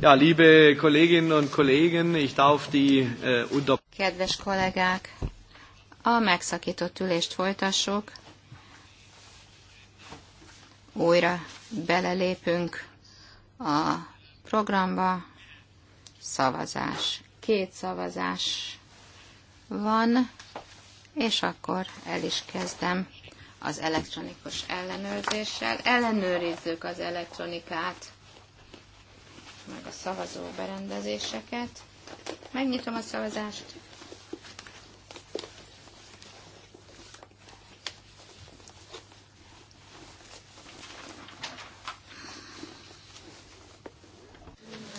Ja, liebe Kolleginnen und Kollegen, ich darf die äh, unter... Kedves kollégák, a megszakított ülést folytassuk. Újra belelépünk a programba. Szavazás. Két szavazás van, és akkor el is kezdem az elektronikus ellenőrzéssel. Ellenőrizzük az elektronikát meg a szavazó berendezéseket. Megnyitom a szavazást.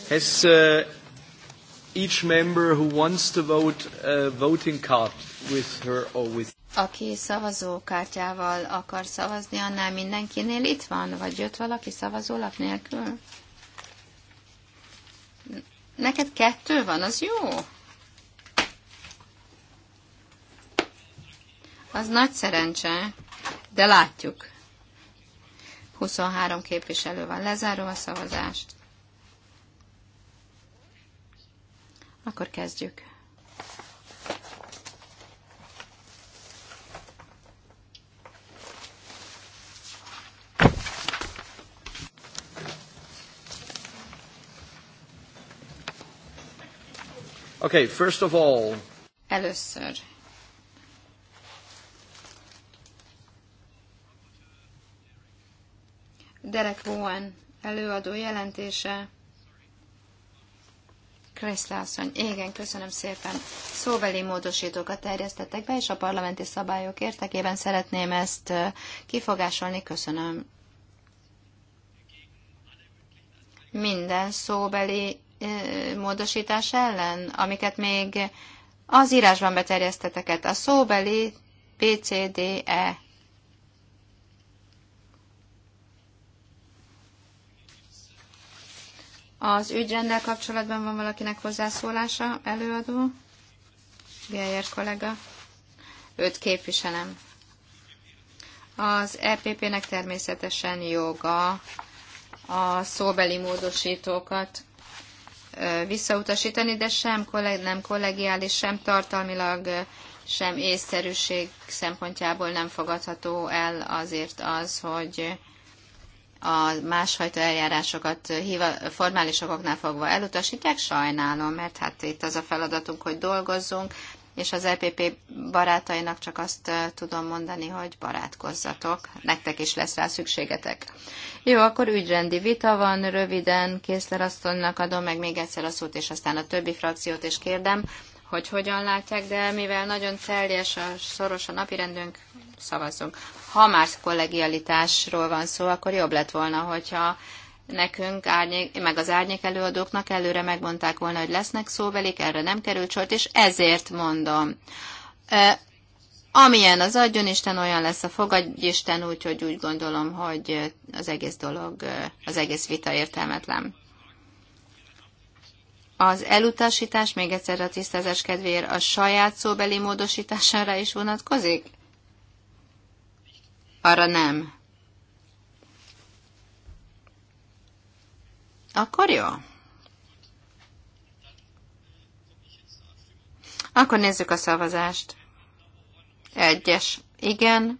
Has uh, each member who wants to vote a voting card with her or with aki szavazókártyával akar szavazni, annál mindenkinél itt van, vagy jött valaki szavazólap nélkül? Neked kettő van, az jó. Az nagy szerencse, de látjuk. 23 képviselő van. Lezárom a szavazást. Akkor kezdjük. Okay, first of all. Először. Derek Bowen előadó jelentése. Chris asszony, igen, köszönöm szépen. Szóbeli módosítókat terjesztettek be, és a parlamenti szabályok értekében szeretném ezt kifogásolni. Köszönöm. Minden szóbeli módosítás ellen, amiket még az írásban beterjeszteteket, a szóbeli PCDE. Az ügyrendel kapcsolatban van valakinek hozzászólása, előadó? Geyer kollega. Őt képviselem. Az EPP-nek természetesen joga a szóbeli módosítókat visszautasítani, de sem kolleg, nem kollegiális, sem tartalmilag, sem észszerűség szempontjából nem fogadható el azért az, hogy a másfajta eljárásokat formális okoknál fogva elutasítják, sajnálom, mert hát itt az a feladatunk, hogy dolgozzunk, és az EPP barátainak csak azt tudom mondani, hogy barátkozzatok, nektek is lesz rá szükségetek. Jó, akkor ügyrendi vita van, röviden Készler asszonynak adom meg még egyszer a szót, és aztán a többi frakciót is kérdem, hogy hogyan látják, de mivel nagyon teljes, a, szoros a napirendünk, szavazzunk. Ha már kollegialitásról van szó, akkor jobb lett volna, hogyha nekünk, árnyék, meg az árnyék előadóknak előre megmondták volna, hogy lesznek szóbelik, erre nem került sort, és ezért mondom. Amilyen az adjon Isten, olyan lesz a fogadj Isten, úgyhogy úgy gondolom, hogy az egész dolog, az egész vita értelmetlen. Az elutasítás, még egyszer a tisztázás kedvéért, a saját szóbeli módosítására is vonatkozik? Arra nem. Akkor jó. Akkor nézzük a szavazást. Egyes. Igen.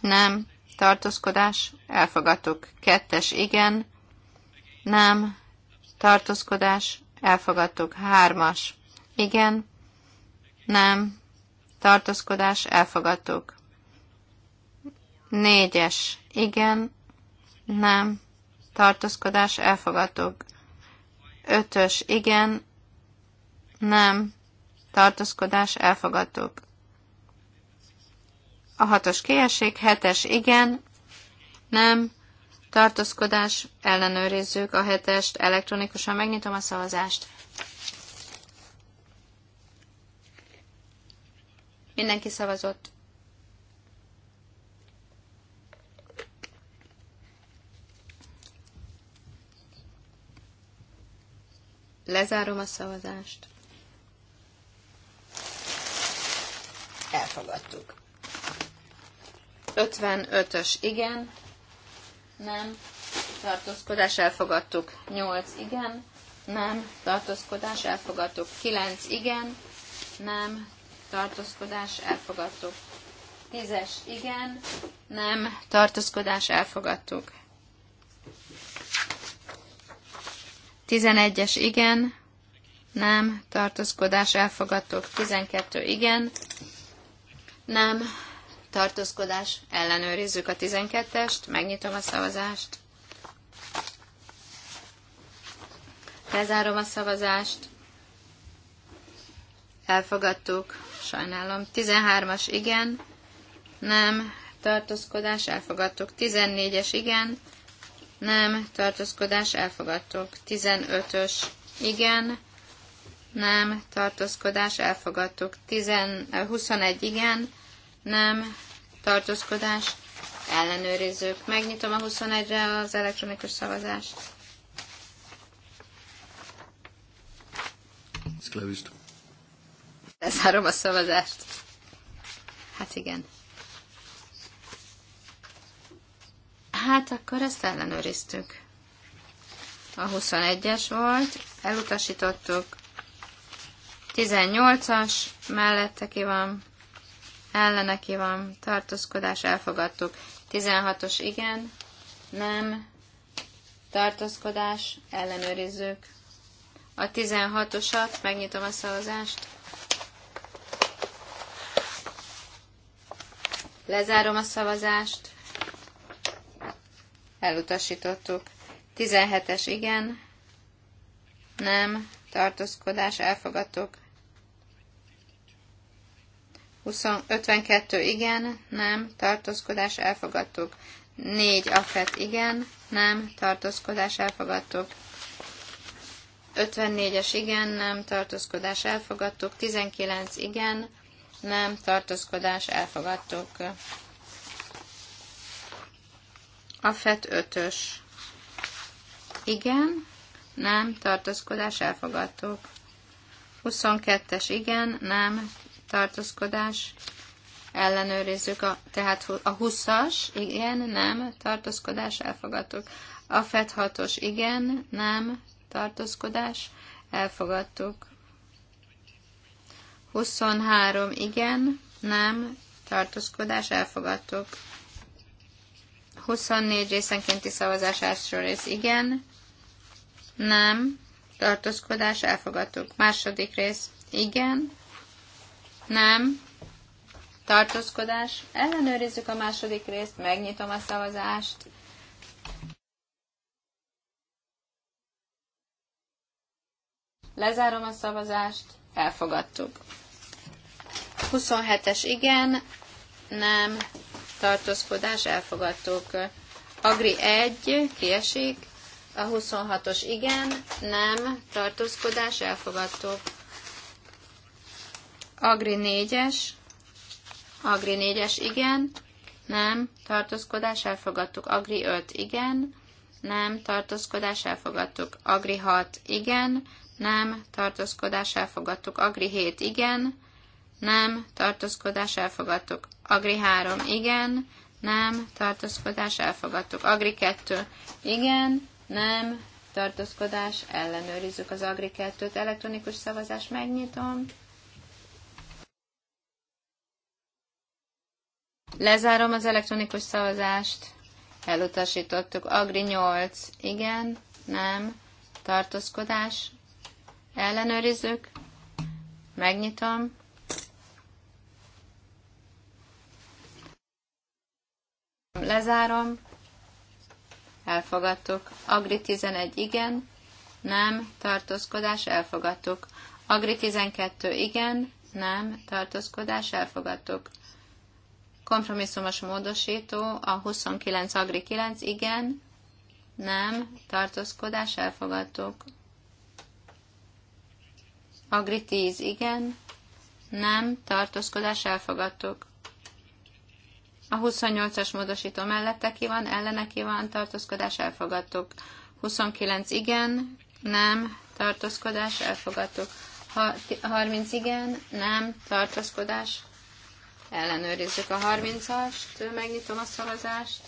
Nem. Tartózkodás. Elfogadtuk. Kettes. Igen. Nem. Tartózkodás. Elfogadtuk. Hármas. Igen. Nem. Tartózkodás. Elfogadtuk. Négyes. Igen. Nem tartózkodás elfogadtuk. Ötös, igen, nem, tartózkodás elfogadtuk. A hatos kiesik, hetes, igen, nem, tartózkodás, ellenőrizzük a hetest, elektronikusan megnyitom a szavazást. Mindenki szavazott. Lezárom a szavazást. Elfogadtuk. 55-ös igen, nem, tartózkodás elfogadtuk. 8 igen, nem, tartózkodás elfogadtuk. 9 igen, nem, tartózkodás elfogadtuk. 10-es igen, nem, tartózkodás elfogadtuk. 11-es igen, nem, tartózkodás elfogadtok. 12 igen, nem, tartózkodás ellenőrizzük a 12-est, megnyitom a szavazást. Lezárom a szavazást. Elfogadtuk, sajnálom. 13-as igen, nem, tartózkodás, elfogadtuk. 14-es igen, nem, tartózkodás, elfogadtok. 15-ös, igen, nem, tartózkodás, elfogadtok. 10, 21, igen, nem, tartózkodás, ellenőrizzük. Megnyitom a 21-re az elektronikus szavazást. It's closed. Lezárom a szavazást. Hát igen. Hát akkor ezt ellenőriztük. A 21-es volt, elutasítottuk. 18-as, mellette ki van, ellene ki van, tartózkodás, elfogadtuk. 16-os igen, nem, tartózkodás, ellenőrizzük. A 16-osat, megnyitom a szavazást. Lezárom a szavazást elutasítottuk. 17-es igen, nem, tartózkodás, elfogadtuk. 20, 52 igen, nem, tartózkodás, elfogadtuk. 4 afet igen, nem, tartózkodás, elfogadtuk. 54-es igen, nem, tartózkodás, elfogadtuk. 19 igen, nem, tartózkodás, elfogadtuk. A FET 5-ös. Igen, nem, tartózkodás, elfogadtuk. 22-es, igen, nem, tartózkodás, ellenőrizzük, a, tehát a 20-as, igen, nem, tartózkodás, elfogadtuk. A FET 6-os, igen, nem, tartózkodás, elfogadtuk. 23, igen, nem, tartózkodás, elfogadtuk. 24 részenkénti szavazás első rész igen, nem, tartózkodás elfogadtuk. Második rész igen, nem, tartózkodás. Ellenőrizzük a második részt, megnyitom a szavazást. Lezárom a szavazást, elfogadtuk. 27-es igen, nem, tartózkodás, elfogadtuk. Agri 1, kiesik. A 26-os igen, nem, tartózkodás, elfogadtuk. Agri 4-es, Agri 4-es igen, nem, tartózkodás, elfogadtuk. Agri 5, igen, nem, tartózkodás, elfogadtuk. Agri 6, igen, nem, tartózkodás, elfogadtuk. Agri 7, igen, nem, tartózkodás, elfogadtuk. Agri 3, igen, nem, tartózkodás, elfogadtuk. Agri 2, igen, nem, tartózkodás, ellenőrizzük az Agri 2-t. Elektronikus szavazás, megnyitom. Lezárom az elektronikus szavazást. Elutasítottuk. Agri 8, igen, nem, tartózkodás, ellenőrizzük. Megnyitom. Lezárom. Elfogadtuk. Agri 11 igen, nem, tartózkodás, elfogadtuk. Agri 12 igen, nem, tartózkodás, elfogadtuk. Kompromisszumos módosító, a 29 Agri 9 igen, nem, tartózkodás, elfogadtuk. Agri 10 igen, nem, tartózkodás, elfogadtuk. A 28-as módosító mellette ki van, ellene ki van, tartózkodás elfogadtuk. 29 igen, nem, tartózkodás elfogadtuk. 30 igen, nem, tartózkodás. Ellenőrizzük a 30-ast, megnyitom a szavazást.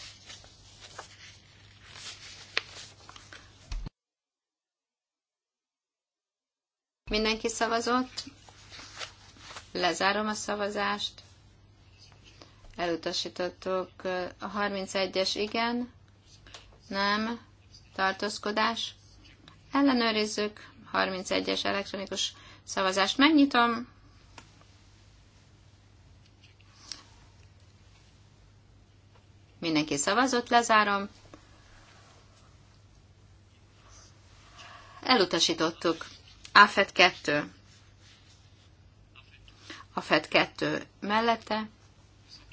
Mindenki szavazott. Lezárom a szavazást. Elutasítottuk. A 31-es igen, nem, tartózkodás. Ellenőrizzük. 31-es elektronikus szavazást megnyitom. Mindenki szavazott, lezárom. Elutasítottuk. AFET 2. AFET 2 mellette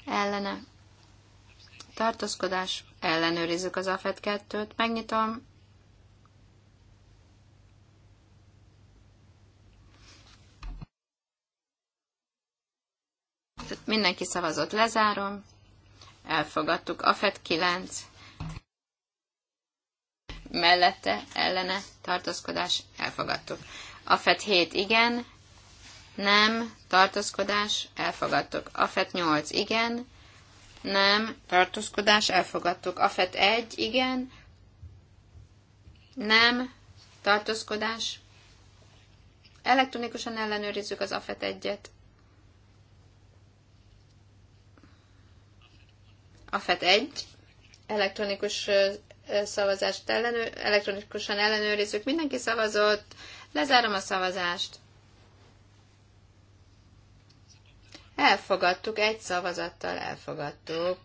ellene tartózkodás, ellenőrizzük az AFET e 2-t, megnyitom, mindenki szavazott, lezárom, elfogadtuk, Afed 9, mellette, ellene, tartózkodás, elfogadtuk. Afed 7, igen, nem, tartózkodás, elfogadtuk. Afet 8, igen, nem, tartózkodás, elfogadtuk. Afet 1, igen, nem, tartózkodás. Elektronikusan ellenőrizzük az Afet 1-et. Afet 1, elektronikus szavazást ellenőr, elektronikusan ellenőrizzük, mindenki szavazott, lezárom a szavazást. Elfogadtuk, egy szavazattal elfogadtuk.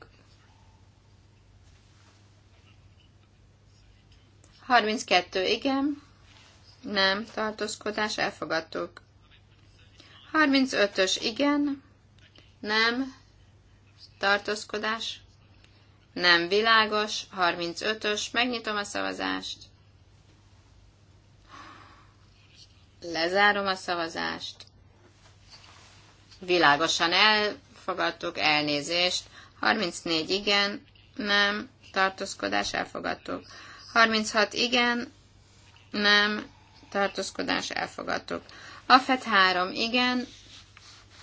32 igen, nem, tartózkodás, elfogadtuk. 35-ös igen, nem, tartózkodás, nem világos, 35-ös, megnyitom a szavazást. Lezárom a szavazást világosan elfogadtuk, elnézést. 34 igen, nem, tartózkodás, elfogadtuk. 36 igen, nem, tartózkodás, elfogadtuk. Afet 3 igen,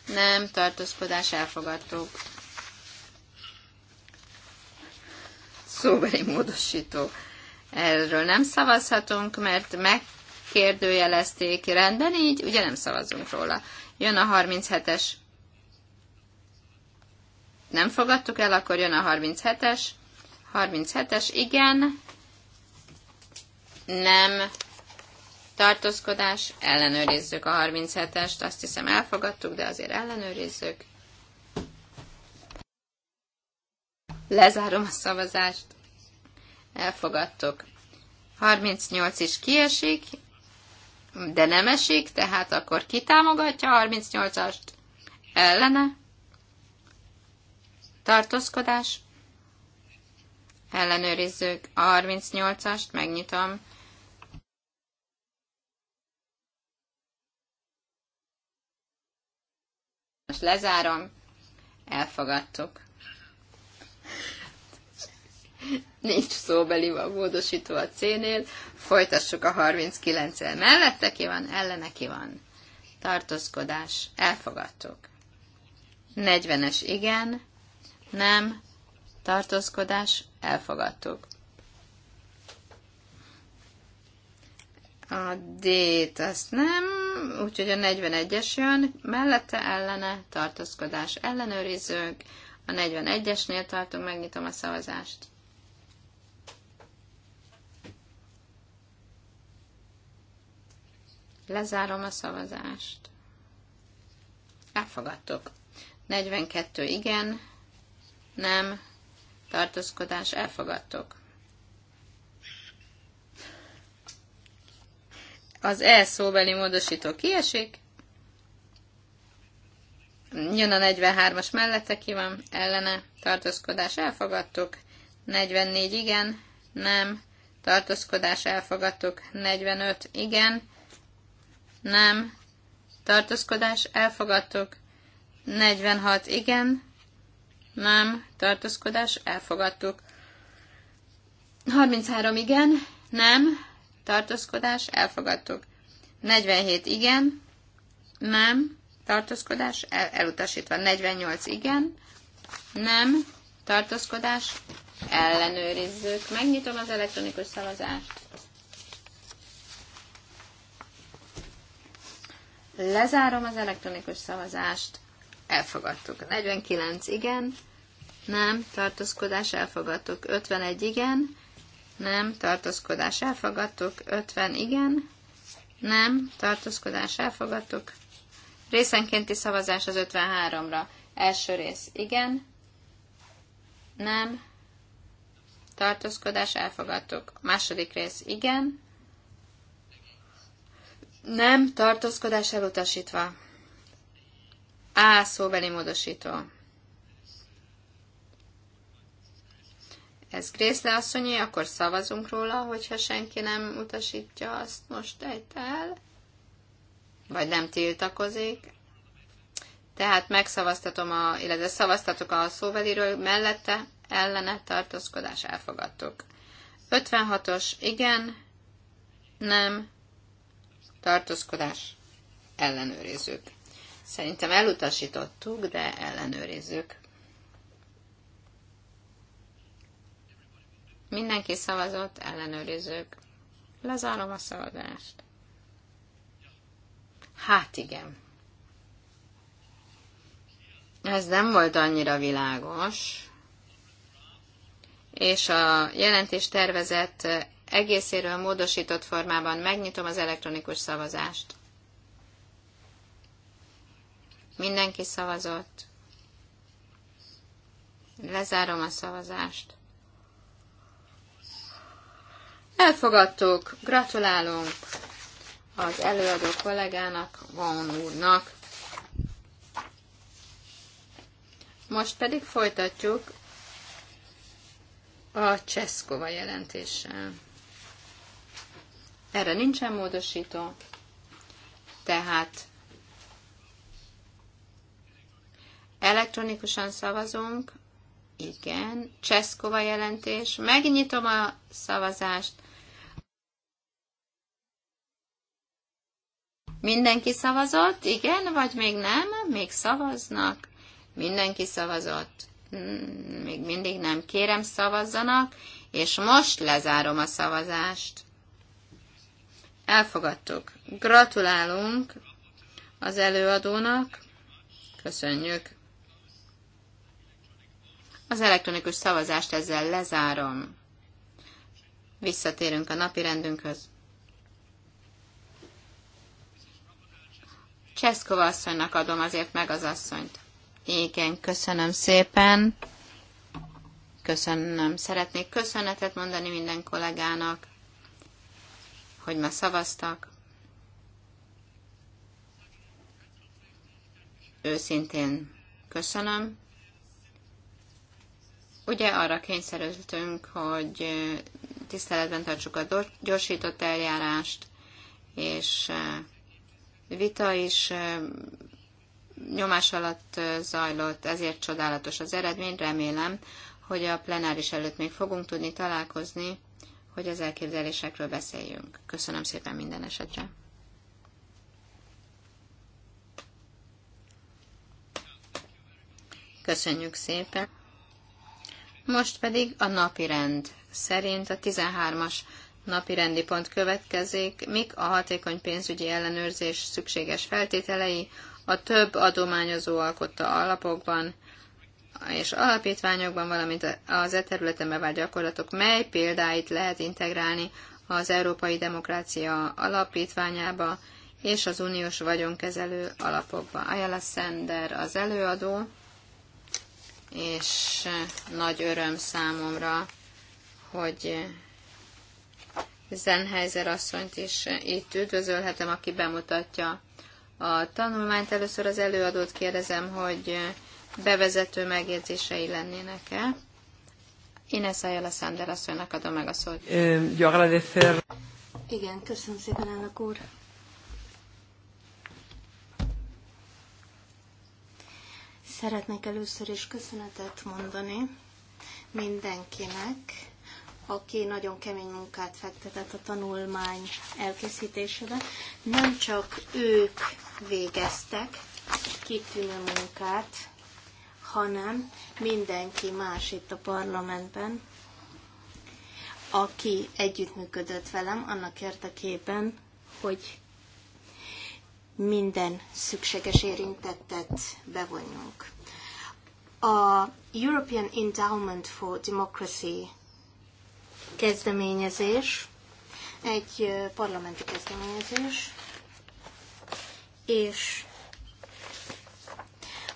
nem, tartózkodás, elfogadtuk. Szóbeli módosító. Erről nem szavazhatunk, mert megkérdőjelezték rendben, így ugye nem szavazunk róla. Jön a 37-es. Nem fogadtuk el, akkor jön a 37-es. 37-es, igen. Nem. Tartózkodás, ellenőrizzük a 37-est. Azt hiszem elfogadtuk, de azért ellenőrizzük. Lezárom a szavazást. Elfogadtuk. 38 is kiesik, de nem esik, tehát akkor ki támogatja 38-ast? Ellene? Tartózkodás? Ellenőrizzük a 38-ast, megnyitom. Most lezárom. Elfogadtuk. Nincs szóbeli a módosító a C-nél. Folytassuk a 39-el. Mellette ki van, ellene ki van. Tartózkodás. Elfogadtuk. 40-es igen, nem, tartózkodás, elfogadtuk. A D-t azt nem, úgyhogy a 41-es jön, mellette ellene, tartózkodás ellenőrizők, a 41-esnél tartunk, megnyitom a szavazást. Lezárom a szavazást. Elfogadtok. 42 igen, nem, tartózkodás, elfogadtok. Az E szóbeli módosító kiesik. Jön a 43-as mellette, ki van, ellene, tartózkodás, elfogadtok. 44 igen, nem, tartózkodás, elfogadtok. 45 igen, nem, tartózkodás, elfogadtuk. 46 igen, nem, tartózkodás, elfogadtuk. 33 igen, nem, tartózkodás, elfogadtuk. 47 igen, nem, tartózkodás, el, elutasítva. 48 igen, nem, tartózkodás, ellenőrizzük. Megnyitom az elektronikus szavazást. Lezárom az elektronikus szavazást. Elfogadtuk. 49 igen, nem, tartózkodás elfogadtuk. 51 igen, nem, tartózkodás elfogadtuk. 50 igen, nem, tartózkodás elfogadtuk. Részenkénti szavazás az 53-ra. Első rész igen, nem, tartózkodás elfogadtuk. Második rész igen, nem, tartózkodás elutasítva. A szóbeli módosító. Ez Grészle asszonyé, akkor szavazunk róla, hogyha senki nem utasítja azt most el. Vagy nem tiltakozik. Tehát megszavaztatom, a, illetve szavaztatok a szóveliről mellette ellene tartózkodás elfogadtuk. 56-os igen, nem, tartózkodás, ellenőrizők. Szerintem elutasítottuk, de ellenőrizők. Mindenki szavazott, ellenőrizők. Lezárom a szavazást. Hát igen. Ez nem volt annyira világos, és a jelentés tervezett egészéről módosított formában megnyitom az elektronikus szavazást. Mindenki szavazott. Lezárom a szavazást. Elfogadtuk, gratulálunk az előadó kollégának, Vaughan úrnak. Most pedig folytatjuk a Cseszkova jelentéssel. Erre nincsen módosító, tehát elektronikusan szavazunk, igen, Cseszkova jelentés, megnyitom a szavazást, Mindenki szavazott? Igen, vagy még nem? Még szavaznak? Mindenki szavazott. Hmm, még mindig nem. Kérem, szavazzanak, és most lezárom a szavazást. Elfogadtuk. Gratulálunk az előadónak. Köszönjük. Az elektronikus szavazást ezzel lezárom. Visszatérünk a napi rendünkhöz. Cseszkova asszonynak adom azért meg az asszonyt. Igen, köszönöm szépen. Köszönöm. Szeretnék köszönetet mondani minden kollégának hogy már szavaztak. Őszintén köszönöm. Ugye arra kényszerültünk, hogy tiszteletben tartsuk a gyorsított eljárást, és eh, vita is eh, nyomás alatt eh, zajlott, ezért csodálatos az eredmény. Remélem, hogy a plenáris előtt még fogunk tudni találkozni, hogy az elképzelésekről beszéljünk. Köszönöm szépen minden esetre. Köszönjük szépen. Most pedig a napi rend szerint a 13-as napi rendi pont következik, mik a hatékony pénzügyi ellenőrzés szükséges feltételei a több adományozó alkotta alapokban, és alapítványokban, valamint az e területen bevált gyakorlatok, mely példáit lehet integrálni az Európai Demokrácia Alapítványába és az uniós vagyonkezelő alapokba. Ajala Szender az előadó, és nagy öröm számomra, hogy Zenheiser asszonyt is itt üdvözölhetem, aki bemutatja a tanulmányt. Először az előadót kérdezem, hogy bevezető megjegyzései lennének-e. Ines Ayala Sander asszonynak adom meg a szót. Igen, köszönöm szépen, elnök úr. Szeretnék először is köszönetet mondani mindenkinek, aki nagyon kemény munkát fektetett a tanulmány elkészítésébe. Nem csak ők végeztek kitűnő munkát, hanem mindenki más itt a parlamentben, aki együttműködött velem annak érdekében, hogy minden szükséges érintettet bevonjunk. A European Endowment for Democracy kezdeményezés, egy parlamenti kezdeményezés, és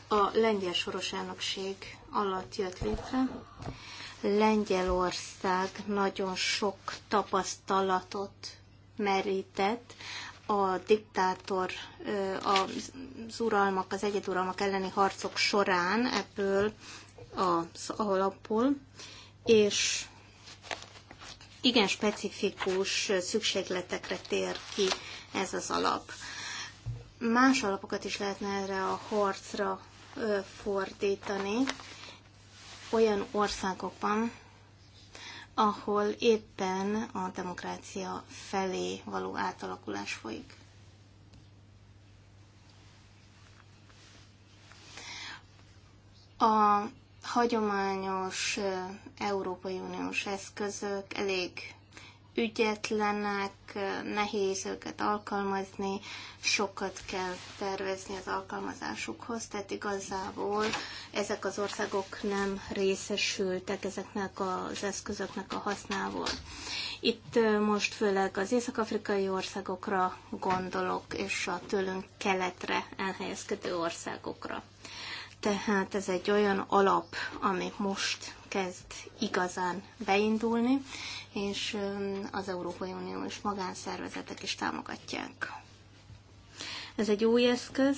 a lengyel soros elnökség alatt jött létre. Lengyelország nagyon sok tapasztalatot merített a diktátor, az uralmak, az egyeduralmak elleni harcok során ebből az alapból, és igen specifikus szükségletekre tér ki ez az alap. Más alapokat is lehetne erre a harcra fordítani olyan országokban, ahol éppen a demokrácia felé való átalakulás folyik. A hagyományos Európai Uniós eszközök elég ügyetlenek, nehéz őket alkalmazni, sokat kell tervezni az alkalmazásukhoz, tehát igazából ezek az országok nem részesültek ezeknek az eszközöknek a használból. Itt most főleg az észak-afrikai országokra gondolok, és a tőlünk keletre elhelyezkedő országokra. Tehát ez egy olyan alap, ami most kezd igazán beindulni, és az Európai Unió és magánszervezetek is támogatják. Ez egy új eszköz,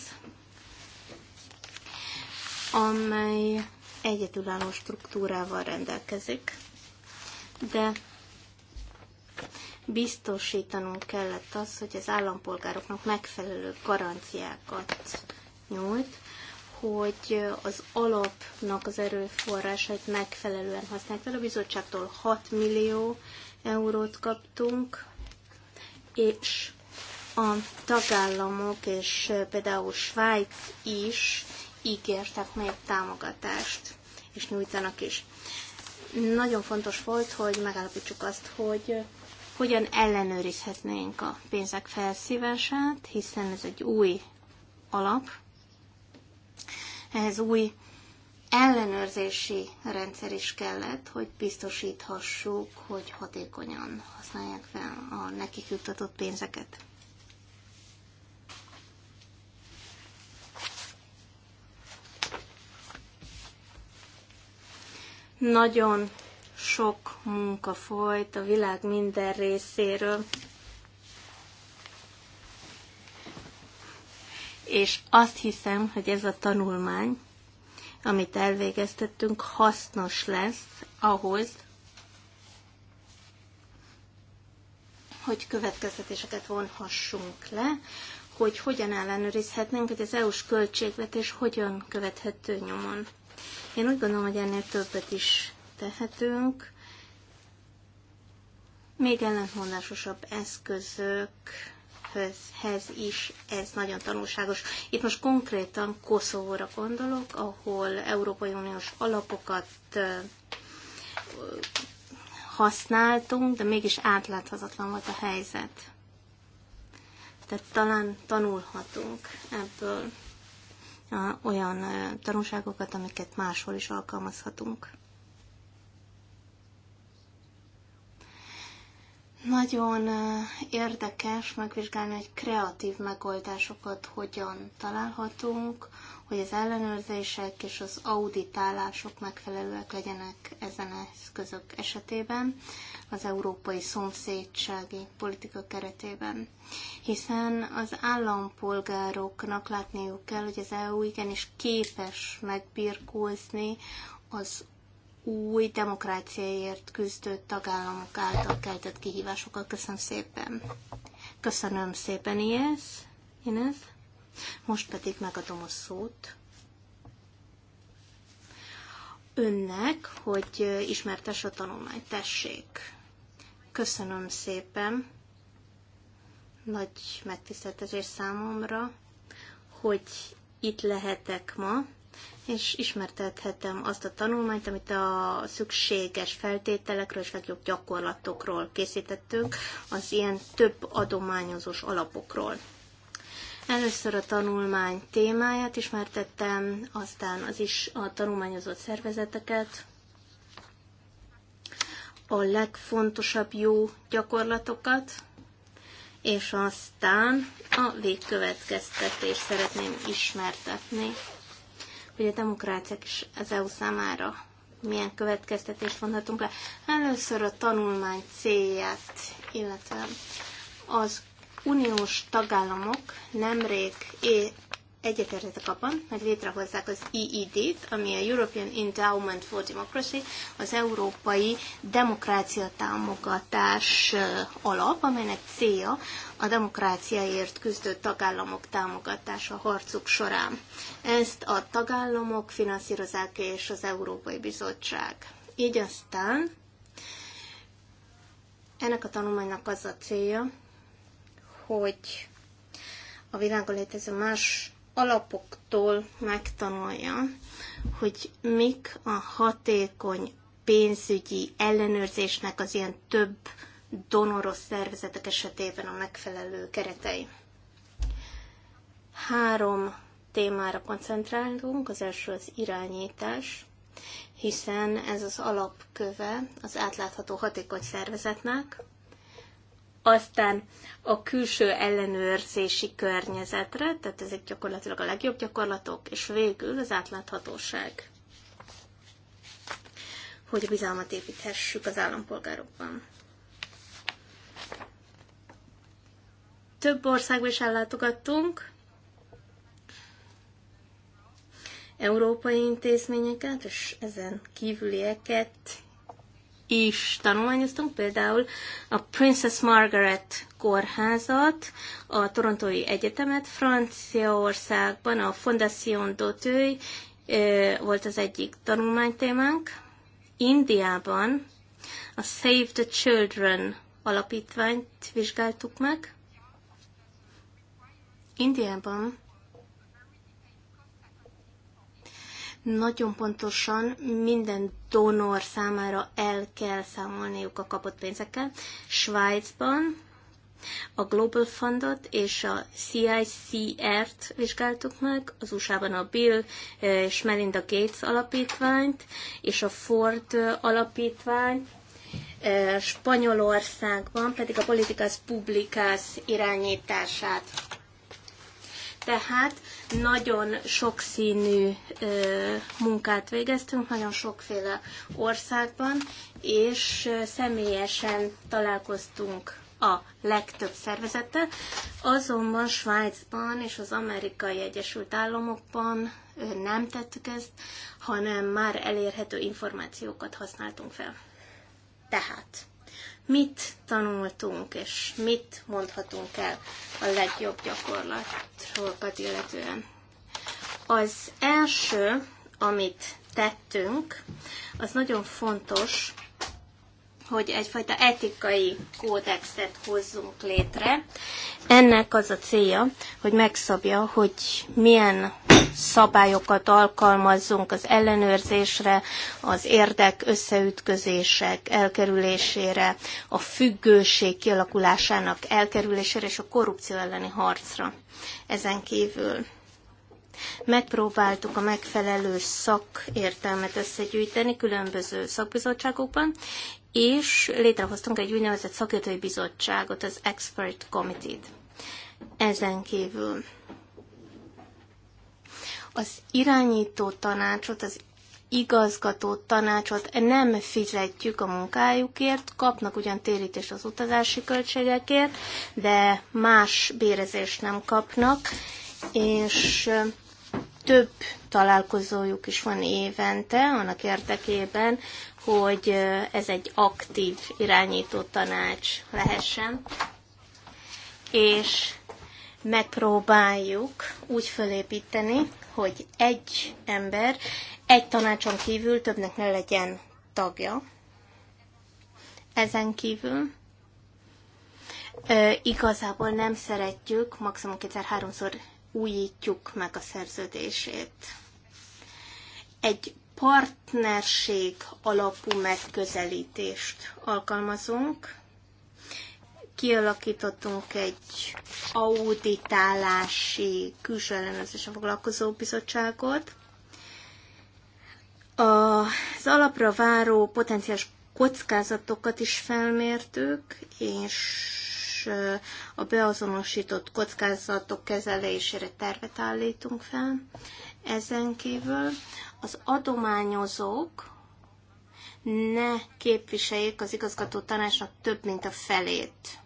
amely egyetülálló struktúrával rendelkezik, de biztosítanunk kellett az, hogy az állampolgároknak megfelelő garanciákat nyújt, hogy az alapnak az erőforrásait megfelelően használják fel. A bizottságtól 6 millió eurót kaptunk, és a tagállamok, és például Svájc is ígértek még támogatást, és nyújtanak is. Nagyon fontos volt, hogy megállapítsuk azt, hogy hogyan ellenőrizhetnénk a pénzek felszívását, hiszen ez egy új alap, ehhez új ellenőrzési rendszer is kellett, hogy biztosíthassuk, hogy hatékonyan használják fel a nekik juttatott pénzeket. Nagyon sok munka folyt a világ minden részéről, és azt hiszem, hogy ez a tanulmány, amit elvégeztettünk, hasznos lesz ahhoz, hogy következtetéseket vonhassunk le, hogy hogyan ellenőrizhetnénk, hogy az EU-s költségvetés hogyan követhető nyomon. Én úgy gondolom, hogy ennél többet is tehetünk. Még ellentmondásosabb eszközök szerephez is ez nagyon tanulságos. Itt most konkrétan Koszovóra gondolok, ahol Európai Uniós alapokat használtunk, de mégis átláthatatlan volt a helyzet. Tehát talán tanulhatunk ebből olyan tanulságokat, amiket máshol is alkalmazhatunk. Nagyon érdekes megvizsgálni, hogy kreatív megoldásokat hogyan találhatunk, hogy az ellenőrzések és az auditálások megfelelőek legyenek ezen eszközök esetében az európai szomszédsági politika keretében. Hiszen az állampolgároknak látniuk kell, hogy az EU igenis képes megbirkózni az új demokráciáért küzdő tagállamok által keltett kihívásokat. Köszönöm szépen. Köszönöm szépen, Inez. Inez. Most pedig megadom a szót önnek, hogy ismertes a tanulmányt. Tessék. Köszönöm szépen. Nagy megtiszteltetés számomra, hogy itt lehetek ma és ismertethetem azt a tanulmányt, amit a szükséges feltételekről és legjobb gyakorlatokról készítettünk, az ilyen több adományozós alapokról. Először a tanulmány témáját ismertettem, aztán az is a tanulmányozott szervezeteket, a legfontosabb jó gyakorlatokat, és aztán a végkövetkeztetést szeretném ismertetni hogy a demokráciák is az EU számára milyen következtetést vonhatunk le. Először a tanulmány célját, illetve az uniós tagállamok nemrég egyetértetek abban, hogy létrehozzák az EED-t, ami a European Endowment for Democracy, az Európai Demokrácia Támogatás Alap, amelynek célja a demokráciáért küzdő tagállamok támogatása harcuk során. Ezt a tagállamok finanszírozák és az Európai Bizottság. Így aztán ennek a tanulmánynak az a célja, hogy a világon létező más alapoktól megtanulja, hogy mik a hatékony pénzügyi ellenőrzésnek az ilyen több donoros szervezetek esetében a megfelelő keretei. Három témára koncentrálunk, az első az irányítás, hiszen ez az alapköve az átlátható hatékony szervezetnek, aztán a külső ellenőrzési környezetre, tehát ezek gyakorlatilag a legjobb gyakorlatok, és végül az átláthatóság, hogy a bizalmat építhessük az állampolgárokban. Több országba is ellátogattunk, európai intézményeket és ezen kívülieket is tanulmányoztunk, például a Princess Margaret kórházat, a Torontói Egyetemet, Franciaországban a Fondation d'Auteuil volt az egyik tanulmánytémánk, Indiában a Save the Children alapítványt vizsgáltuk meg, Indiában nagyon pontosan minden donor számára el kell számolniuk a kapott pénzekkel. Svájcban a Global Fundot és a CICR-t vizsgáltuk meg, az USA-ban a Bill és Melinda Gates alapítványt és a Ford alapítványt, Spanyolországban pedig a Politikas Publicas irányítását tehát nagyon sokszínű munkát végeztünk, nagyon sokféle országban, és személyesen találkoztunk a legtöbb szervezete, azonban Svájcban és az Amerikai Egyesült Államokban nem tettük ezt, hanem már elérhető információkat használtunk fel. Tehát mit tanultunk, és mit mondhatunk el a legjobb gyakorlatokat illetően. Az első, amit tettünk, az nagyon fontos, hogy egyfajta etikai kódexet hozzunk létre. Ennek az a célja, hogy megszabja, hogy milyen szabályokat alkalmazzunk az ellenőrzésre, az érdek összeütközések elkerülésére, a függőség kialakulásának elkerülésére és a korrupció elleni harcra. Ezen kívül megpróbáltuk a megfelelő szakértelmet összegyűjteni különböző szakbizottságokban, és létrehoztunk egy úgynevezett szakértői bizottságot, az Expert Committee-t. Ezen kívül az irányító tanácsot, az igazgató tanácsot nem fizetjük a munkájukért, kapnak ugyan térítést az utazási költségekért, de más bérezést nem kapnak, és több találkozójuk is van évente, annak érdekében, hogy ez egy aktív irányító tanács lehessen. És megpróbáljuk úgy fölépíteni, hogy egy ember egy tanácson kívül többnek ne legyen tagja. Ezen kívül igazából nem szeretjük, maximum kétszer-háromszor újítjuk meg a szerződését. Egy partnerség alapú megközelítést alkalmazunk, kialakítottunk egy auditálási külső ellenőrzésen foglalkozó bizottságot. Az alapra váró potenciális kockázatokat is felmértük, és a beazonosított kockázatok kezelésére tervet állítunk fel. Ezen kívül az adományozók ne képviseljék az igazgató tanácsnak több, mint a felét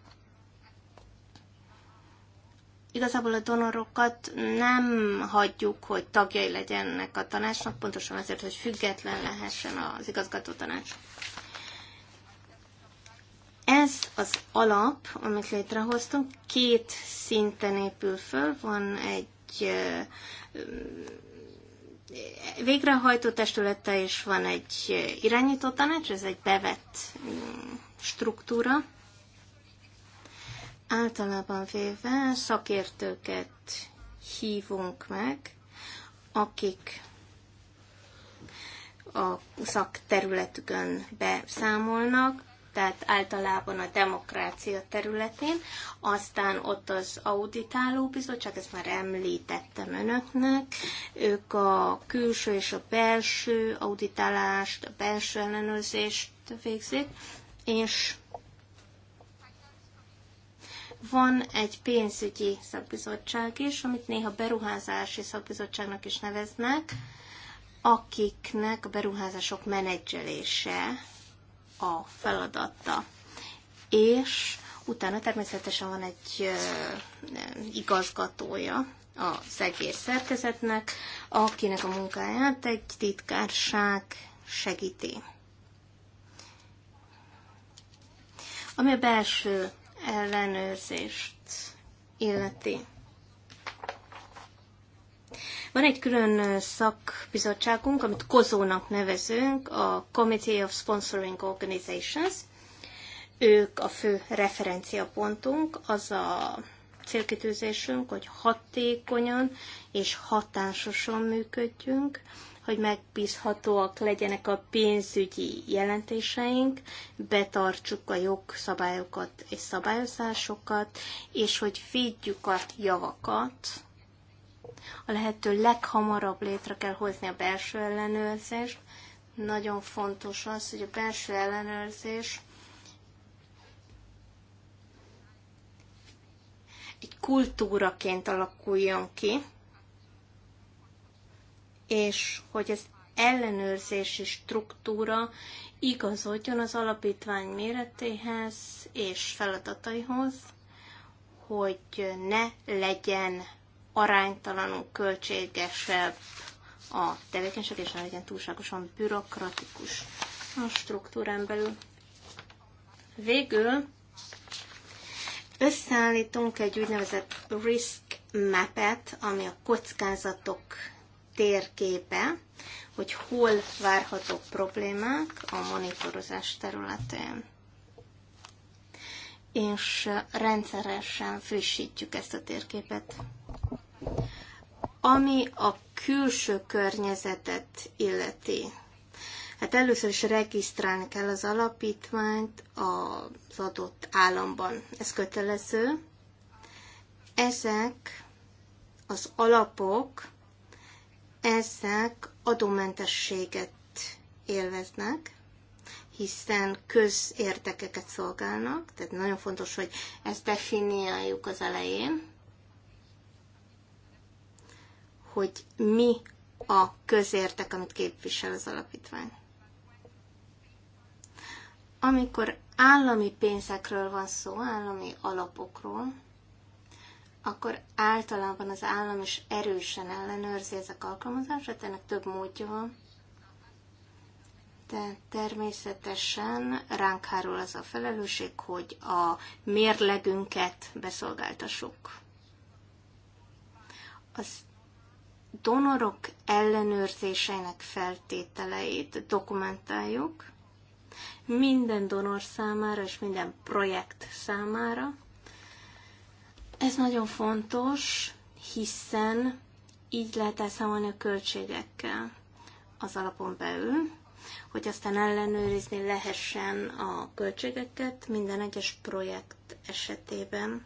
igazából a donorokat nem hagyjuk, hogy tagjai legyenek a tanácsnak, pontosan azért, hogy független lehessen az igazgató tanács. Ez az alap, amit létrehoztunk, két szinten épül föl. Van egy végrehajtó testülete, és van egy irányító tanács, ez egy bevett mm, struktúra, általában véve szakértőket hívunk meg, akik a szakterületükön beszámolnak, tehát általában a demokrácia területén, aztán ott az auditáló bizottság, ezt már említettem önöknek, ők a külső és a belső auditálást, a belső ellenőrzést végzik, és van egy pénzügyi szakbizottság is, amit néha beruházási szakbizottságnak is neveznek, akiknek a beruházások menedzselése a feladata. És utána természetesen van egy igazgatója a egész szerkezetnek, akinek a munkáját egy titkárság segíti. Ami a belső ellenőrzést illeti. Van egy külön szakbizottságunk, amit Kozónak nevezünk, a Committee of Sponsoring Organizations. Ők a fő referenciapontunk, az a célkitűzésünk, hogy hatékonyan és hatásosan működjünk, hogy megbízhatóak legyenek a pénzügyi jelentéseink, betartsuk a jogszabályokat és szabályozásokat, és hogy védjük a javakat. A lehető leghamarabb létre kell hozni a belső ellenőrzést. Nagyon fontos az, hogy a belső ellenőrzés egy kultúraként alakuljon ki, és hogy az ellenőrzési struktúra igazodjon az alapítvány méretéhez és feladataihoz, hogy ne legyen aránytalanul költségesebb a tevékenység, és ne legyen túlságosan bürokratikus a struktúrán belül. Végül összeállítunk egy úgynevezett risk mapet, ami a kockázatok térképe, hogy hol várható problémák a monitorozás területén. És rendszeresen frissítjük ezt a térképet. Ami a külső környezetet illeti, Hát először is regisztrálni kell az alapítványt az adott államban. Ez kötelező. Ezek az alapok ezek adómentességet élveznek, hiszen közértekeket szolgálnak, tehát nagyon fontos, hogy ezt definiáljuk az elején, hogy mi a közértek, amit képvisel az alapítvány. Amikor állami pénzekről van szó, állami alapokról, akkor általában az állam is erősen ellenőrzi ezek alkalmazását, ennek több módja van. De természetesen ránk hárul az a felelősség, hogy a mérlegünket beszolgáltassuk. Az donorok ellenőrzéseinek feltételeit dokumentáljuk minden donor számára és minden projekt számára, ez nagyon fontos, hiszen így lehet elszámolni a költségekkel az alapon belül, hogy aztán ellenőrizni lehessen a költségeket minden egyes projekt esetében,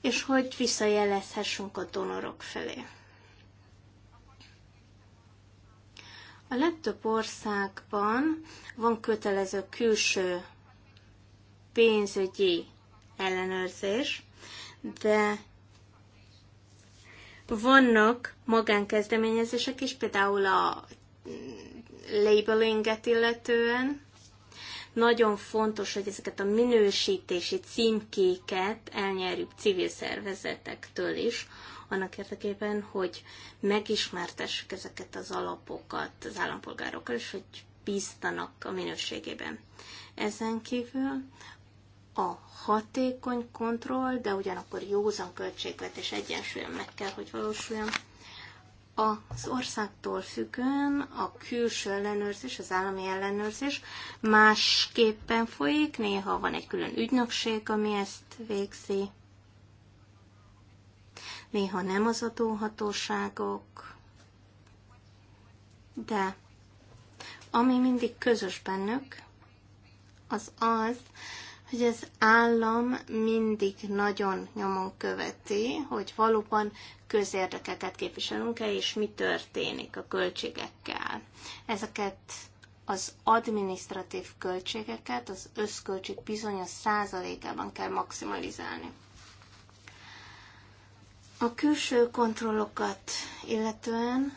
és hogy visszajelezhessünk a donorok felé. A legtöbb országban van kötelező külső pénzügyi ellenőrzés, de vannak magánkezdeményezések is, például a labelinget illetően. Nagyon fontos, hogy ezeket a minősítési címkéket elnyerjük civil szervezetektől is, annak érdekében, hogy megismertessük ezeket az alapokat az állampolgárokkal, és hogy bíztanak a minőségében. Ezen kívül a hatékony kontroll, de ugyanakkor józan költségvetés egyensúlyon meg kell, hogy valósuljon. Az országtól függően a külső ellenőrzés, az állami ellenőrzés másképpen folyik, néha van egy külön ügynökség, ami ezt végzi, néha nem az adóhatóságok, de ami mindig közös bennük, az az, hogy az állam mindig nagyon nyomon követi, hogy valóban közérdekeket képviselünk-e, és mi történik a költségekkel. Ezeket az administratív költségeket az összköltség bizonyos százalékában kell maximalizálni. A külső kontrollokat illetően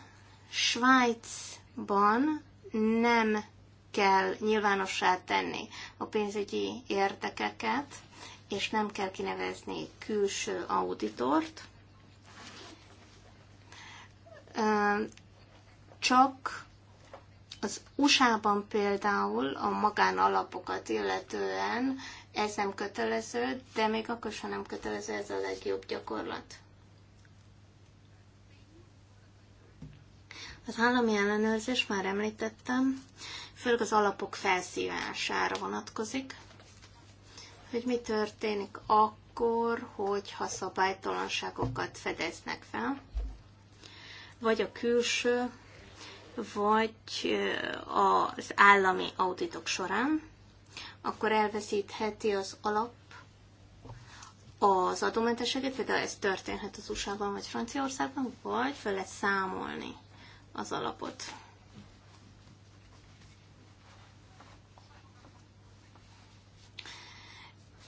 Svájcban nem kell nyilvánossá tenni a pénzügyi érdekeket, és nem kell kinevezni külső auditort. Csak az USA-ban például a magánalapokat illetően ez nem kötelező, de még akkor sem nem kötelező, ez a legjobb gyakorlat. Az állami ellenőrzés már említettem, főleg az alapok felszívására vonatkozik, hogy mi történik akkor, hogyha szabálytalanságokat fedeznek fel, vagy a külső, vagy az állami auditok során, akkor elveszítheti az alap az adómentességet, például ez történhet az USA-ban vagy Franciaországban, vagy fel lehet számolni az alapot.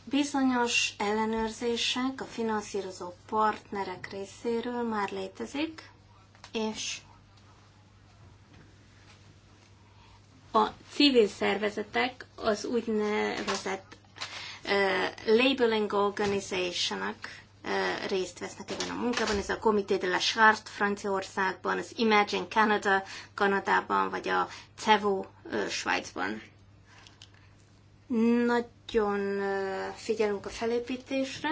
Bizonyos ellenőrzések a finanszírozó partnerek részéről már létezik, és a civil szervezetek az úgynevezett uh, labeling organization uh, részt vesznek ebben a munkában. Ez a Comité de la Charte Franciaországban, az Imagine Canada Kanadában, vagy a CEVO uh, Svájcban. Nagyon figyelünk a felépítésre.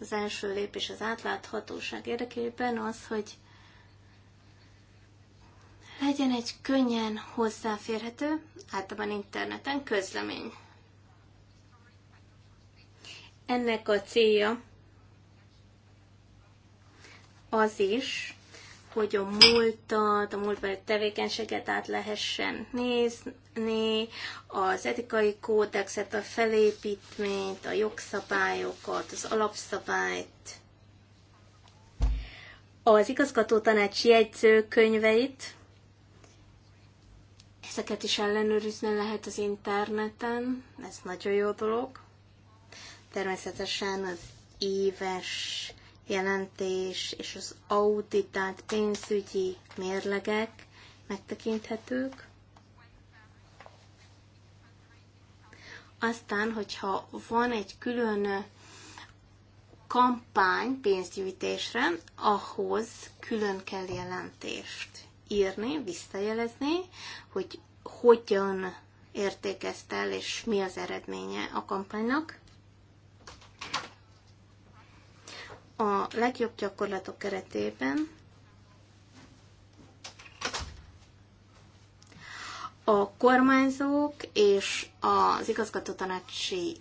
Az első lépés az átláthatóság érdekében az, hogy legyen egy könnyen hozzáférhető, általában interneten közlemény. Ennek a célja az is, hogy a múltat, a múltbeli tevékenységet át lehessen nézni, követni az etikai kódexet, a felépítményt, a jogszabályokat, az alapszabályt, az igazgató tanács jegyzőkönyveit, ezeket is ellenőrizni lehet az interneten, ez nagyon jó dolog. Természetesen az éves jelentés és az auditált pénzügyi mérlegek megtekinthetők. Aztán, hogyha van egy külön kampány pénzgyűjtésre, ahhoz külön kell jelentést írni, visszajelezni, hogy hogyan értékezte el, és mi az eredménye a kampánynak. A legjobb gyakorlatok keretében a kormányzók és az tanácsi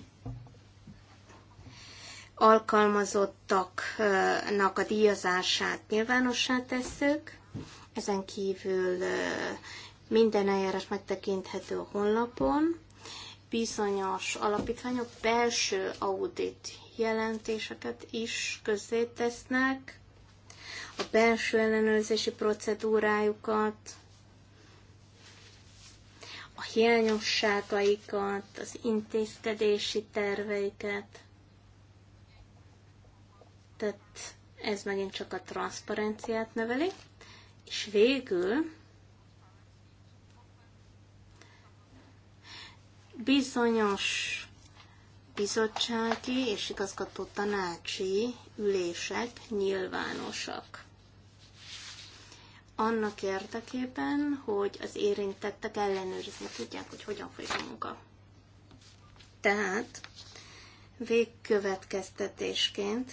alkalmazottaknak a díjazását nyilvánossá tesszük. Ezen kívül minden eljárás megtekinthető a honlapon. Bizonyos alapítványok belső audit jelentéseket is közzétesznek, a belső ellenőrzési procedúrájukat, hiányosságaikat, az intézkedési terveiket. Tehát ez megint csak a transzparenciát növeli. És végül bizonyos bizottsági és igazgató tanácsi ülések nyilvánosak annak érdekében, hogy az érintettek ellenőrizni tudják, hogy hogyan folyik a munka. Tehát végkövetkeztetésként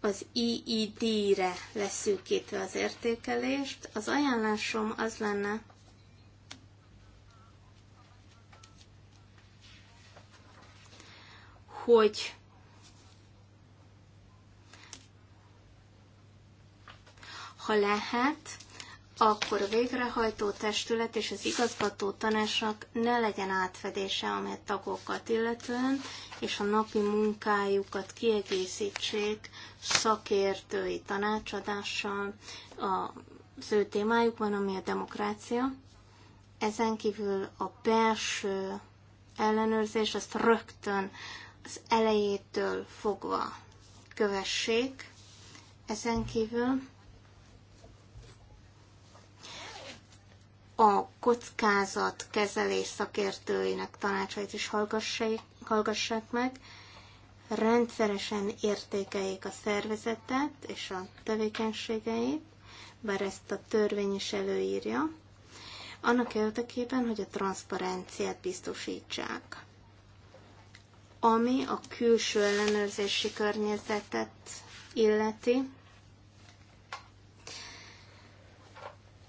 az IID-re leszűkítve az értékelést, az ajánlásom az lenne, hogy Ha lehet, akkor a végrehajtó testület és az igazgató tanácsnak ne legyen átfedése, amely tagokat illetően, és a napi munkájukat kiegészítsék szakértői tanácsadással az ő témájukban, ami a demokrácia. Ezen kívül a belső ellenőrzés azt rögtön az elejétől fogva kövessék. Ezen kívül a kockázat kezelés szakértőinek tanácsait is hallgassák, hallgassák meg, rendszeresen értékeljék a szervezetet és a tevékenységeit, bár ezt a törvény is előírja, annak érdekében, hogy a transzparenciát biztosítsák, ami a külső ellenőrzési környezetet illeti,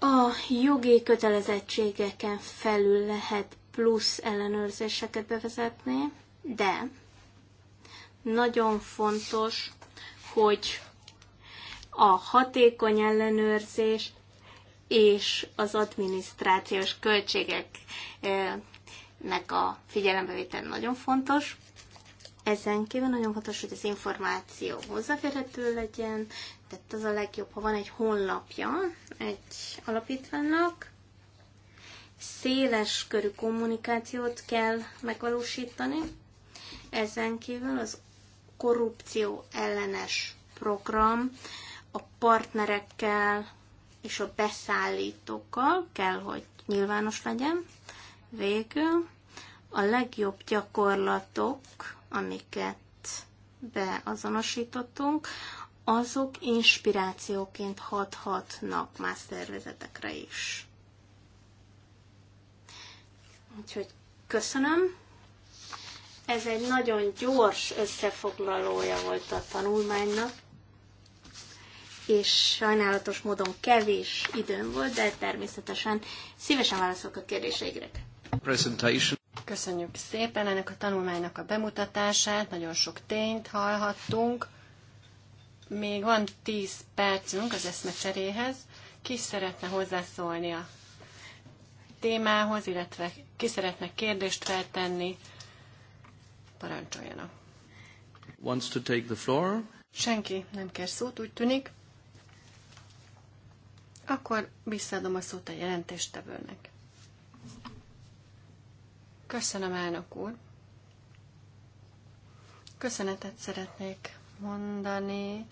A jogi kötelezettségeken felül lehet plusz ellenőrzéseket bevezetni, de nagyon fontos, hogy a hatékony ellenőrzés és az adminisztrációs költségeknek a figyelembevétel nagyon fontos, ezen kívül nagyon fontos, hogy az információ hozzáférhető legyen, tehát az a legjobb, ha van egy honlapja egy alapítványnak, széles körű kommunikációt kell megvalósítani, ezen kívül az korrupció ellenes program a partnerekkel és a beszállítókkal kell, hogy nyilvános legyen. Végül a legjobb gyakorlatok amiket beazonosítottunk, azok inspirációként hathatnak más szervezetekre is. Úgyhogy köszönöm. Ez egy nagyon gyors összefoglalója volt a tanulmánynak, és sajnálatos módon kevés időm volt, de természetesen szívesen válaszolok a kérdéseikre. Köszönjük szépen ennek a tanulmánynak a bemutatását, nagyon sok tényt hallhattunk. Még van 10 percünk az eszmecseréhez. Ki szeretne hozzászólni a témához, illetve ki szeretne kérdést feltenni, parancsoljanak. Wants to take the floor? Senki nem kér szót, úgy tűnik. Akkor visszaadom a szót a jelentéstevőnek. Köszönöm, elnök úr. Köszönetet szeretnék mondani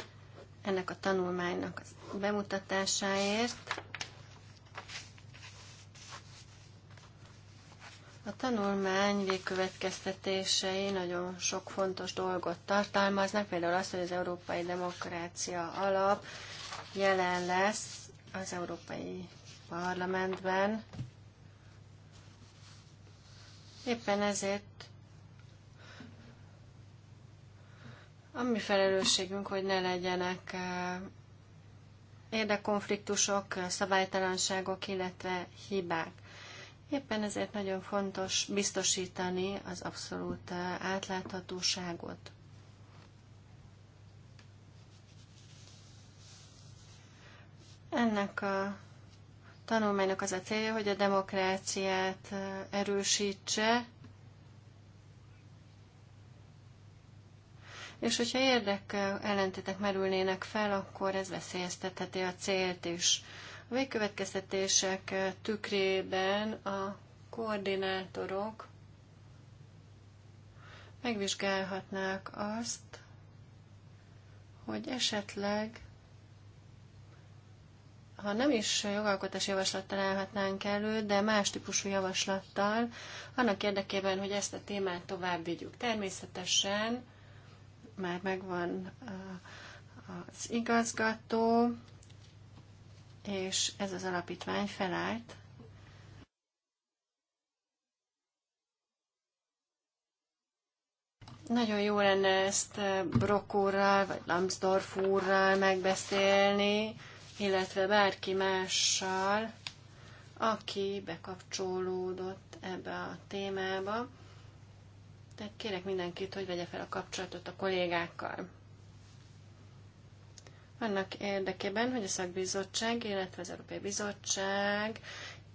ennek a tanulmánynak a bemutatásáért. A tanulmány végkövetkeztetései nagyon sok fontos dolgot tartalmaznak, például azt, hogy az Európai Demokrácia Alap jelen lesz az Európai Parlamentben, Éppen ezért a mi felelősségünk, hogy ne legyenek érdekkonfliktusok, szabálytalanságok, illetve hibák. Éppen ezért nagyon fontos biztosítani az abszolút átláthatóságot. Ennek a tanulmánynak az a célja, hogy a demokráciát erősítse, és hogyha érdek ellentétek merülnének fel, akkor ez veszélyeztetheti a célt is. A végkövetkeztetések tükrében a koordinátorok megvizsgálhatnák azt, hogy esetleg ha nem is jogalkotási javaslattal állhatnánk elő, de más típusú javaslattal, annak érdekében, hogy ezt a témát tovább vigyük. Természetesen már megvan eh, az igazgató, és ez az alapítvány felállt. Nagyon jó lenne ezt eh, Brokúrral, vagy Lambsdorff úrral megbeszélni, illetve bárki mással, aki bekapcsolódott ebbe a témába. Tehát kérek mindenkit, hogy vegye fel a kapcsolatot a kollégákkal. Annak érdekében, hogy a szakbizottság, illetve az Európai Bizottság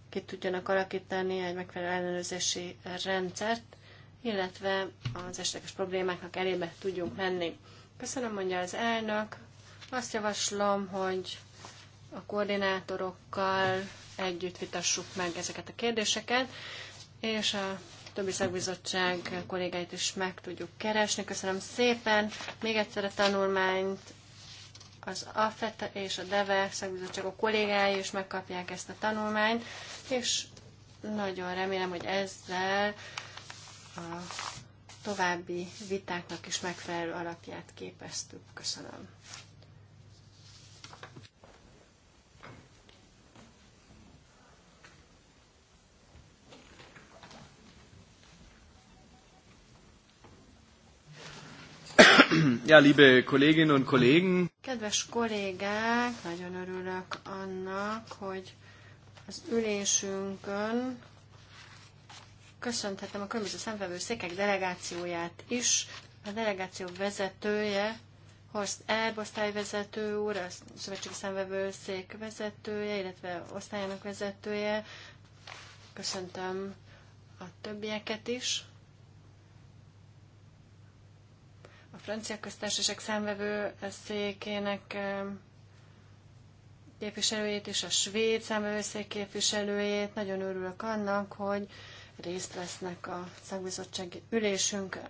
ki tudjanak alakítani egy megfelelő ellenőrzési rendszert, illetve az esetleges problémáknak elébe tudjunk menni. Köszönöm, mondja az elnök. Azt javaslom, hogy a koordinátorokkal együtt vitassuk meg ezeket a kérdéseket, és a többi szakbizottság kollégáit is meg tudjuk keresni. Köszönöm szépen. Még egyszer a tanulmányt az AFET és a DEVE szakbizottságok kollégái is megkapják ezt a tanulmányt, és nagyon remélem, hogy ezzel a további vitáknak is megfelelő alapját képeztük. Köszönöm. Ja, liebe Kolleginnen und Kollegen. Kedves kollégák, nagyon örülök annak, hogy az ülésünkön köszönhetem a különböző székek delegációját is. A delegáció vezetője Horst Erb osztályvezető úr, a Szövetségi Szék vezetője, illetve osztályának vezetője. Köszöntöm a többieket is. a francia köztársaság számvevő székének képviselőjét és a svéd számvevőszék képviselőjét. Nagyon örülök annak, hogy részt vesznek a szakbizottsági ülésünkön.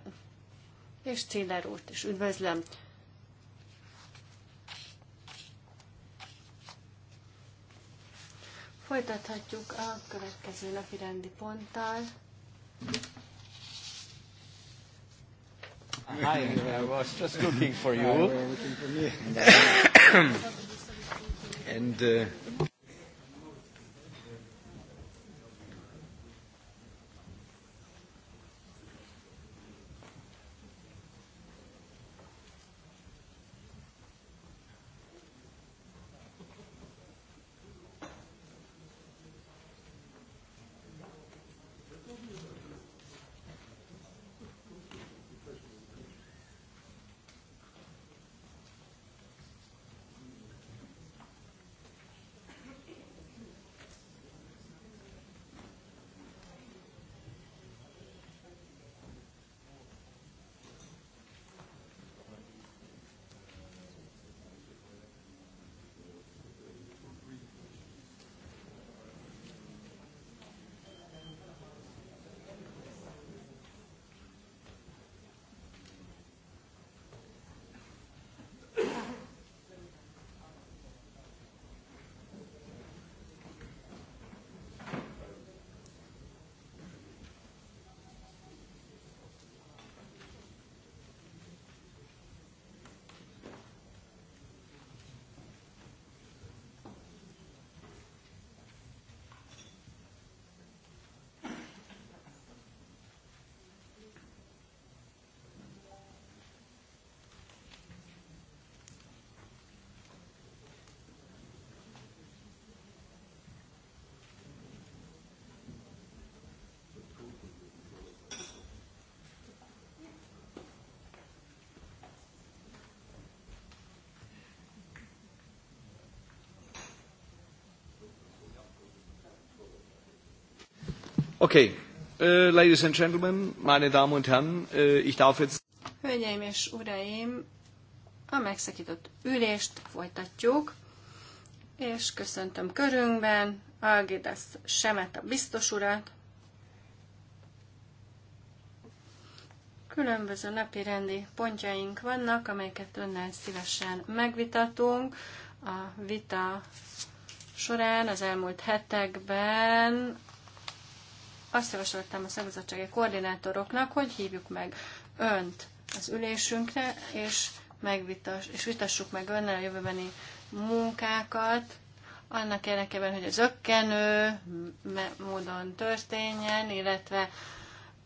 És Ciller úrt is üdvözlöm. Folytathatjuk a következő napi rendi ponttal. Hi, I uh, was just looking for you. Hi, uh, looking for me. and uh, Okay, uh, ladies and gentlemen, meine Damen und Herren, uh, ich darf jetzt... Hölgyeim és uraim, a megszakított ülést folytatjuk, és köszöntöm körünkben Algidas Semet a biztos urat. Különböző napi rendi pontjaink vannak, amelyeket önnel szívesen megvitatunk. A vita során az elmúlt hetekben azt javasoltam a szakbizottsági koordinátoroknak, hogy hívjuk meg önt az ülésünkre, és, megvitass, és vitassuk meg önnel a jövőbeni munkákat, annak érdekében, hogy az ökkenő módon történjen, illetve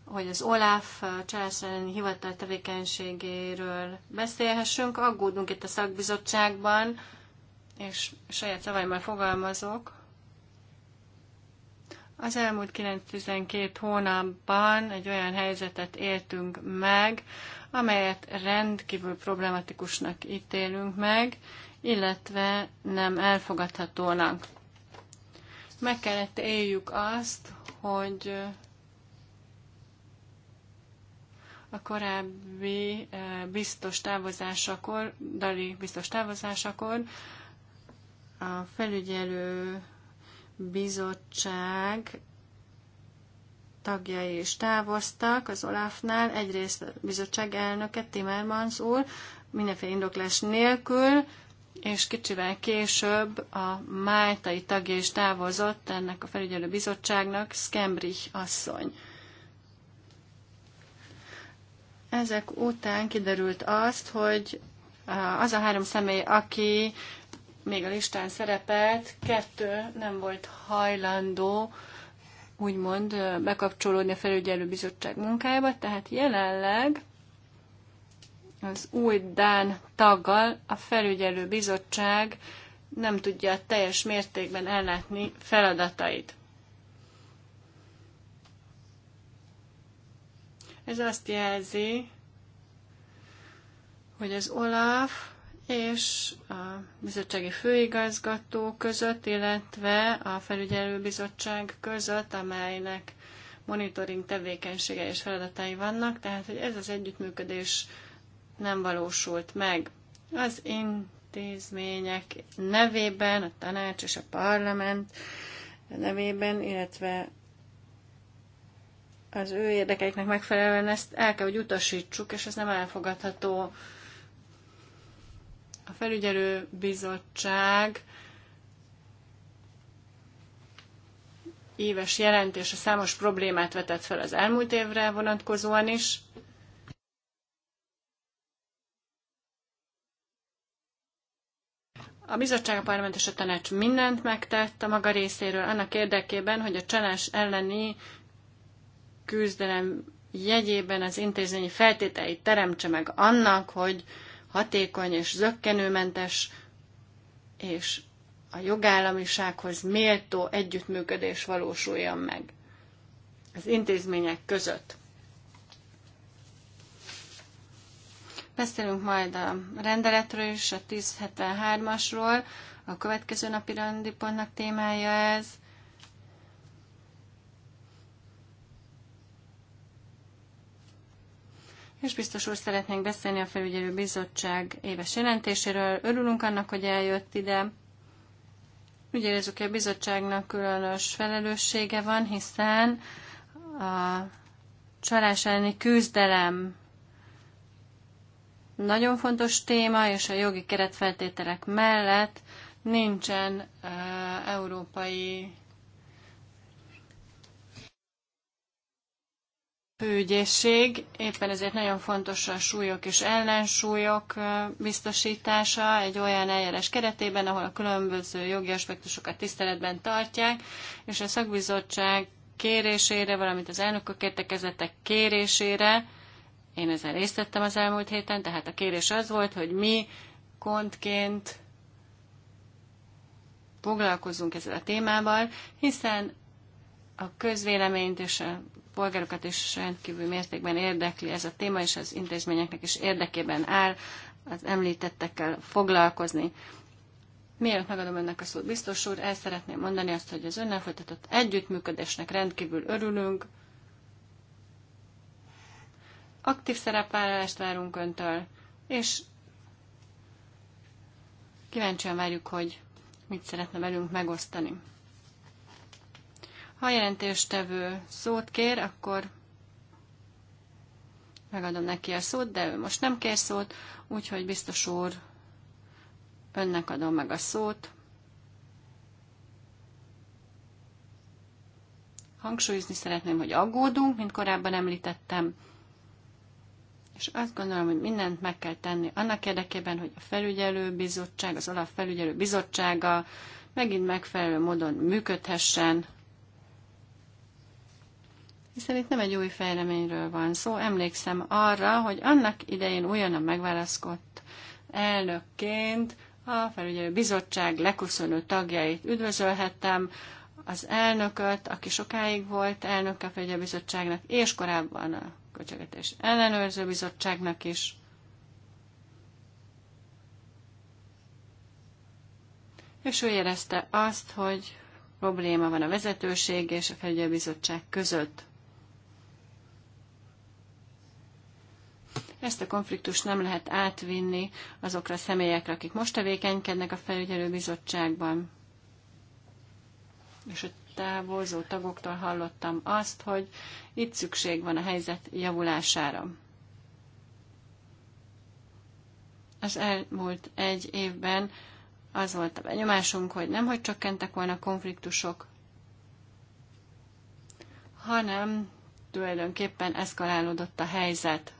hogy az Olaf csalás hivatal tevékenységéről beszélhessünk. Aggódunk itt a szakbizottságban, és saját szavaimmal fogalmazok. Az elmúlt 9-12 hónapban egy olyan helyzetet éltünk meg, amelyet rendkívül problematikusnak ítélünk meg, illetve nem elfogadhatónak. Meg kellett éljük azt, hogy a korábbi eh, biztos távozásakor, Dali biztos távozásakor a felügyelő bizottság tagjai is távoztak az Olafnál, egyrészt a bizottság elnöke Timmermans úr, mindenféle indoklás nélkül, és kicsivel később a máltai tagja is távozott ennek a felügyelő bizottságnak, Skembrich asszony. Ezek után kiderült azt, hogy az a három személy, aki még a listán szerepelt, kettő nem volt hajlandó úgymond bekapcsolódni a felügyelőbizottság munkájába, tehát jelenleg az új Dán taggal a felügyelőbizottság nem tudja teljes mértékben ellátni feladatait. Ez azt jelzi, hogy az Olaf és a bizottsági főigazgató között, illetve a felügyelőbizottság között, amelynek monitoring tevékenysége és feladatai vannak, tehát hogy ez az együttműködés nem valósult meg. Az intézmények nevében, a tanács és a parlament nevében, illetve az ő érdekeiknek megfelelően ezt el kell, hogy utasítsuk, és ez nem elfogadható a felügyelő bizottság éves jelentése számos problémát vetett fel az elmúlt évre vonatkozóan is. A bizottság, a parlament és a tanács mindent megtett a maga részéről annak érdekében, hogy a csalás elleni küzdelem jegyében az intézményi feltételeit teremtse meg annak, hogy hatékony és zöggenőmentes, és a jogállamisághoz méltó együttműködés valósuljon meg az intézmények között. Beszélünk majd a rendeletről is, a 1073-asról, a következő napi rendi pontnak témája ez – és biztos úr szeretnénk beszélni a felügyelő bizottság éves jelentéséről. Örülünk annak, hogy eljött ide. Úgy érezzük, hogy a bizottságnak különös felelőssége van, hiszen a csalás elleni küzdelem nagyon fontos téma, és a jogi keretfeltételek mellett nincsen uh, európai főügyészség, éppen ezért nagyon fontos a súlyok és ellensúlyok biztosítása egy olyan eljárás keretében, ahol a különböző jogi aspektusokat tiszteletben tartják, és a szakbizottság kérésére, valamint az elnökök értekezetek kérésére, én ezzel részt vettem az elmúlt héten, tehát a kérés az volt, hogy mi kontként foglalkozzunk ezzel a témával, hiszen a közvéleményt és a polgárokat is rendkívül mértékben érdekli ez a téma, és az intézményeknek is érdekében áll az említettekkel foglalkozni. Mielőtt megadom önnek a szót, biztos úr, el szeretném mondani azt, hogy az önnel folytatott együttműködésnek rendkívül örülünk. Aktív szerepvállalást várunk öntől, és kíváncsian várjuk, hogy mit szeretne velünk megosztani. Ha jelentéstevő szót kér, akkor megadom neki a szót, de ő most nem kér szót, úgyhogy biztos úr, önnek adom meg a szót. Hangsúlyozni szeretném, hogy aggódunk, mint korábban említettem, és azt gondolom, hogy mindent meg kell tenni annak érdekében, hogy a felügyelő bizottság, az alapfelügyelő bizottsága megint megfelelő módon működhessen, hiszen itt nem egy új fejleményről van szó. Emlékszem arra, hogy annak idején újonnan megválasztott elnökként a felügyelő bizottság leköszönő tagjait üdvözölhettem, az elnököt, aki sokáig volt elnök a felügyelő bizottságnak, és korábban a Költségvetés Ellenőrző Bizottságnak is. És ő érezte azt, hogy probléma van a vezetőség és a felügyelőbizottság között. Ezt a konfliktust nem lehet átvinni azokra a személyekre, akik most tevékenykednek a felügyelőbizottságban. És a távozó tagoktól hallottam azt, hogy itt szükség van a helyzet javulására. Az elmúlt egy évben az volt a benyomásunk, hogy nem hogy csökkentek volna a konfliktusok, hanem tulajdonképpen eszkalálódott a helyzet.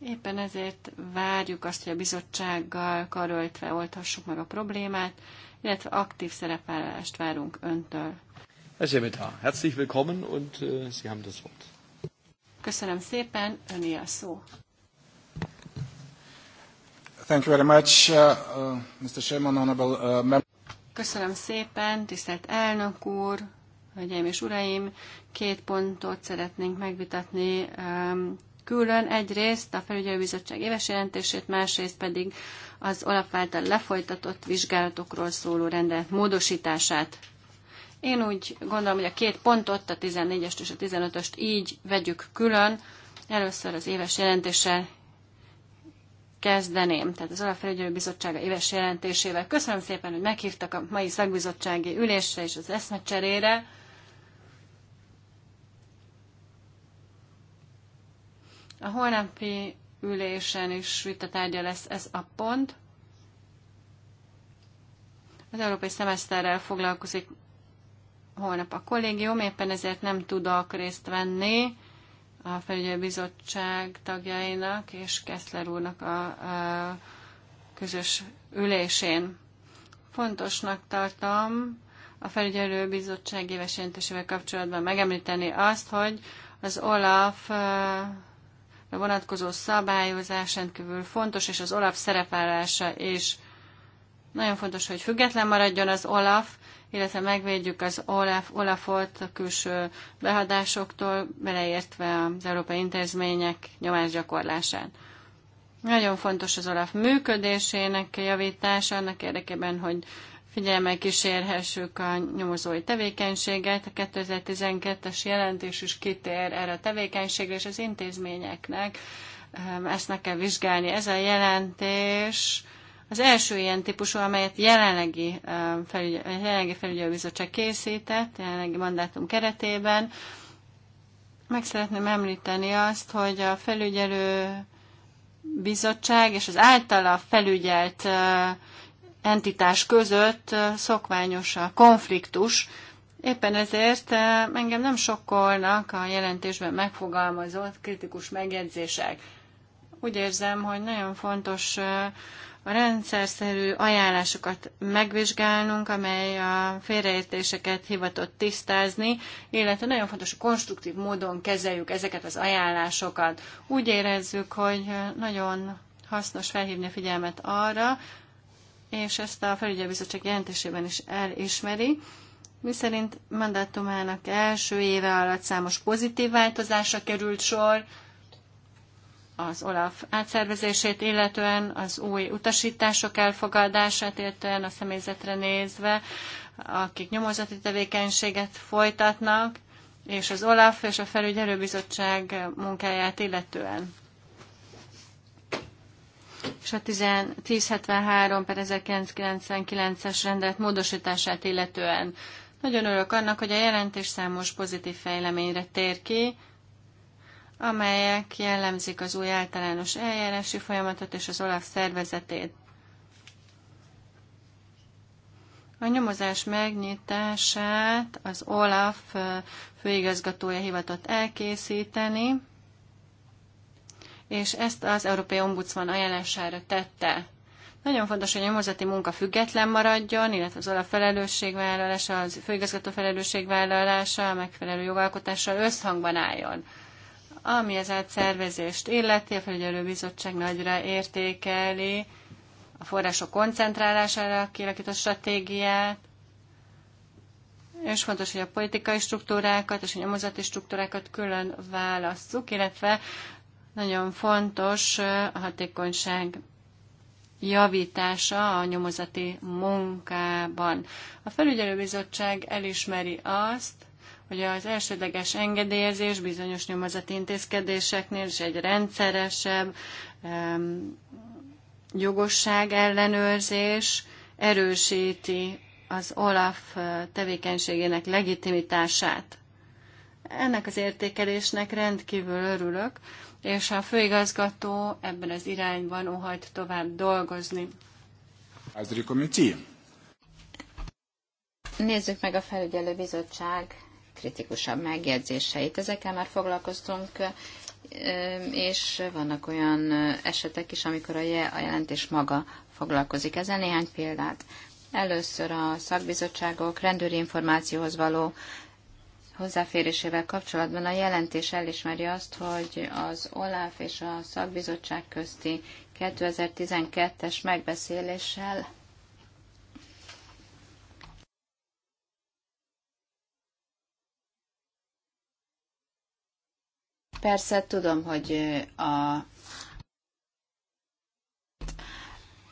Éppen ezért várjuk azt, hogy a bizottsággal karöltve oldhassuk meg a problémát, illetve aktív szerepvállalást várunk öntől. Herr Schemeta, herzlich willkommen und äh, Sie haben das Wort. Köszönöm szépen, öné a szó. Thank you very much, uh, uh Mr. Chairman, honorable uh, Köszönöm szépen, tisztelt elnök úr, hölgyeim és uraim. Két pontot szeretnénk megvitatni um, külön, egyrészt a felügyelőbizottság éves jelentését, másrészt pedig az Olaf által lefolytatott vizsgálatokról szóló rendelet módosítását. Én úgy gondolom, hogy a két pontot, a 14-est és a 15-öst így vegyük külön. Először az éves jelentéssel kezdeném, tehát az Alapfelügyelő Bizottsága éves jelentésével. Köszönöm szépen, hogy meghívtak a mai szakbizottsági ülésre és az eszmecserére. A holnapi ülésen is vitatárgya lesz ez a pont. Az európai szemeszterrel foglalkozik holnap a kollégium, éppen ezért nem tudok részt venni a felügyelőbizottság tagjainak és Keszler úrnak a, a közös ülésén. Fontosnak tartom a felügyelőbizottság éves jelentésével kapcsolatban megemlíteni azt, hogy az OLAF vonatkozó szabályozás rendkívül fontos, és az OLAF szerepállása is nagyon fontos, hogy független maradjon az OLAF, illetve megvédjük az OLAF, OLAF-ot a külső behadásoktól, beleértve az európai intézmények nyomásgyakorlását. Nagyon fontos az OLAF működésének javítása, annak érdekében, hogy figyelemmel kísérhessük a nyomozói tevékenységet. A 2012-es jelentés is kitér erre a tevékenységre, és az intézményeknek ehm, ezt meg kell vizsgálni. Ez a jelentés az első ilyen típusú, amelyet jelenlegi, ehm, felügy, jelenlegi felügyelőbizottság készített, jelenlegi mandátum keretében. Meg szeretném említeni azt, hogy a felügyelő bizottság és az általa felügyelt ehm, entitás között szokványos a konfliktus. Éppen ezért engem nem sokkolnak a jelentésben megfogalmazott kritikus megjegyzések. Úgy érzem, hogy nagyon fontos a rendszerszerű ajánlásokat megvizsgálnunk, amely a félreértéseket hivatott tisztázni, illetve nagyon fontos, hogy konstruktív módon kezeljük ezeket az ajánlásokat. Úgy érezzük, hogy nagyon hasznos felhívni a figyelmet arra, és ezt a felügyelőbizottság jelentésében is elismeri, miszerint mandátumának első éve alatt számos pozitív változásra került sor, az OLAF átszervezését, illetően az új utasítások elfogadását, illetően a személyzetre nézve, akik nyomozati tevékenységet folytatnak, és az OLAF és a felügyelőbizottság munkáját illetően és a 1073 per 1999-es rendelet módosítását illetően. Nagyon örülök annak, hogy a jelentés számos pozitív fejleményre tér ki, amelyek jellemzik az új általános eljárási folyamatot és az OLAF szervezetét. A nyomozás megnyitását az OLAF főigazgatója hivatott elkészíteni, és ezt az Európai Ombudsman ajánlására tette. Nagyon fontos, hogy a nyomozati munka független maradjon, illetve az a felelősségvállalása, az főigazgató felelősségvállalása a megfelelő jogalkotással összhangban álljon. Ami az átszervezést illeti, a felügyelőbizottság nagyra értékeli a források koncentrálására kialakított stratégiát, és fontos, hogy a politikai struktúrákat és a nyomozati struktúrákat külön válasszuk, illetve nagyon fontos eh, a hatékonyság javítása a nyomozati munkában. A felügyelőbizottság elismeri azt, hogy az elsődleges engedélyezés bizonyos nyomozati intézkedéseknél is egy rendszeresebb um, jogosság ellenőrzés erősíti az OLAF eh, tevékenységének legitimitását. Ennek az értékelésnek rendkívül örülök, és a főigazgató ebben az irányban óhajt tovább dolgozni. Nézzük meg a felügyelő bizottság kritikusabb megjegyzéseit. Ezekkel már foglalkoztunk, és vannak olyan esetek is, amikor a jelentés maga foglalkozik. Ezzel néhány példát. Először a szakbizottságok rendőri információhoz való hozzáférésével kapcsolatban a jelentés elismeri azt, hogy az OLAF és a szakbizottság közti 2012-es megbeszéléssel Persze tudom, hogy a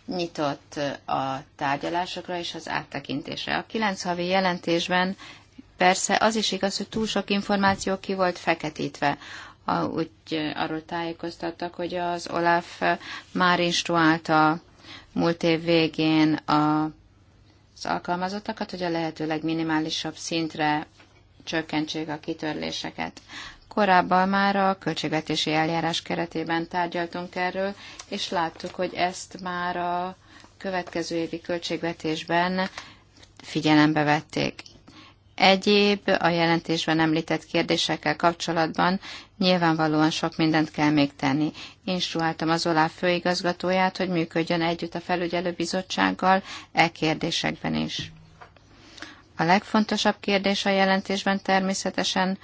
nyitott a tárgyalásokra és az áttekintésre. A kilenc havi jelentésben Persze az is igaz, hogy túl sok információ ki volt feketítve. A, úgy arról tájékoztattak, hogy az Olaf már instruálta múlt év végén a, az alkalmazottakat, hogy a lehető legminimálisabb szintre csökkentsék a kitörléseket. Korábban már a költségvetési eljárás keretében tárgyaltunk erről, és láttuk, hogy ezt már a következő évi költségvetésben figyelembe vették. Egyéb a jelentésben említett kérdésekkel kapcsolatban nyilvánvalóan sok mindent kell még tenni. Instruáltam az OLÁ főigazgatóját, hogy működjön együtt a felügyelőbizottsággal e kérdésekben is. A legfontosabb kérdés a jelentésben természetesen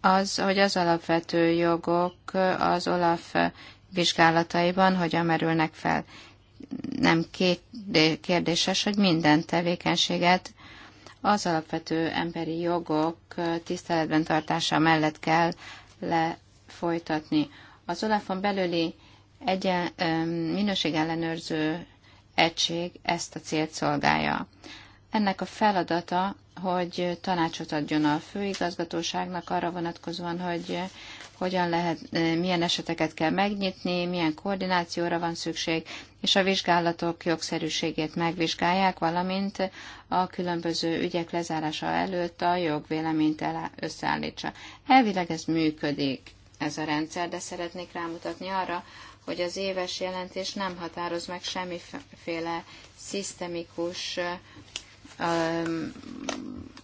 az, hogy az alapvető jogok az OLAF vizsgálataiban hogyan merülnek fel. Nem két kérdéses, hogy minden tevékenységet az alapvető emberi jogok tiszteletben tartása mellett kell lefolytatni. Az olafon belüli egyen, minőségellenőrző egység ezt a célt szolgálja. Ennek a feladata, hogy tanácsot adjon a főigazgatóságnak arra vonatkozóan, hogy hogyan lehet, milyen eseteket kell megnyitni, milyen koordinációra van szükség, és a vizsgálatok jogszerűségét megvizsgálják, valamint a különböző ügyek lezárása előtt a jogvéleményt összeállítsa. Elvileg ez működik, ez a rendszer, de szeretnék rámutatni arra, hogy az éves jelentés nem határoz meg semmiféle szisztemikus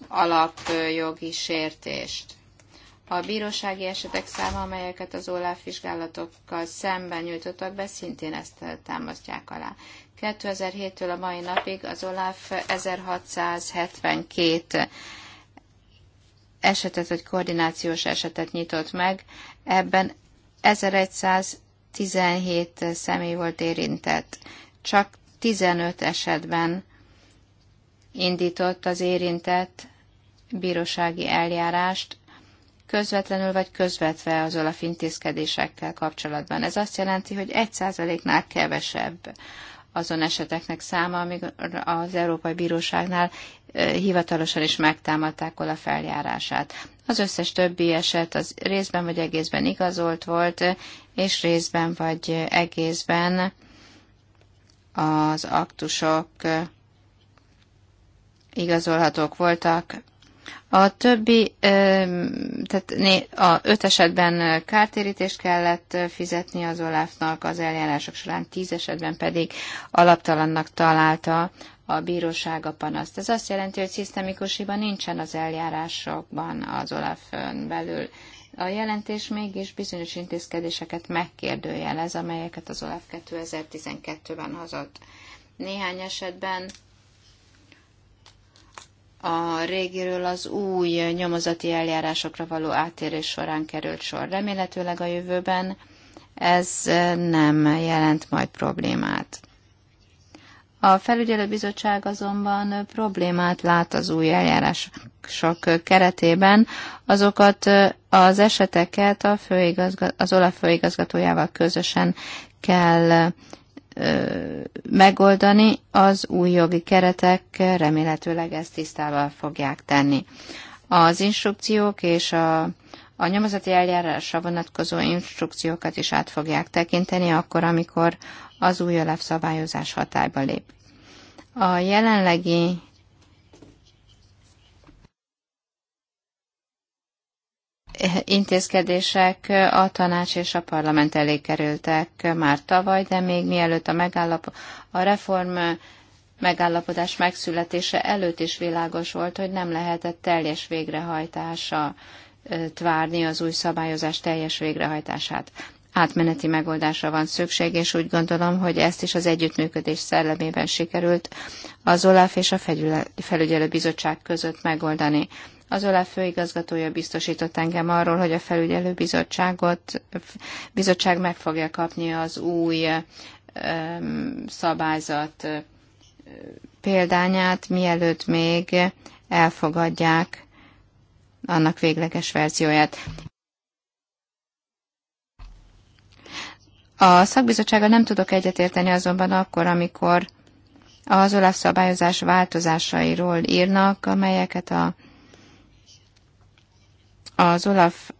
alapjogi sértést. A bírósági esetek száma, amelyeket az OLAF vizsgálatokkal szemben nyújtottak be, szintén ezt támasztják alá. 2007-től a mai napig az OLAF 1672 esetet vagy koordinációs esetet nyitott meg, ebben 1117 személy volt érintett. Csak 15 esetben indított az érintett bírósági eljárást, közvetlenül vagy közvetve az olaf intézkedésekkel kapcsolatban. Ez azt jelenti, hogy egy százaléknál kevesebb azon eseteknek száma, amíg az Európai Bíróságnál hivatalosan is megtámadták a feljárását. Az összes többi eset az részben vagy egészben igazolt volt, és részben vagy egészben az aktusok igazolhatók voltak, a többi, tehát a öt esetben kártérítést kellett fizetni az Olafnak, az eljárások során tíz esetben pedig alaptalannak találta a bíróság a panaszt. Ez azt jelenti, hogy szisztemikusiban nincsen az eljárásokban az Olaf belül. A jelentés mégis bizonyos intézkedéseket megkérdőjelez, amelyeket az Olaf 2012-ben hozott. Néhány esetben a régiről az új nyomozati eljárásokra való áttérés során került sor. Remélhetőleg a jövőben ez nem jelent majd problémát. A felügyelőbizottság azonban problémát lát az új eljárások keretében, azokat az eseteket a főigazga- az OLAF főigazgatójával közösen kell megoldani, az új jogi keretek remélhetőleg ezt tisztával fogják tenni. Az instrukciók és a, a nyomozati eljárásra vonatkozó instrukciókat is át fogják tekinteni, akkor, amikor az új alapszabályozás hatályba lép. A jelenlegi intézkedések a tanács és a parlament elé kerültek már tavaly, de még mielőtt a, megállap, a reform megállapodás megszületése előtt is világos volt, hogy nem lehetett teljes végrehajtása várni az új szabályozás teljes végrehajtását. Átmeneti megoldásra van szükség, és úgy gondolom, hogy ezt is az együttműködés szellemében sikerült az OLAF és a Felügyelőbizottság között megoldani. Az ölel főigazgatója biztosított engem arról, hogy a felügyelő bizottságot, bizottság meg fogja kapni az új szabályzat példányát, mielőtt még elfogadják annak végleges verzióját. A szakbizottsággal nem tudok egyetérteni azonban akkor, amikor az olaf szabályozás változásairól írnak, amelyeket a az Olaf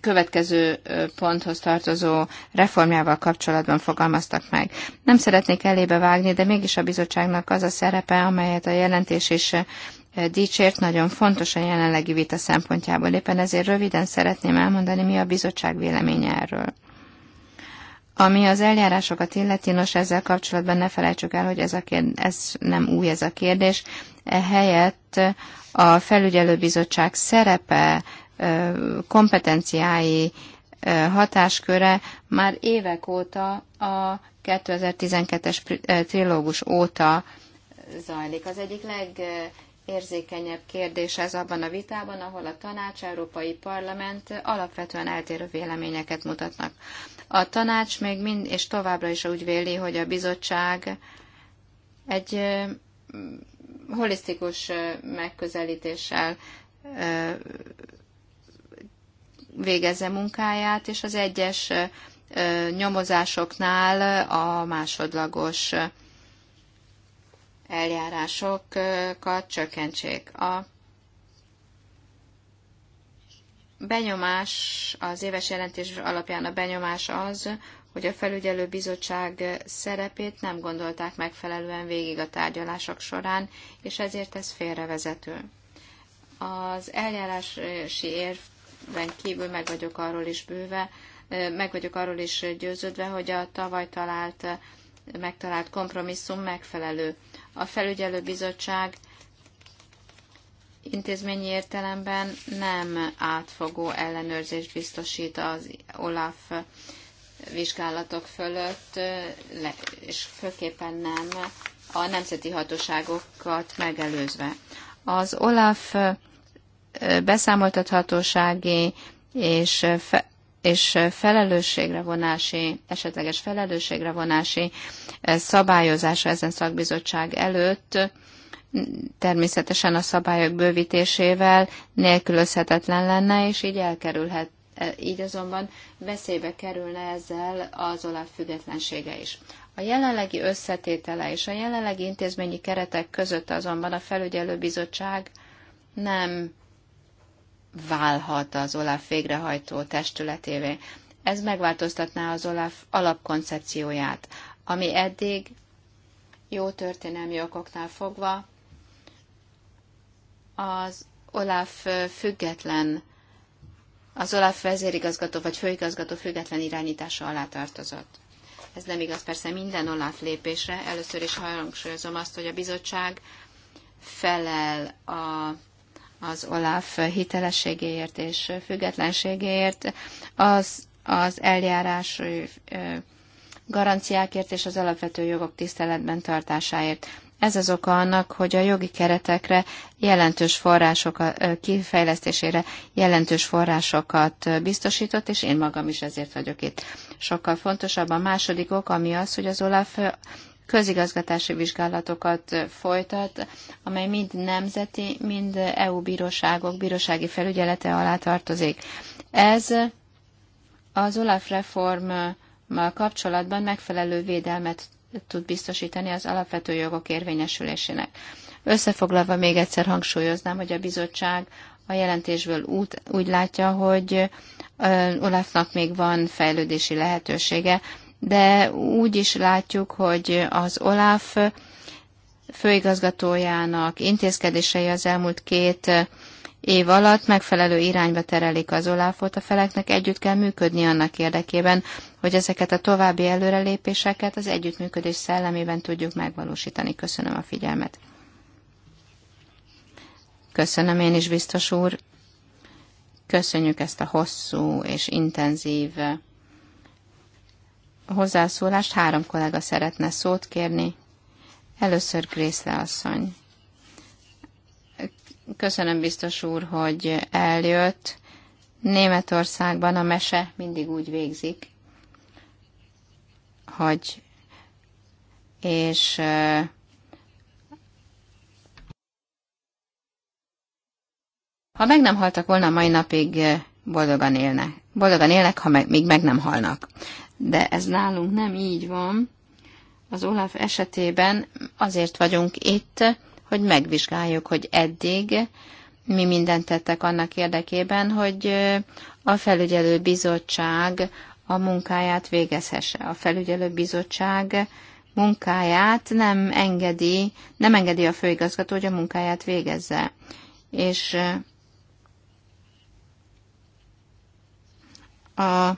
következő ponthoz tartozó reformjával kapcsolatban fogalmaztak meg. Nem szeretnék elébe vágni, de mégis a bizottságnak az a szerepe, amelyet a jelentés is dicsért, nagyon fontos a jelenlegi vita szempontjából. Éppen ezért röviden szeretném elmondani, mi a bizottság véleménye erről. Ami az eljárásokat illeti, nos ezzel kapcsolatban ne felejtsük el, hogy ez, a kérdés, ez nem új ez a kérdés. Ehelyett a felügyelőbizottság szerepe, kompetenciái, hatásköre már évek óta a 2012-es trilógus óta zajlik. Az egyik legérzékenyebb kérdés ez abban a vitában, ahol a tanács, Európai Parlament alapvetően eltérő véleményeket mutatnak. A tanács még mind, és továbbra is úgy véli, hogy a bizottság egy holisztikus megközelítéssel végezze munkáját, és az egyes nyomozásoknál a másodlagos eljárásokat csökkentsék. A benyomás, az éves jelentés alapján a benyomás az, hogy a felügyelő bizottság szerepét nem gondolták megfelelően végig a tárgyalások során, és ezért ez félrevezető. Az eljárási érvben kívül meg vagyok arról is bőve, meg vagyok arról is győződve, hogy a tavaly talált, megtalált kompromisszum megfelelő. A felügyelő bizottság intézményi értelemben nem átfogó ellenőrzést biztosít az OLAF vizsgálatok fölött, és főképpen nem a nemzeti hatóságokat megelőzve. Az OLAF beszámoltathatósági és, fe, és felelősségre vonási, esetleges felelősségre vonási szabályozása ezen szakbizottság előtt természetesen a szabályok bővítésével nélkülözhetetlen lenne, és így elkerülhet, e, így azonban veszélybe kerülne ezzel az olaf függetlensége is. A jelenlegi összetétele és a jelenlegi intézményi keretek között azonban a felügyelőbizottság nem válhat az OLAF végrehajtó testületévé. Ez megváltoztatná az OLAF alapkoncepcióját, ami eddig jó történelmi okoknál fogva az Olaf független, az Olaf vezérigazgató vagy főigazgató független irányítása alá tartozott. Ez nem igaz persze minden Olaf lépésre. Először is hangsúlyozom azt, hogy a bizottság felel a, az Olaf hitelességéért és függetlenségéért, az, az eljárás garanciákért és az alapvető jogok tiszteletben tartásáért. Ez az oka annak, hogy a jogi keretekre jelentős források kifejlesztésére jelentős forrásokat biztosított, és én magam is ezért vagyok itt. Sokkal fontosabb a második ok, ami az, hogy az Olaf közigazgatási vizsgálatokat folytat, amely mind nemzeti, mind EU bíróságok bírósági felügyelete alá tartozik. Ez az Olaf reform kapcsolatban megfelelő védelmet tud biztosítani az alapvető jogok érvényesülésének. Összefoglalva még egyszer hangsúlyoznám, hogy a bizottság a jelentésből út, úgy látja, hogy Olafnak még van fejlődési lehetősége, de úgy is látjuk, hogy az Olaf főigazgatójának intézkedései az elmúlt két év alatt megfelelő irányba terelik az oláfot, a feleknek együtt kell működni annak érdekében, hogy ezeket a további előrelépéseket az együttműködés szellemében tudjuk megvalósítani. Köszönöm a figyelmet. Köszönöm én is, biztos úr. Köszönjük ezt a hosszú és intenzív hozzászólást. Három kollega szeretne szót kérni. Először Grészle asszony. Köszönöm biztos úr, hogy eljött. Németországban a mese mindig úgy végzik, hogy és ha meg nem haltak volna mai napig, boldogan élnek. Boldogan élnek, ha meg, még meg nem halnak. De ez nálunk nem így van. Az Olaf esetében azért vagyunk itt, hogy megvizsgáljuk, hogy eddig mi mindent tettek annak érdekében, hogy a felügyelő bizottság a munkáját végezhesse. A felügyelő bizottság munkáját nem engedi, nem engedi a főigazgató, hogy a munkáját végezze. És a,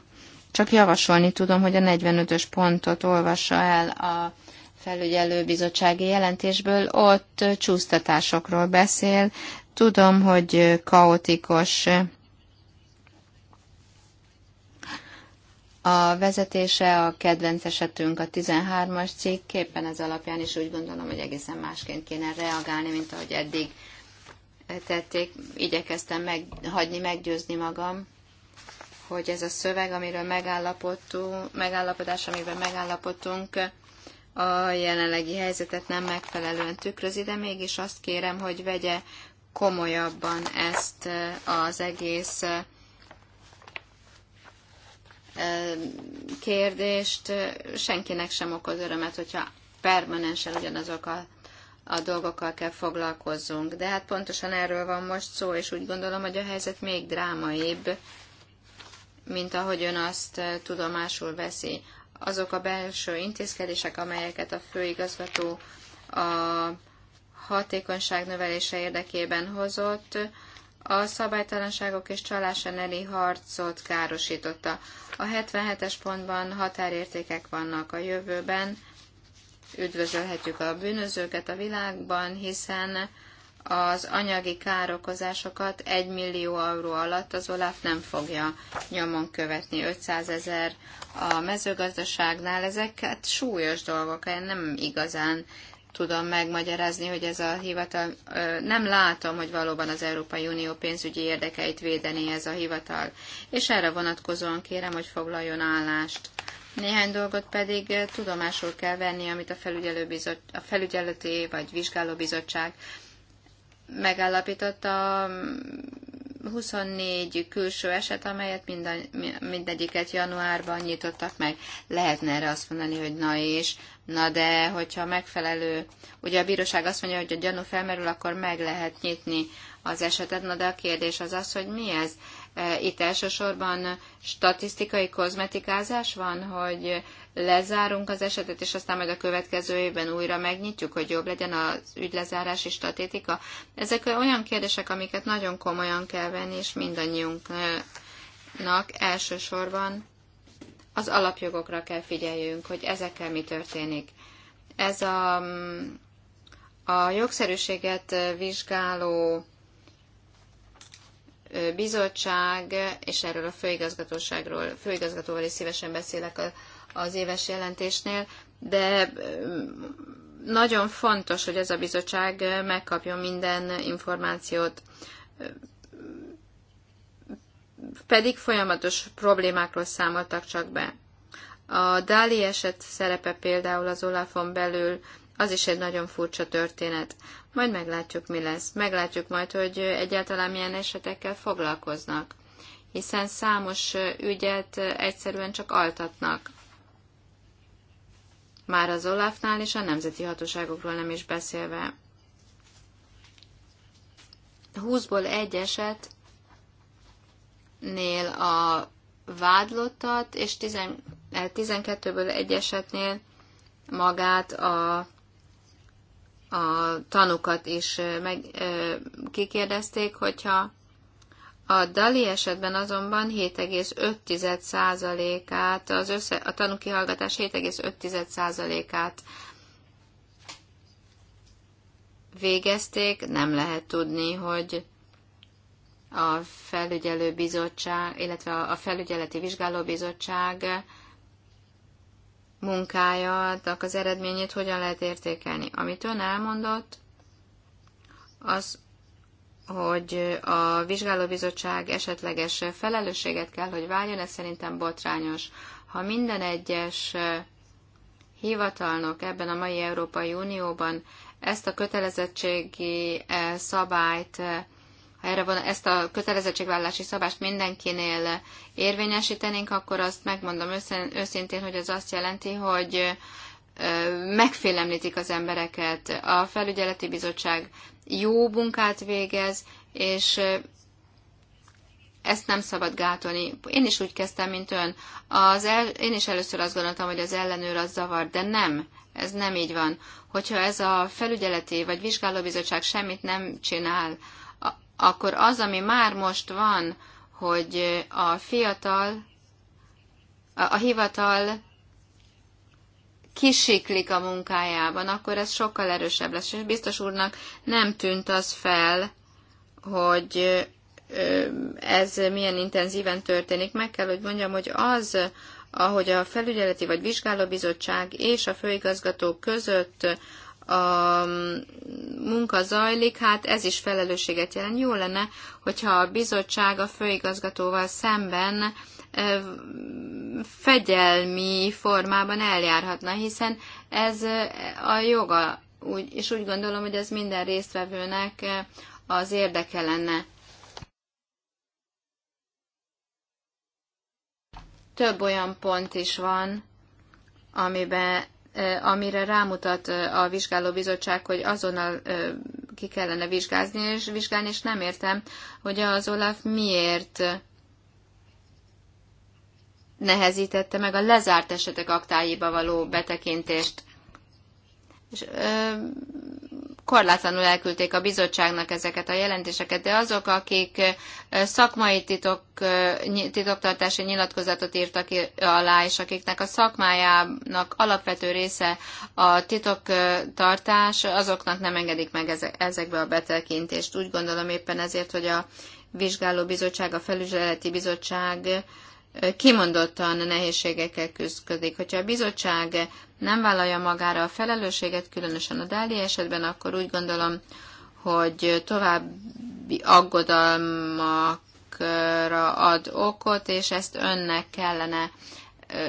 csak javasolni tudom, hogy a 45-ös pontot olvassa el a felügyelőbizottsági jelentésből, ott csúsztatásokról beszél. Tudom, hogy kaotikus a vezetése, a kedvenc esetünk a 13-as cikk, éppen ez alapján is úgy gondolom, hogy egészen másként kéne reagálni, mint ahogy eddig tették. Igyekeztem meg, hagyni meggyőzni magam, hogy ez a szöveg, amiről megállapodtunk, megállapodás, amiben megállapodtunk, a jelenlegi helyzetet nem megfelelően tükrözi, de mégis azt kérem, hogy vegye komolyabban ezt eh, az egész eh, eh, kérdést. Senkinek sem okoz örömet, hogyha permanensen ugyanazokkal a dolgokkal kell foglalkozzunk. De hát pontosan erről van most szó, és úgy gondolom, hogy a helyzet még drámaibb, mint ahogy ön azt tudomásul veszi azok a belső intézkedések, amelyeket a főigazgató a hatékonyság növelése érdekében hozott, a szabálytalanságok és csalás elleni harcot károsította. A 77-es pontban határértékek vannak a jövőben, üdvözölhetjük a bűnözőket a világban, hiszen az anyagi károkozásokat 1 millió euró alatt az OLAF nem fogja nyomon követni. 500 ezer a mezőgazdaságnál ezeket hát súlyos dolgok, én nem igazán tudom megmagyarázni, hogy ez a hivatal, nem látom, hogy valóban az Európai Unió pénzügyi érdekeit védené ez a hivatal, és erre vonatkozóan kérem, hogy foglaljon állást. Néhány dolgot pedig tudomásul kell venni, amit a, bizot, a felügyeleti vagy vizsgálóbizottság megállapította 24 külső eset, amelyet minden, mindegyiket januárban nyitottak meg. Lehetne erre azt mondani, hogy na és, na de, hogyha megfelelő, ugye a bíróság azt mondja, hogy a gyanú felmerül, akkor meg lehet nyitni az esetet, na de a kérdés az az, hogy mi ez? E, itt elsősorban statisztikai kozmetikázás van, hogy lezárunk az esetet, és aztán majd a következő évben újra megnyitjuk, hogy jobb legyen az ügylezárási statétika. Ezek olyan kérdések, amiket nagyon komolyan kell venni, és mindannyiunknak elsősorban az alapjogokra kell figyeljünk, hogy ezekkel mi történik. Ez a, a jogszerűséget vizsgáló bizottság, és erről a főigazgatóságról, főigazgatóval is szívesen beszélek a az éves jelentésnél, de nagyon fontos, hogy ez a bizottság megkapjon minden információt. Pedig folyamatos problémákról számoltak csak be. A Dáli eset szerepe például az Olafon belül, az is egy nagyon furcsa történet. Majd meglátjuk, mi lesz. Meglátjuk majd, hogy egyáltalán milyen esetekkel foglalkoznak. Hiszen számos ügyet egyszerűen csak altatnak már az Olafnál és a nemzeti hatóságokról nem is beszélve. 20-ból egy esetnél a vádlottat, és 12-ből eh, egy esetnél magát a, a tanukat is eh, meg, eh, kikérdezték, hogyha a Dali esetben azonban 7,5%-át, az össze, a hallgatás 7,5%-át végezték, nem lehet tudni, hogy a felügyelő bizottság, illetve a felügyeleti vizsgálóbizottság munkája, az eredményét hogyan lehet értékelni. Amit ön elmondott, az hogy a vizsgálóbizottság esetleges felelősséget kell, hogy váljon, ez szerintem botrányos. Ha minden egyes hivatalnok ebben a mai Európai Unióban ezt a kötelezettségi eh, szabályt, eh, ha erre van, ezt a kötelezettségvállalási szabást mindenkinél érvényesítenénk, akkor azt megmondom őszintén, hogy ez azt jelenti, hogy megfélemlítik az embereket. A felügyeleti bizottság jó munkát végez, és ezt nem szabad gátolni. Én is úgy kezdtem, mint ön. Az el, én is először azt gondoltam, hogy az ellenőr az zavar, de nem. Ez nem így van. Hogyha ez a felügyeleti vagy vizsgálóbizottság semmit nem csinál, akkor az, ami már most van, hogy a fiatal, a, a hivatal kisiklik a munkájában, akkor ez sokkal erősebb lesz. És biztos úrnak nem tűnt az fel, hogy ez milyen intenzíven történik. Meg kell, hogy mondjam, hogy az, ahogy a felügyeleti vagy vizsgálóbizottság és a főigazgató között a mm, munka zajlik, hát ez is felelősséget jelent. Jó lenne, hogyha a bizottság a főigazgatóval szemben fegyelmi formában eljárhatna, hiszen ez a joga, és úgy gondolom, hogy ez minden résztvevőnek az érdeke lenne. Több olyan pont is van, amiben amire rámutat a vizsgálóbizottság, hogy azonnal ki kellene vizsgázni és vizsgálni, és nem értem, hogy az Olaf miért nehezítette meg a lezárt esetek aktájába való betekintést. És, ö, korlátlanul elküldték a bizottságnak ezeket a jelentéseket, de azok, akik szakmai titok, titoktartási nyilatkozatot írtak alá, és akiknek a szakmájának alapvető része a titoktartás, azoknak nem engedik meg ezekbe a betekintést. Úgy gondolom éppen ezért, hogy a vizsgáló bizottság, a felügyeleti bizottság kimondottan nehézségekkel küzdik. Hogyha a bizottság nem vállalja magára a felelősséget, különösen a Dáli esetben, akkor úgy gondolom, hogy további aggodalmakra ad okot, és ezt önnek kellene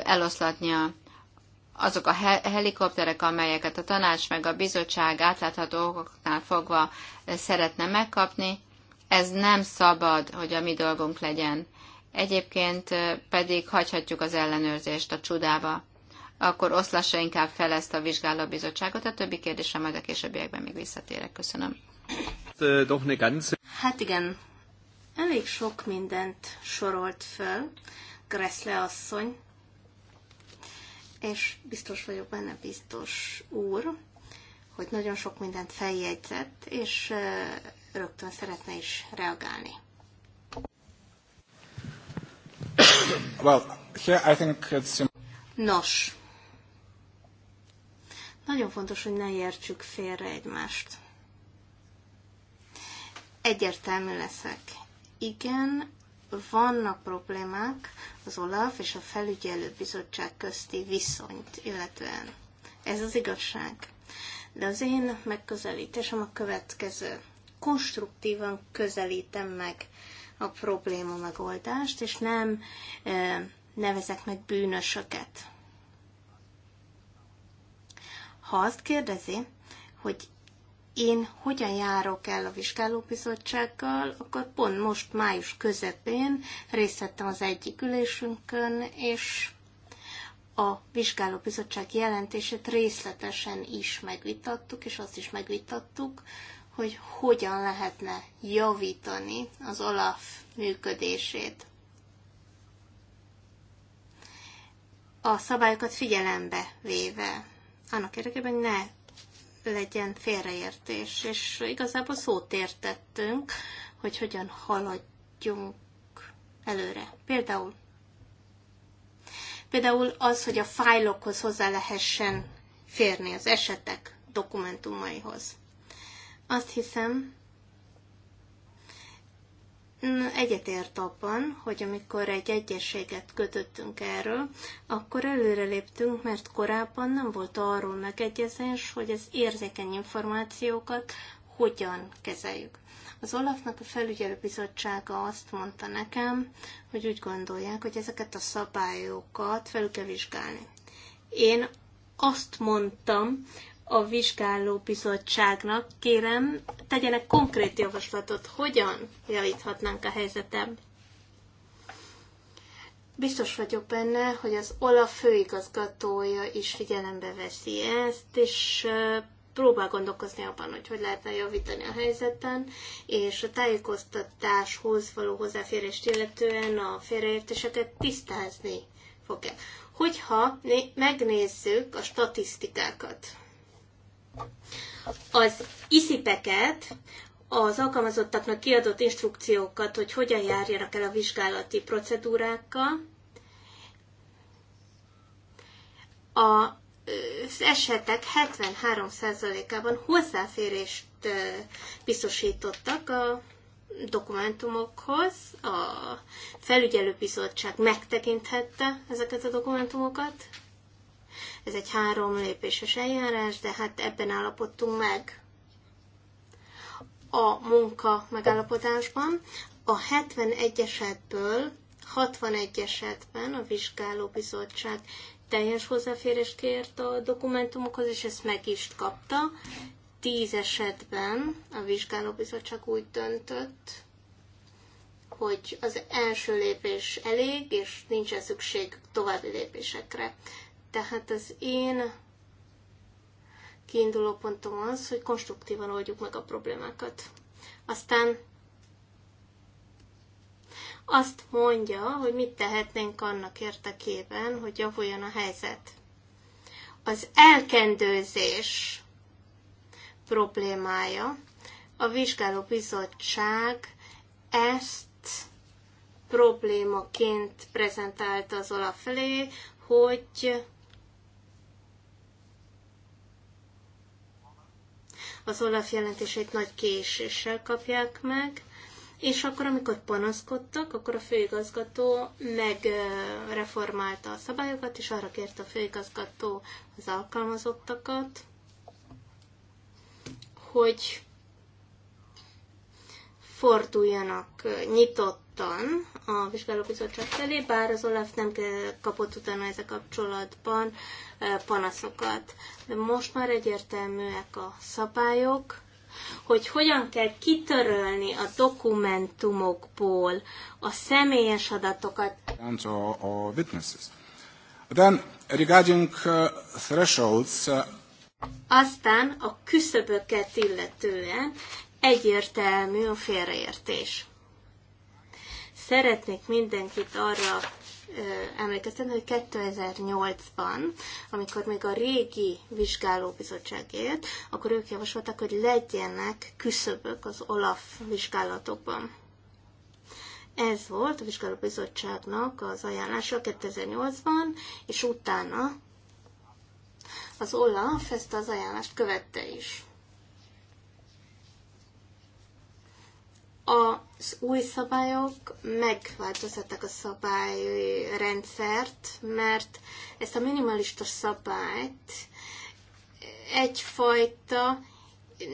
eloszlatnia azok a helikopterek, amelyeket a tanács meg a bizottság átlátható okoknál fogva szeretne megkapni, ez nem szabad, hogy a mi dolgunk legyen. Egyébként pedig hagyhatjuk az ellenőrzést a csodába. Akkor oszlassa inkább fel ezt a vizsgálóbizottságot, a többi kérdésre majd a későbbiekben még visszatérek. Köszönöm. Hát, hát igen, elég sok mindent sorolt föl Gressle asszony, és biztos vagyok benne, biztos úr, hogy nagyon sok mindent feljegyzett, és rögtön szeretne is reagálni. Well, here I think it's... Nos, nagyon fontos, hogy ne értsük félre egymást. Egyértelmű leszek. Igen, vannak problémák az OLAF és a felügyelő bizottság közti viszonyt, illetően ez az igazság. De az én megközelítésem a következő. Konstruktívan közelítem meg a probléma megoldást, és nem nevezek meg bűnösöket. Ha azt kérdezi, hogy én hogyan járok el a vizsgálóbizottsággal, akkor pont most május közepén részt vettem az egyik ülésünkön, és a vizsgálóbizottság jelentését részletesen is megvitattuk, és azt is megvitattuk, hogy hogyan lehetne javítani az OLAF működését. A szabályokat figyelembe véve, annak érdekében ne legyen félreértés, és igazából szót értettünk, hogy hogyan haladjunk előre. Például Például az, hogy a fájlokhoz hozzá lehessen férni az esetek dokumentumaihoz. Azt hiszem, egyetért abban, hogy amikor egy egyességet kötöttünk erről, akkor előreléptünk, mert korábban nem volt arról megegyezés, hogy az érzékeny információkat hogyan kezeljük. Az Olafnak a felügyelőbizottsága azt mondta nekem, hogy úgy gondolják, hogy ezeket a szabályokat felül kell vizsgálni. Én azt mondtam, a vizsgáló bizottságnak. Kérem, tegyenek konkrét javaslatot, hogyan javíthatnánk a helyzetem. Biztos vagyok benne, hogy az OLAF főigazgatója is figyelembe veszi ezt, és próbál gondolkozni abban, hogy hogy lehetne javítani a helyzeten, és a tájékoztatáshoz való hozzáférést illetően a félreértéseket tisztázni fogja. Hogyha megnézzük a statisztikákat, az iszipeket, az alkalmazottaknak kiadott instrukciókat, hogy hogyan járjanak el a vizsgálati procedúrákkal, az esetek 73%-ában hozzáférést biztosítottak a dokumentumokhoz, a felügyelőbizottság megtekinthette ezeket a dokumentumokat, ez egy három lépéses eljárás, de hát ebben állapodtunk meg a munka megállapodásban. A 71 esetből 61 esetben a vizsgálóbizottság teljes hozzáférést kért a dokumentumokhoz, és ezt meg is kapta. 10 esetben a vizsgálóbizottság úgy döntött, hogy az első lépés elég, és nincsen szükség további lépésekre. Tehát az én kiinduló pontom az, hogy konstruktívan oldjuk meg a problémákat. Aztán azt mondja, hogy mit tehetnénk annak érdekében, hogy javuljon a helyzet. Az elkendőzés problémája. A bizottság ezt problémaként prezentálta az olaf felé, hogy az Olaf jelentését nagy késéssel kapják meg, és akkor, amikor panaszkodtak, akkor a főigazgató megreformálta a szabályokat, és arra kérte a főigazgató az alkalmazottakat, hogy forduljanak nyitottan a vizsgálóbizottság felé, bár az Olaf nem kapott utána ezzel kapcsolatban panaszokat. De most már egyértelműek a szabályok, hogy hogyan kell kitörölni a dokumentumokból a személyes adatokat. And or, or witnesses. Then regarding uh, thresholds, uh... Aztán a küszöböket illetően egyértelmű a félreértés. Szeretnék mindenkit arra emlékeztetni, hogy 2008-ban, amikor még a régi vizsgálóbizottság élt, akkor ők javasolták, hogy legyenek küszöbök az OLAF vizsgálatokban. Ez volt a vizsgálóbizottságnak az ajánlása 2008-ban, és utána az OLAF ezt az ajánlást követte is. az új szabályok megváltoztatták a rendszert, mert ezt a minimalista szabályt egyfajta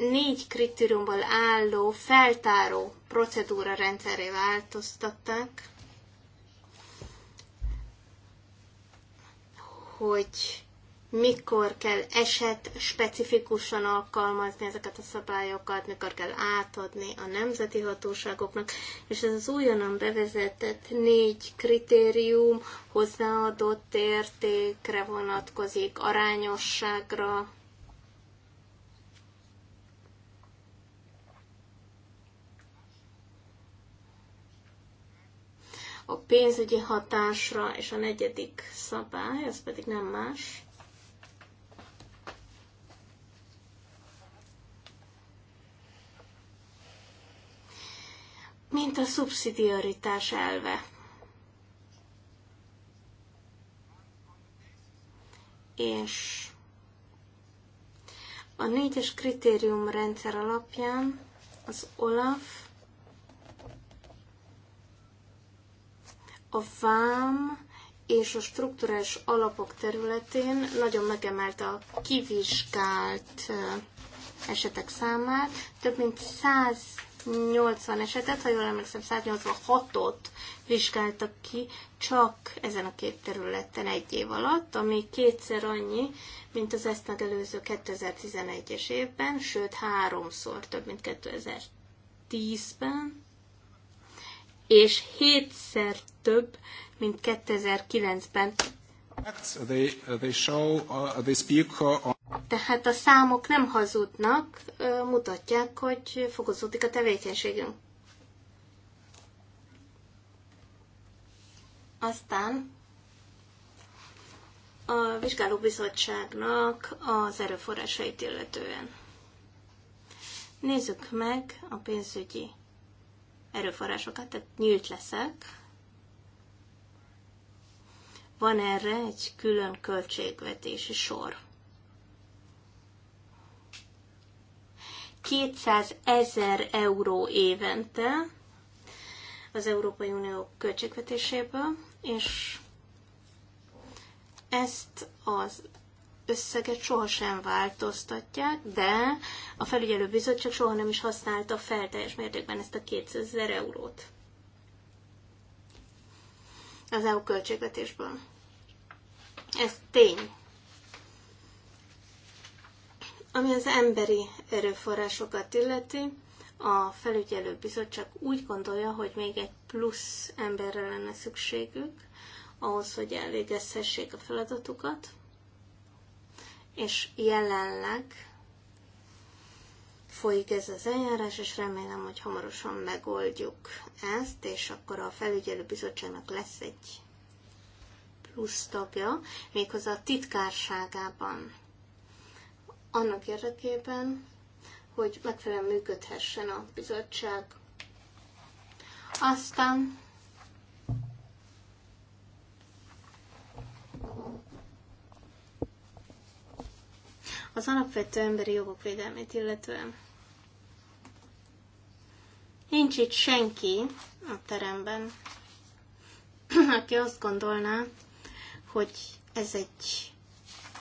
négy kritériumból álló feltáró procedúra rendszeré változtatták, hogy mikor kell eset specifikusan alkalmazni ezeket a szabályokat, mikor kell átadni a nemzeti hatóságoknak, és ez az újonnan bevezetett négy kritérium hozzáadott értékre vonatkozik, arányosságra, a pénzügyi hatásra, és a negyedik szabály, az pedig nem más, mint a szubszidiaritás elve. És a négyes kritérium rendszer alapján az OLAF a vám és a strukturális alapok területén nagyon megemelte a kivizsgált esetek számát, több mint 100 180 esetet, ha jól emlékszem, 186-ot vizsgáltak ki csak ezen a két területen egy év alatt, ami kétszer annyi, mint az ezt megelőző 2011-es évben, sőt háromszor több, mint 2010-ben, és hétszer több, mint 2009-ben. They, they show, uh, they speak on... Uh, tehát a számok nem hazudnak, mutatják, hogy fokozódik a tevékenységünk. Aztán a vizsgálóbizottságnak az erőforrásait illetően. Nézzük meg a pénzügyi erőforrásokat, tehát nyílt leszek. Van erre egy külön költségvetési sor. 200 ezer euró évente az Európai Unió költségvetéséből, és ezt az összeget sohasem változtatják, de a felügyelő bizottság soha nem is használta fel teljes mértékben ezt a 200 ezer eurót az EU költségvetésből. Ez tény. Ami az emberi erőforrásokat illeti, a felügyelő bizottság úgy gondolja, hogy még egy plusz emberre lenne szükségük ahhoz, hogy elvégezhessék a feladatukat, és jelenleg folyik ez az eljárás, és remélem, hogy hamarosan megoldjuk ezt, és akkor a felügyelő bizottságnak lesz egy plusz tagja, méghozzá a titkárságában annak érdekében, hogy megfelelően működhessen a bizottság. Aztán az alapvető emberi jogok védelmét illetően. Nincs itt senki a teremben, aki azt gondolná, hogy ez egy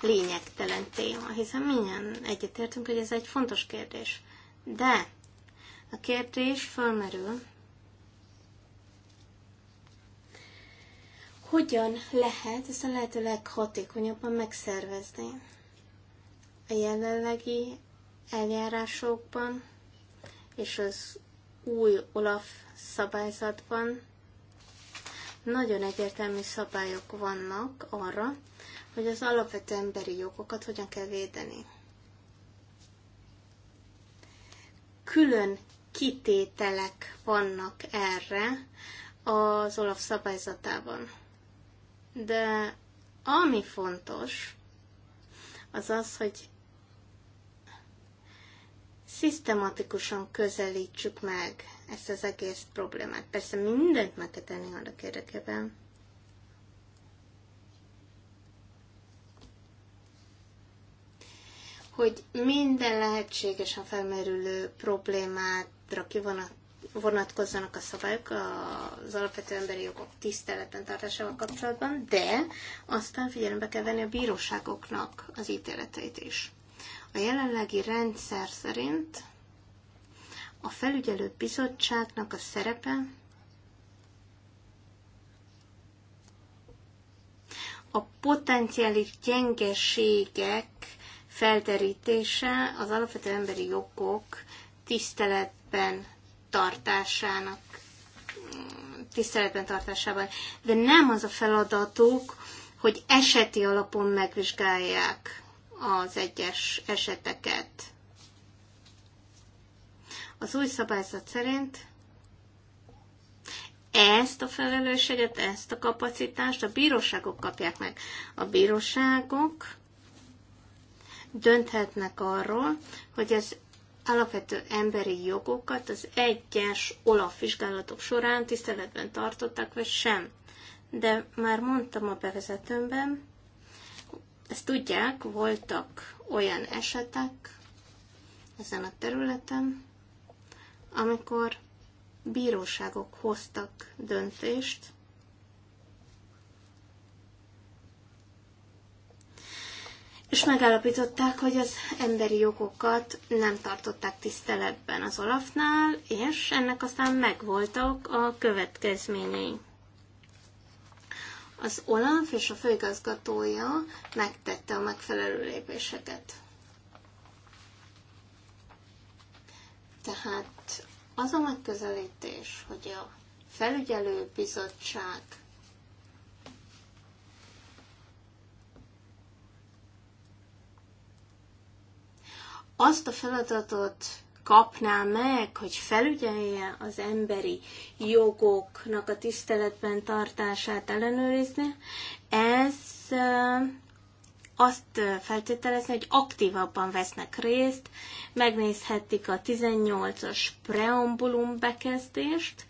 lényegtelen téma, hiszen minden egyetértünk, hogy ez egy fontos kérdés. De a kérdés felmerül, hogyan lehet ezt a lehető leghatékonyabban megszervezni. A jelenlegi eljárásokban és az új Olaf szabályzatban nagyon egyértelmű szabályok vannak arra, hogy az alapvető emberi jogokat hogyan kell védeni. Külön kitételek vannak erre az Olaf szabályzatában. De ami fontos, az az, hogy szisztematikusan közelítsük meg ezt az egész problémát. Persze mindent meg kell tenni annak érdekében, hogy minden lehetségesen felmerülő problémára kivonat vonatkozzanak a szabályok az alapvető emberi jogok tiszteleten tartásával kapcsolatban, de aztán figyelembe kell venni a bíróságoknak az ítéleteit is. A jelenlegi rendszer szerint a felügyelő bizottságnak a szerepe a potenciális gyengeségek felderítése az alapvető emberi jogok tiszteletben tartásának tiszteletben tartásában. De nem az a feladatuk, hogy eseti alapon megvizsgálják az egyes eseteket. Az új szabályzat szerint ezt a felelősséget, ezt a kapacitást a bíróságok kapják meg. A bíróságok dönthetnek arról, hogy az alapvető emberi jogokat az egyes olaf vizsgálatok során tiszteletben tartottak vagy sem. De már mondtam a bevezetőmben, ezt tudják, voltak olyan esetek ezen a területen, amikor bíróságok hoztak döntést, és megállapították, hogy az emberi jogokat nem tartották tiszteletben az Olafnál, és ennek aztán megvoltak a következményei. Az Olaf és a főigazgatója megtette a megfelelő lépéseket. Tehát az a megközelítés, hogy a felügyelő bizottság azt a feladatot kapná meg, hogy felügyelje az emberi jogoknak a tiszteletben tartását ellenőrizni, ez azt feltételezni, hogy aktívabban vesznek részt, megnézhetik a 18-as preambulum bekezdést,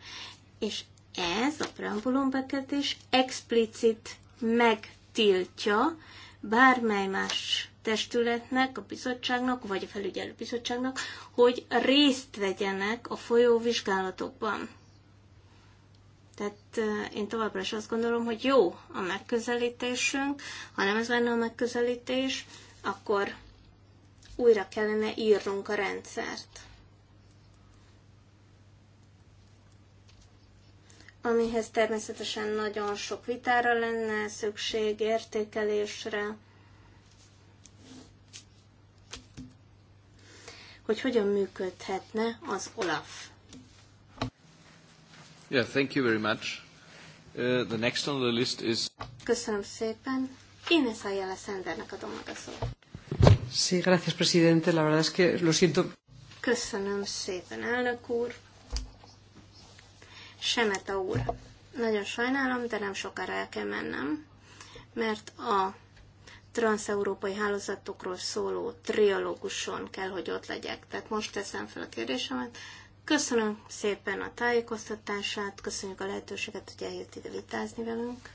és ez a preambulum bekezdés explicit megtiltja bármely más testületnek, a bizottságnak, vagy a felügyelő bizottságnak, hogy részt vegyenek a folyó vizsgálatokban. Tehát eh, én továbbra is azt gondolom, hogy jó a megközelítésünk, ha nem ez lenne a megközelítés, akkor újra kellene írnunk a rendszert. Amihez természetesen nagyon sok vitára lenne szükség, értékelésre, hogy hogyan működhetne az OLAF. Yeah, thank you very much. Uh, the next on the list is... Köszönöm szépen. Én Ayala Sendernek adom meg a szót. Sí, gracias, presidente. La verdad es que lo siento. Köszönöm szépen, elnök úr. Semeta úr. Nagyon sajnálom, de nem sokára el kell mennem, mert a transeurópai hálózatokról szóló trialóguson kell, hogy ott legyek. Tehát most teszem fel a kérdésemet. Köszönöm szépen a tájékoztatását, köszönjük a lehetőséget, hogy eljött ide vitázni velünk.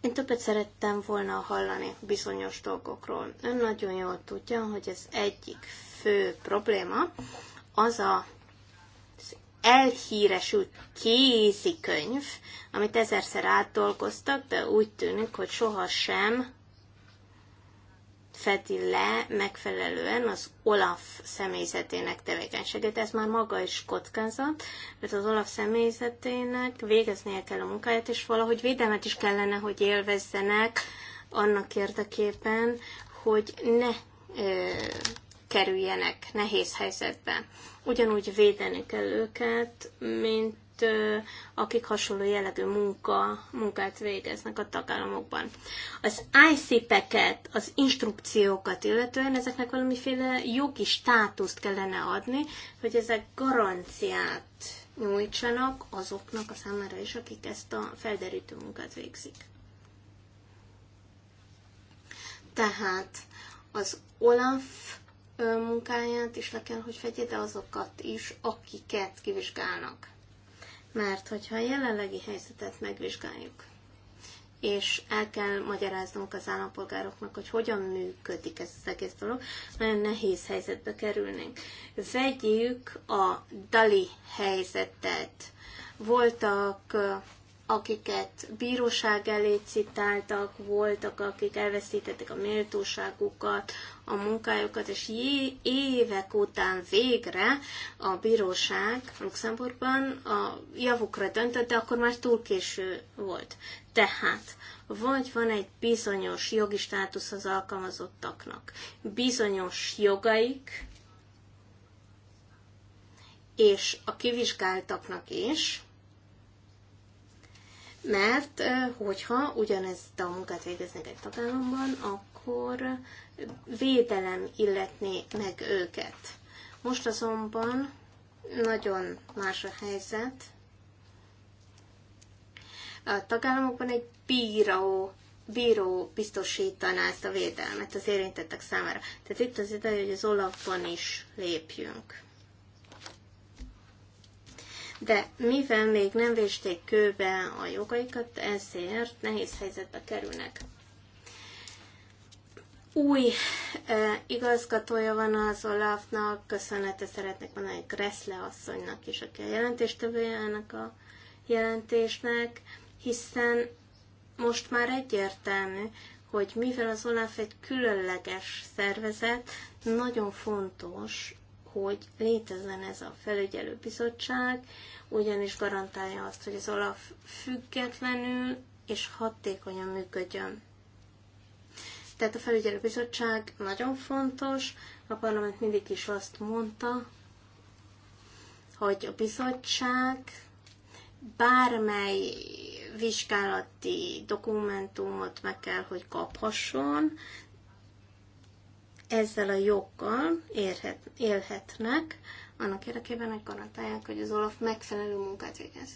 Én többet szerettem volna hallani bizonyos dolgokról. Ön nagyon jól tudja, hogy ez egyik fő probléma az a elhíresült kézikönyv, amit ezerszer átdolgoztak, de úgy tűnik, hogy sohasem fedi le megfelelően az Olaf személyzetének tevékenységét. Ez már maga is kockázat, mert az Olaf személyzetének végeznie kell a munkáját, és valahogy védelmet is kellene, hogy élvezzenek annak érdekében, hogy ne kerüljenek nehéz helyzetbe. Ugyanúgy védeni kell őket, mint akik hasonló jellegű munka, munkát végeznek a tagállamokban. Az ICP-eket, az instrukciókat illetően ezeknek valamiféle jogi státuszt kellene adni, hogy ezek garanciát nyújtsanak azoknak a számára is, akik ezt a felderítő munkát végzik. Tehát az OLAF munkáját is le kell, hogy fedje, azokat is, akiket kivizsgálnak. Mert hogyha a jelenlegi helyzetet megvizsgáljuk, és el kell magyaráznunk az állampolgároknak, hogy hogyan működik ez az egész dolog, nagyon nehéz helyzetbe kerülnénk. Vegyük a Dali helyzetet. Voltak akiket bíróság elé citáltak, voltak, akik elveszítették a méltóságukat, a munkájukat, és évek után végre a bíróság Luxemburgban a javukra döntött, de akkor már túl késő volt. Tehát, vagy van egy bizonyos jogi státusz az alkalmazottaknak, bizonyos jogaik, és a kivizsgáltaknak is, mert hogyha ugyanezt a munkát végeznek egy tagállamban, akkor védelem illetné meg őket. Most azonban nagyon más a helyzet. A tagállamokban egy bíró, bíró biztosítaná ezt a védelmet az érintettek számára. Tehát itt az ideje, hogy az olafban is lépjünk de mivel még nem vésték kőbe a jogaikat, ezért nehéz helyzetbe kerülnek. Új e, igazgatója van az Olafnak, köszönetet szeretnék mondani Kreszle asszonynak is, aki a jelentéstevője ennek a jelentésnek, hiszen most már egyértelmű, hogy mivel az Olaf egy különleges szervezet, nagyon fontos hogy létezzen ez a felügyelőbizottság, ugyanis garantálja azt, hogy az OLAF függetlenül és hatékonyan működjön. Tehát a felügyelőbizottság nagyon fontos, a parlament mindig is azt mondta, hogy a bizottság bármely vizsgálati dokumentumot meg kell, hogy kaphasson, ezzel a joggal érhet, élhetnek, annak érdekében, egy garantálják, hogy az Olaf megfelelő munkát végez.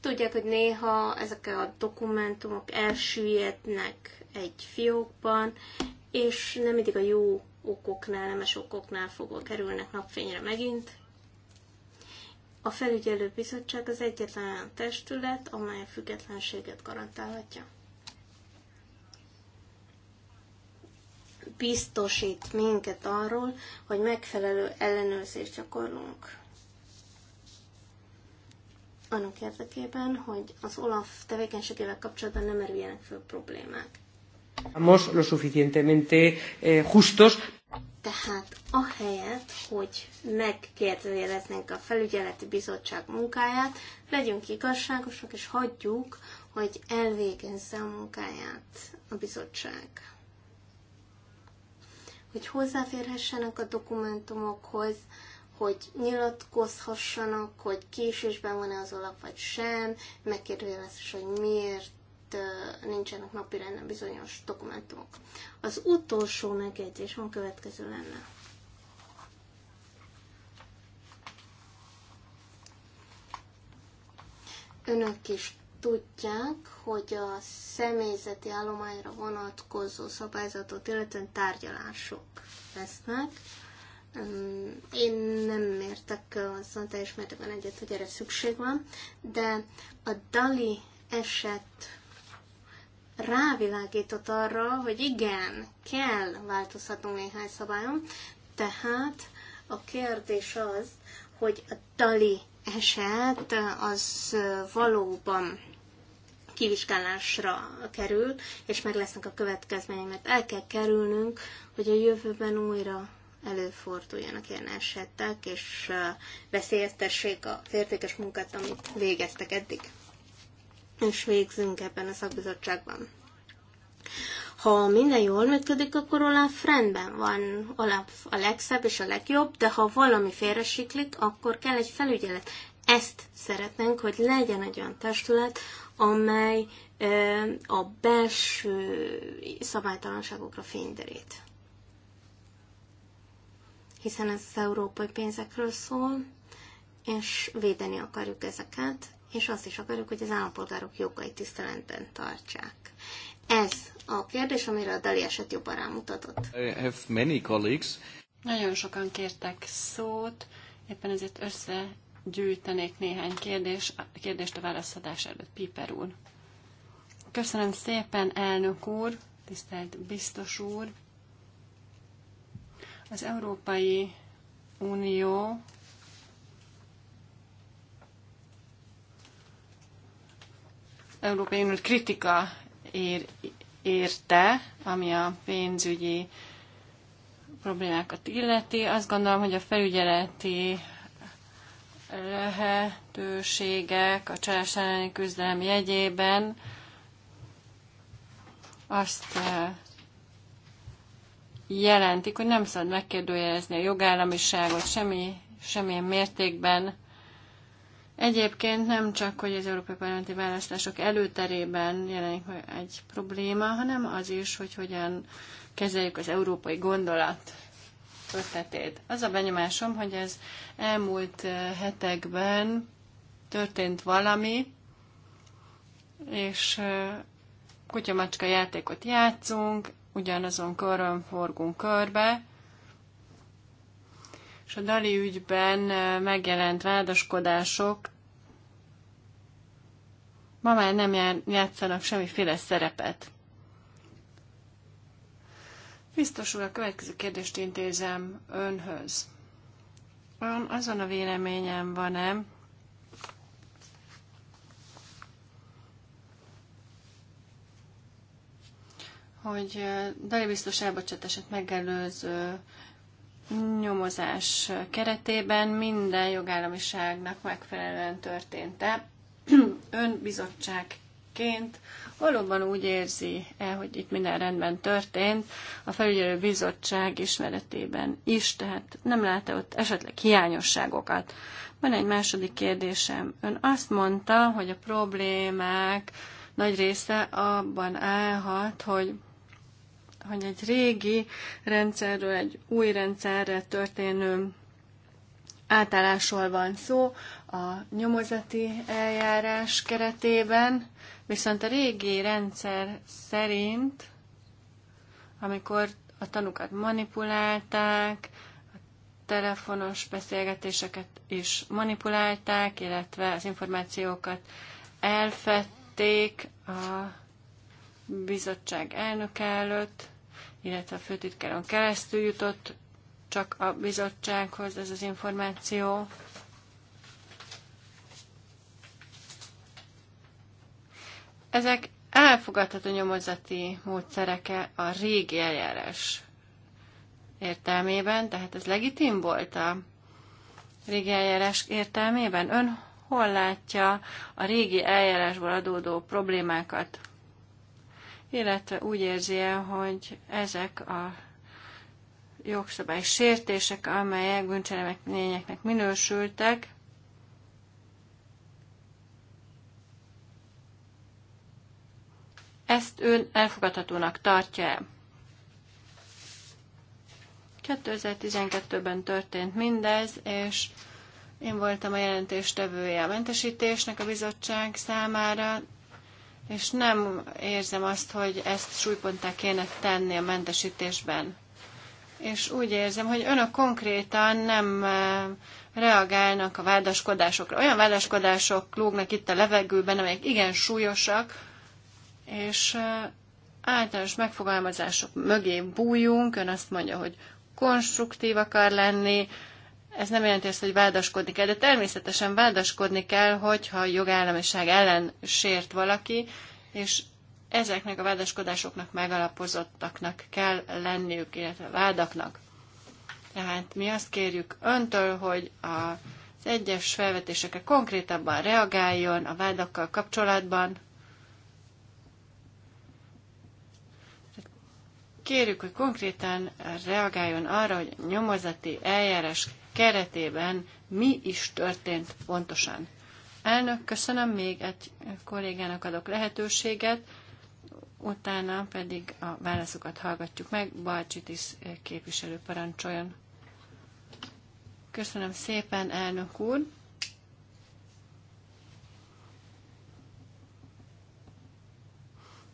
Tudják, hogy néha ezek a dokumentumok elsüllyednek egy fiókban, és nem mindig a jó okoknál, nemes okoknál fogva kerülnek napfényre megint. A felügyelő bizottság az egyetlen testület, amely a függetlenséget garantálhatja. biztosít minket arról, hogy megfelelő ellenőrzést gyakorlunk. Annak érdekében, hogy az OLAF tevékenységével kapcsolatban nem merüljenek fő problémák. Most lo suficientemente eh, justos. Tehát ahelyett, hogy megkérdőjeleznénk a felügyeleti bizottság munkáját, legyünk igazságosak, és hagyjuk, hogy elvégezze a munkáját a bizottság hogy hozzáférhessenek a dokumentumokhoz, hogy nyilatkozhassanak, hogy késésben van-e az olap vagy sem, megkérdőjelezés, hogy miért nincsenek napirenden bizonyos dokumentumok. Az utolsó megjegyzés a következő lenne. Önök is tudják, hogy a személyzeti állományra vonatkozó szabályzatot illetve tárgyalások lesznek. Én nem értek azon teljes mértékben egyet, hogy erre szükség van, de a Dali eset rávilágított arra, hogy igen, kell változtatnunk néhány szabályon, tehát a kérdés az, hogy a Dali eset az valóban kivizsgálásra kerül, és meg lesznek a következmények, mert el kell kerülnünk, hogy a jövőben újra előforduljanak ilyen esetek, és veszélyeztessék a értékes munkát, amit végeztek eddig, és végzünk ebben a szakbizottságban. Ha minden jól működik, akkor Olaf rendben van. Olaf a legszebb és a legjobb, de ha valami félresiklik, akkor kell egy felügyelet. Ezt szeretnénk, hogy legyen egy olyan testület, amely a belső szabálytalanságokra fényderít. Hiszen ez az európai pénzekről szól, és védeni akarjuk ezeket, és azt is akarjuk, hogy az állampolgárok jogai tiszteletben tartsák. Ez a kérdés, amire a Dali eset jobban rámutatott. I have many colleagues. Nagyon sokan kértek szót, éppen ezért össze gyűjtenék néhány kérdés, kérdést a válaszadás előtt. Piper úr. Köszönöm szépen, elnök úr, tisztelt biztos úr. Az Európai Unió Európai Unió kritika ér, érte, ami a pénzügyi problémákat illeti. Azt gondolom, hogy a felügyeleti lehetőségek a csalás elleni küzdelem jegyében azt eh, jelentik, hogy nem szabad megkérdőjelezni a jogállamiságot semmi, semmilyen mértékben. Egyébként nem csak, hogy az európai parlamenti választások előterében jelenik egy probléma, hanem az is, hogy hogyan kezeljük az európai gondolat ötletét. Az a benyomásom, hogy ez elmúlt hetekben történt valami, és kutyamacska játékot játszunk, ugyanazon körön forgunk körbe, és a Dali ügyben megjelent vádaskodások ma már nem játszanak semmiféle szerepet. Biztos úr, a következő kérdést intézem önhöz. Ön azon a véleményem van-e, hogy Dali biztos elbocsátását megelőző nyomozás keretében minden jogállamiságnak megfelelően történt-e. Ön bizottságként valóban úgy érzi-e, hogy itt minden rendben történt, a felügyelő bizottság ismeretében is, tehát nem lát-e ott esetleg hiányosságokat. Van egy második kérdésem. Ön azt mondta, hogy a problémák nagy része abban állhat, hogy hogy egy régi rendszerről egy új rendszerre történő átállásról van szó a nyomozati eljárás keretében. Viszont a régi rendszer szerint, amikor a tanukat manipulálták, a telefonos beszélgetéseket is manipulálták, illetve az információkat elfették a bizottság elnöke előtt, illetve a főtitkáron keresztül jutott csak a bizottsághoz ez az információ. Ezek elfogadható nyomozati módszereke a régi eljárás értelmében, tehát ez legitim volt a régi eljárás értelmében. Ön hol látja a régi eljárásból adódó problémákat, illetve úgy érzi -e, hogy ezek a jogszabály sértések, amelyek bűncselekményeknek minősültek, Ezt ön elfogadhatónak tartja -e? 2012-ben történt mindez, és én voltam a jelentéstevője a mentesítésnek a bizottság számára, és nem érzem azt, hogy ezt súlyponttá kéne tenni a mentesítésben. És úgy érzem, hogy önök konkrétan nem eh, reagálnak a vádaskodásokra. Olyan vádaskodások lógnak itt a levegőben, amelyek igen súlyosak, és általános megfogalmazások mögé bújunk, ön azt mondja, hogy konstruktív akar lenni, ez nem jelenti azt, hogy vádaskodni kell, de természetesen vádaskodni kell, hogyha a jogállamiság ellen sért valaki, és ezeknek a vádaskodásoknak megalapozottaknak kell lenniük, illetve vádaknak. Tehát mi azt kérjük öntől, hogy az egyes felvetésekre konkrétabban reagáljon a vádakkal kapcsolatban, kérjük, hogy konkrétan reagáljon arra, hogy nyomozati eljárás keretében mi is történt pontosan. Elnök, köszönöm, még egy kollégának adok lehetőséget, utána pedig a válaszokat hallgatjuk meg. Balcsitis képviselő parancsoljon. Köszönöm szépen, elnök úr!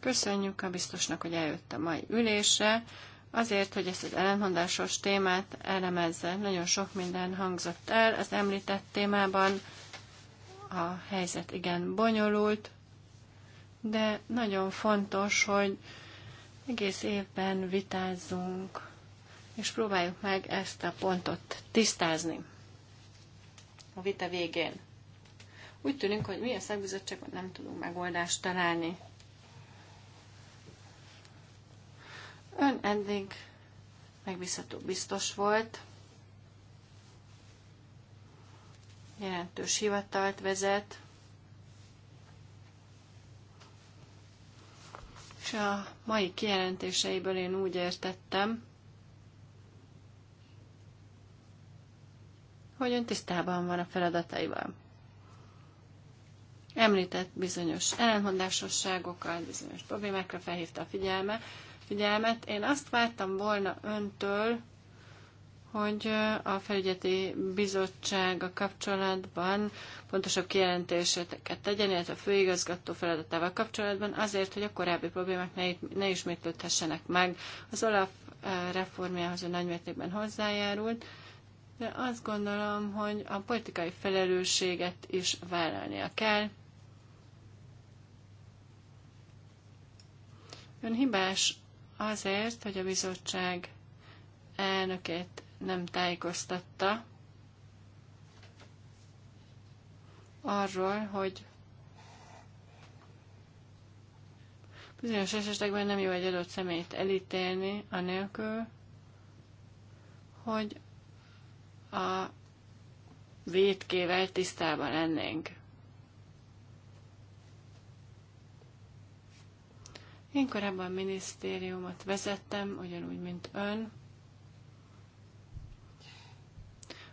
Köszönjük a biztosnak, hogy eljött a mai ülésre, azért, hogy ezt az ellentmondásos témát elemezze. Nagyon sok minden hangzott el az említett témában. A helyzet igen bonyolult, de nagyon fontos, hogy egész évben vitázzunk, és próbáljuk meg ezt a pontot tisztázni a vita végén. Úgy tűnik, hogy mi a szakbizottságban nem tudunk megoldást találni. Ön eddig megbízható biztos volt, jelentős hivatalt vezet, és a mai kijelentéseiből én úgy értettem, hogy ön tisztában van a feladataival. Említett bizonyos ellenmondásosságokat, bizonyos problémákra felhívta a figyelme, figyelmet. Én azt vártam volna öntől, hogy a felügyeti a kapcsolatban pontosabb kijelentéseket tegyen, illetve a főigazgató feladatával kapcsolatban, azért, hogy a korábbi problémák ne, ne ismétlődhessenek meg. Az Olaf reformjához a nagymértékben hozzájárult, de azt gondolom, hogy a politikai felelősséget is vállalnia kell. Ön hibás azért, hogy a bizottság elnökét nem tájékoztatta arról, hogy bizonyos esetekben nem jó egy adott személyt elítélni, anélkül, hogy a védkével tisztában lennénk. Én korábban minisztériumot vezettem, ugyanúgy, mint ön.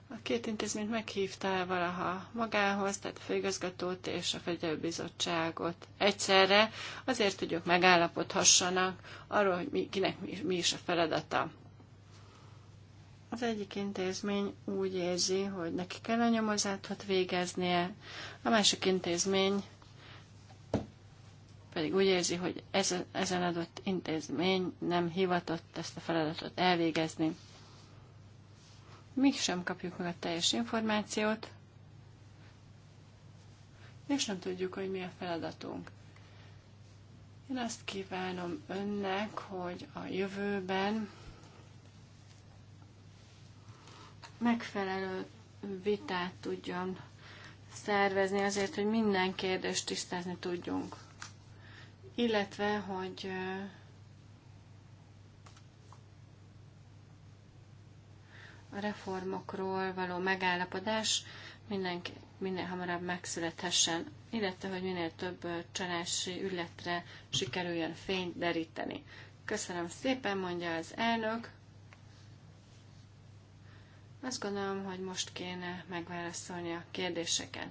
A két intézményt meghívtál valaha magához, tehát a főigazgatót és a fegyelőbizottságot egyszerre, azért, hogy ők megállapodhassanak arról, hogy mi, kinek mi, mi is a feladata. Az egyik intézmény úgy érzi, hogy neki kell a nyomozatot végeznie, a másik intézmény pedig úgy érzi, hogy ez, ezen adott intézmény nem hivatott ezt a feladatot elvégezni. Még sem kapjuk meg a teljes információt, és nem tudjuk, hogy mi a feladatunk. Én azt kívánom önnek, hogy a jövőben megfelelő vitát tudjon szervezni azért, hogy minden kérdést tisztázni tudjunk illetve hogy a reformokról való megállapodás mindenki minél hamarabb megszülethessen, illetve hogy minél több csalási ügyletre sikerüljön fényt deríteni. Köszönöm szépen, mondja az elnök. Azt gondolom, hogy most kéne megválaszolni a kérdéseket.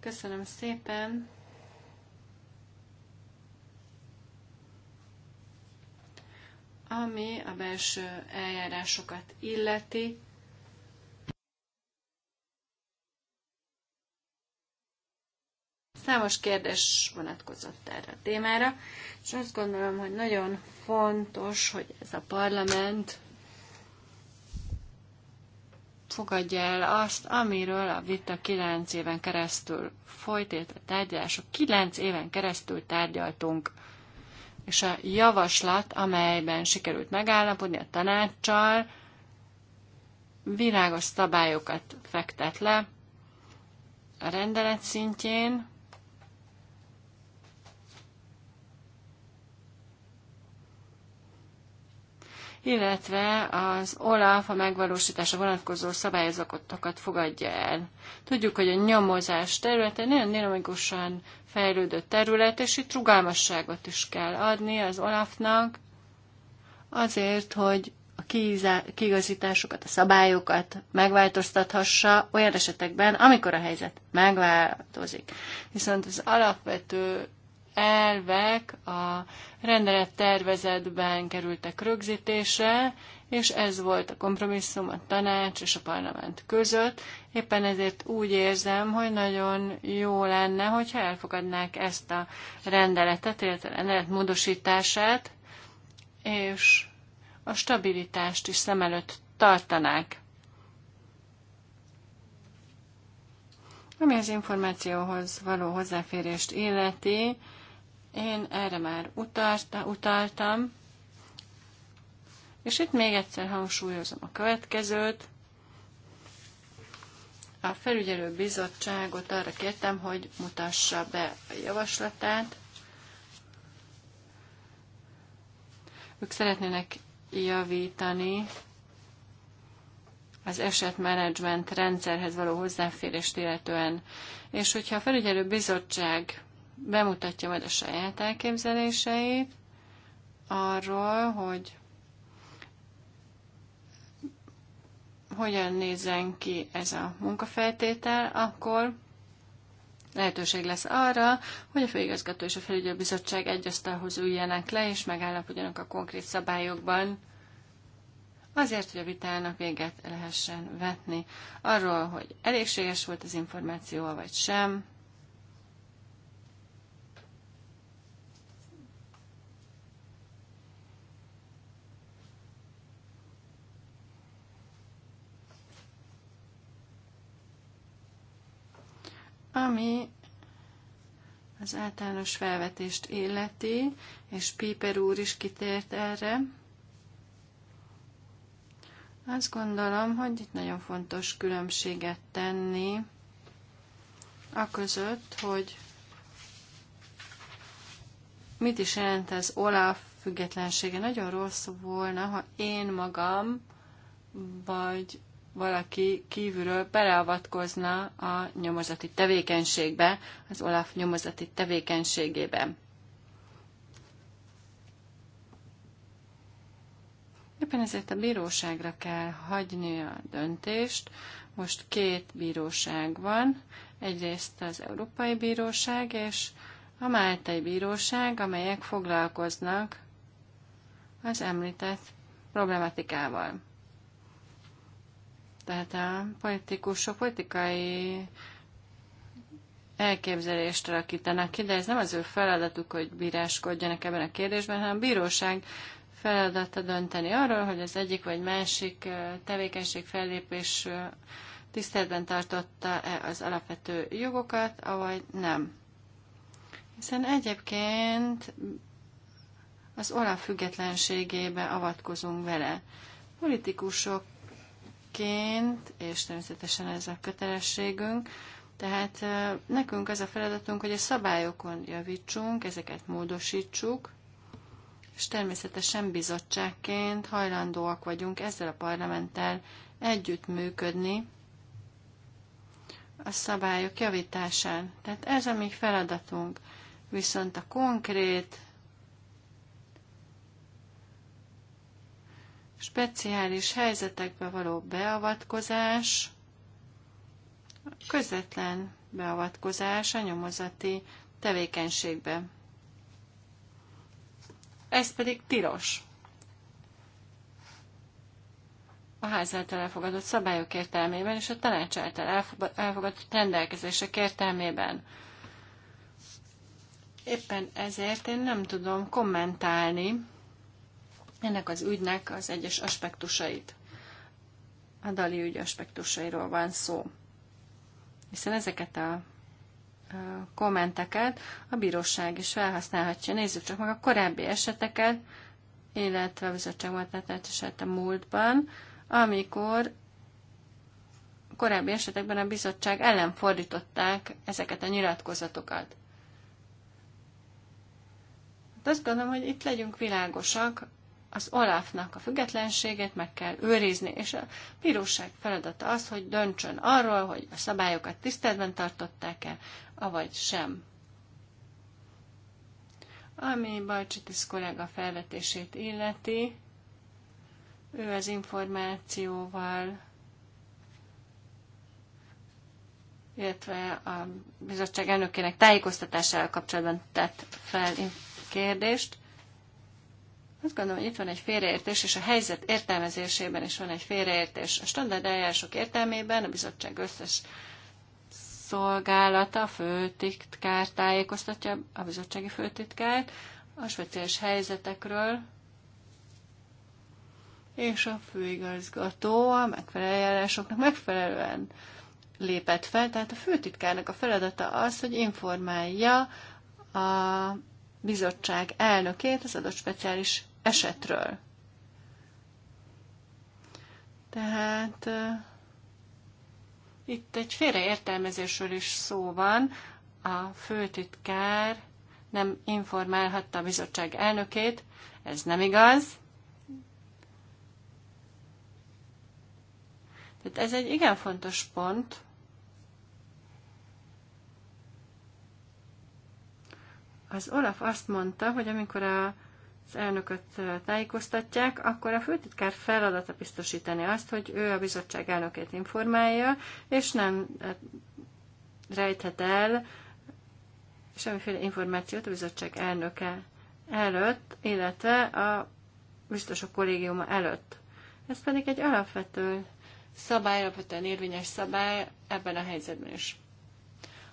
Köszönöm szépen. Ami a belső eljárásokat illeti, számos kérdés vonatkozott erre a témára, és azt gondolom, hogy nagyon fontos, hogy ez a parlament fogadja el azt, amiről a vita kilenc éven keresztül folyt, illetve tárgyalások. Kilenc éven keresztül tárgyaltunk és a javaslat, amelyben sikerült megállapodni a tanácssal, világos szabályokat fektet le a rendelet szintjén, illetve az OLAF a megvalósítása vonatkozó szabályozatokat fogadja el. Tudjuk, hogy a nyomozás területe nagyon dinamikusan fejlődött terület, és itt rugalmasságot is kell adni az OLAF-nak azért, hogy a kiigazításokat, a szabályokat megváltoztathassa olyan esetekben, amikor a helyzet megváltozik. Viszont az alapvető elvek a rendelet tervezetben kerültek rögzítésre, és ez volt a kompromisszum a tanács és a parlament között. Éppen ezért úgy érzem, hogy nagyon jó lenne, hogyha elfogadnák ezt a rendeletet, illetve a rendelet módosítását, és a stabilitást is szem előtt tartanák. Ami az információhoz való hozzáférést illeti, én erre már utalta, utaltam, és itt még egyszer hangsúlyozom a következőt. A felügyelő bizottságot arra kértem, hogy mutassa be a javaslatát. Ők szeretnének javítani az esetmenedzsment rendszerhez való hozzáférést illetően. És hogyha a felügyelő bizottság bemutatja majd a saját elképzeléseit arról, hogy hogyan nézzen ki ez a munkafeltétel, akkor lehetőség lesz arra, hogy a főigazgató és a felügyelőbizottság egy asztalhoz üljenek le, és megállapodjanak a konkrét szabályokban, azért, hogy a vitának véget lehessen vetni. Arról, hogy elégséges volt az információ, vagy sem, Ami az általános felvetést életi és Piper úr is kitért erre, azt gondolom, hogy itt nagyon fontos különbséget tenni a között, hogy mit is jelent ez Olaf függetlensége. Nagyon rossz volna, ha én magam, vagy valaki kívülről beleavatkozna a nyomozati tevékenységbe, az Olaf nyomozati tevékenységébe. Éppen ezért a bíróságra kell hagyni a döntést. Most két bíróság van, egyrészt az Európai Bíróság és a Máltai Bíróság, amelyek foglalkoznak az említett problematikával. Tehát a politikusok politikai elképzelést alakítanak ki, de ez nem az ő feladatuk, hogy bíráskodjanak ebben a kérdésben, hanem a bíróság feladata dönteni arról, hogy az egyik vagy másik tevékenység fellépés tiszteletben tartotta-e az alapvető jogokat, avagy nem. Hiszen egyébként az olaf függetlenségébe avatkozunk vele. Politikusok szülőként, és természetesen ez a kötelességünk, tehát nekünk az a feladatunk, hogy a szabályokon javítsunk, ezeket módosítsuk, és természetesen bizottságként hajlandóak vagyunk ezzel a parlamenttel együttműködni a szabályok javításán. Tehát ez a mi feladatunk. Viszont a konkrét speciális helyzetekbe való beavatkozás, közvetlen beavatkozás a nyomozati tevékenységbe. Ez pedig tilos. A ház által elfogadott szabályok értelmében és a tanács által elfogadott rendelkezések értelmében. Éppen ezért én nem tudom kommentálni ennek az ügynek az egyes aspektusait. A Dali ügy aspektusairól van szó. Hiszen ezeket a kommenteket a bíróság is felhasználhatja. Nézzük csak meg a korábbi eseteket, illetve a bizottságmódlátát eset a múltban, amikor korábbi esetekben a bizottság ellen fordították ezeket a nyilatkozatokat. Hát azt gondolom, hogy itt legyünk világosak az Olafnak a függetlenségét meg kell őrizni, és a bíróság feladata az, hogy döntsön arról, hogy a szabályokat tiszteletben tartották-e, avagy sem. Ami Balcsitis kollega felvetését illeti, ő az információval, illetve a bizottság elnökének tájékoztatásával kapcsolatban tett fel kérdést. Azt gondolom, hogy itt van egy félreértés, és a helyzet értelmezésében is van egy félreértés. A standard eljárások értelmében a bizottság összes szolgálata, a főtitkár tájékoztatja a bizottsági főtitkárt a speciális helyzetekről, és a főigazgató a megfelelő eljárásoknak megfelelően lépett fel, tehát a főtitkárnak a feladata az, hogy informálja a bizottság elnökét az adott speciális esetről. Tehát itt egy félreértelmezésről is szó van. A főtitkár nem informálhatta a bizottság elnökét, ez nem igaz. Tehát ez egy igen fontos pont, Az Olaf azt mondta, hogy amikor a az elnököt tájékoztatják, akkor a főtitkár feladata biztosítani azt, hogy ő a bizottság elnökét informálja, és nem rejthet el semmiféle információt a bizottság elnöke előtt, illetve a biztosok kollégiuma előtt. Ez pedig egy alapvető szabály, alapvetően érvényes szabály ebben a helyzetben is.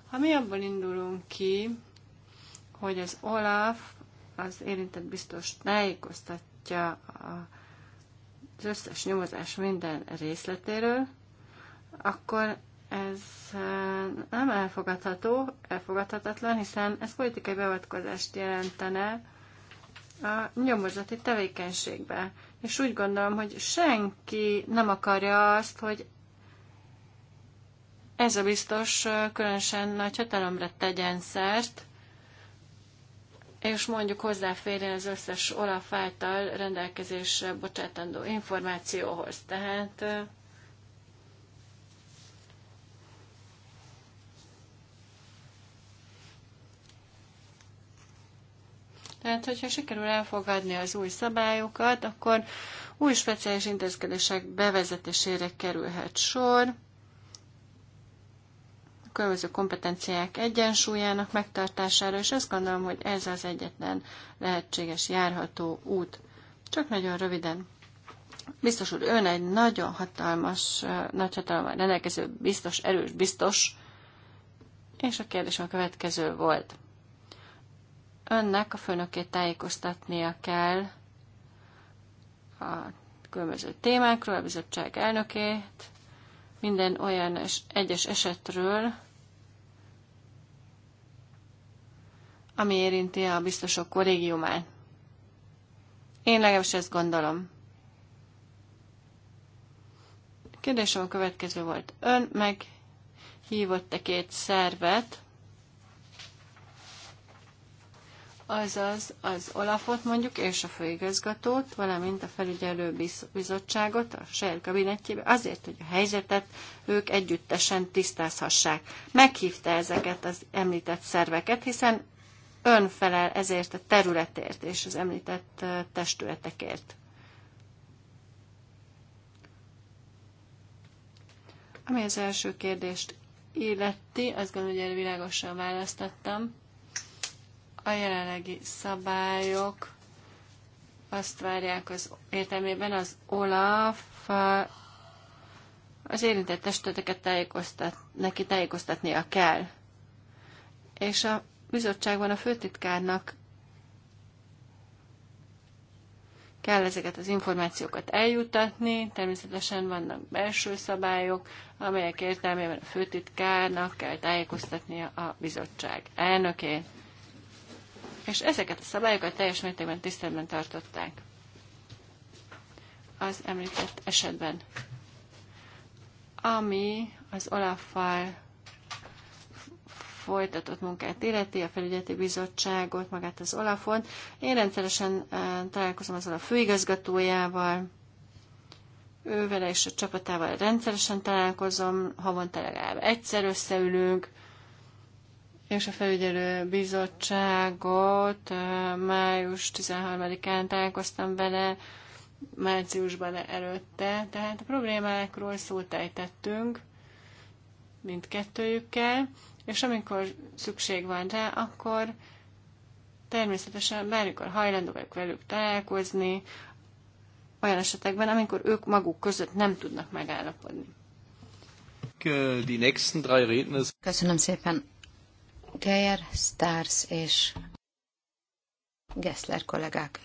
Ha mi abból indulunk ki, hogy az OLAF az érintett biztos tájékoztatja az összes nyomozás minden részletéről, akkor ez eh, nem elfogadható, elfogadhatatlan, hiszen ez politikai beavatkozást jelentene a nyomozati tevékenységbe. És úgy gondolom, hogy senki nem akarja azt, hogy ez a biztos eh, különösen nagy hatalomra tegyen szert, és mondjuk hozzáférjen az összes Olaf által rendelkezésre bocsátandó információhoz. Tehát Tehát, hogyha sikerül elfogadni az új szabályokat, akkor új speciális intézkedések bevezetésére kerülhet sor különböző kompetenciák egyensúlyának megtartására, és azt gondolom, hogy ez az egyetlen lehetséges járható út. Csak nagyon röviden. Biztos úr, ön egy nagyon hatalmas, nagy hatalommal rendelkező, biztos, erős, biztos, és a kérdésem a következő volt. Önnek a főnökét tájékoztatnia kell a különböző témákról, a bizottság elnökét, minden olyan egyes esetről, ami érinti a biztosok kollégiumát. Én legalábbis ezt gondolom. Kérdésem a következő volt. Ön meg hívott-e két szervet, azaz az Olafot mondjuk, és a főigazgatót, valamint a felügyelő bizottságot a saját kabinettjébe, azért, hogy a helyzetet ők együttesen tisztázhassák. Meghívta ezeket az említett szerveket, hiszen ön felel ezért a területért és az említett testületekért. Ami az első kérdést illeti, azt gondolom, hogy erre világosan választottam. A jelenlegi szabályok azt várják az értelmében az OLAF az érintett testületeket tájékoztat, neki tájékoztatnia kell. És a bizottságban a főtitkárnak kell ezeket az információkat eljutatni, természetesen vannak belső szabályok, amelyek értelmében a főtitkárnak kell tájékoztatni a bizottság elnökét, és ezeket a szabályokat teljes mértékben tiszteletben tartották az említett esetben. Ami az Olaffal folytatott munkát illeti, a felügyeleti bizottságot, magát az Olafon. Én rendszeresen találkozom az a főigazgatójával, ővele és a csapatával rendszeresen találkozom, havonta legalább egyszer összeülünk, és a felügyelő bizottságot május 13-án találkoztam vele, márciusban előtte, tehát a problémákról szót ejtettünk mindkettőjükkel, és amikor szükség van rá, akkor természetesen bármikor hajlandó vagyok velük találkozni, olyan esetekben, amikor ők maguk között nem tudnak megállapodni. Köszönöm szépen. Geyer, Stars és Gessler kollégák.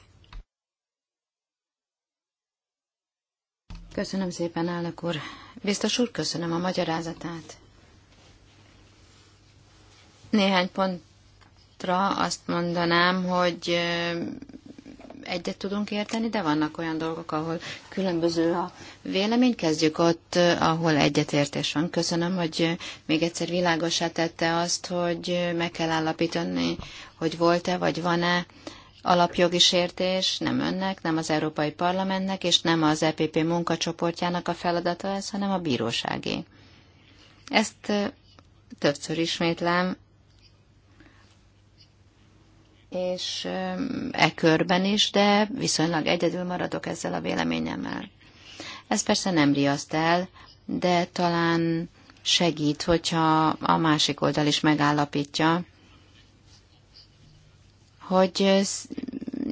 Köszönöm szépen, elnök úr. Biztos úr, köszönöm a magyarázatát. Néhány pontra azt mondanám, hogy egyet tudunk érteni, de vannak olyan dolgok, ahol különböző a vélemény. Kezdjük ott, ahol egyetértés van. Köszönöm, hogy még egyszer világosá tette azt, hogy meg kell állapítani, hogy volt-e vagy van-e alapjogi sértés, nem önnek, nem az Európai Parlamentnek, és nem az EPP munkacsoportjának a feladata ez, hanem a bíróságé. Ezt többször ismétlem, és e körben is, de viszonylag egyedül maradok ezzel a véleményemmel. Ez persze nem riaszt el, de talán segít, hogyha a másik oldal is megállapítja, hogy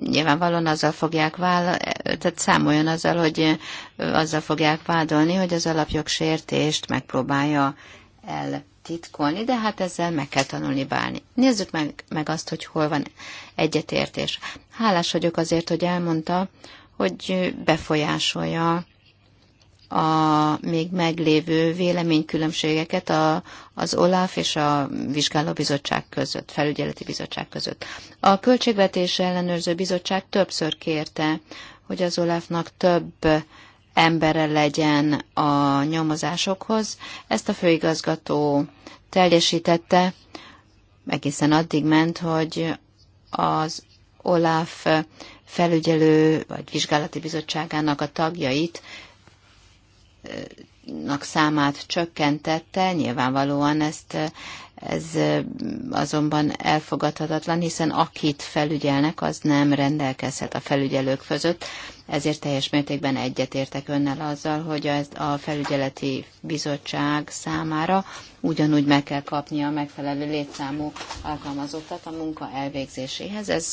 nyilvánvalóan azzal fogják vál, tehát számoljon azzal, hogy azzal fogják vádolni, hogy az alapjog sértést megpróbálja el titkolni, de hát ezzel meg kell tanulni bánni. Nézzük meg, meg azt, hogy hol van egyetértés. Hálás vagyok azért, hogy elmondta, hogy befolyásolja a még meglévő véleménykülönbségeket a, az OLAF és a vizsgálóbizottság között, felügyeleti bizottság között. A Költségvetés ellenőrző bizottság többször kérte, hogy az OLAF-nak több embere legyen a nyomozásokhoz. Ezt a főigazgató teljesítette, egészen addig ment, hogy az Olaf felügyelő vagy vizsgálati bizottságának a tagjait eh, számát csökkentette, nyilvánvalóan ezt eh, ez azonban elfogadhatatlan, hiszen akit felügyelnek, az nem rendelkezhet a felügyelők között, ezért teljes mértékben egyetértek önnel azzal, hogy a felügyeleti bizottság számára ugyanúgy meg kell kapnia a megfelelő létszámú alkalmazottat a munka elvégzéséhez. Ez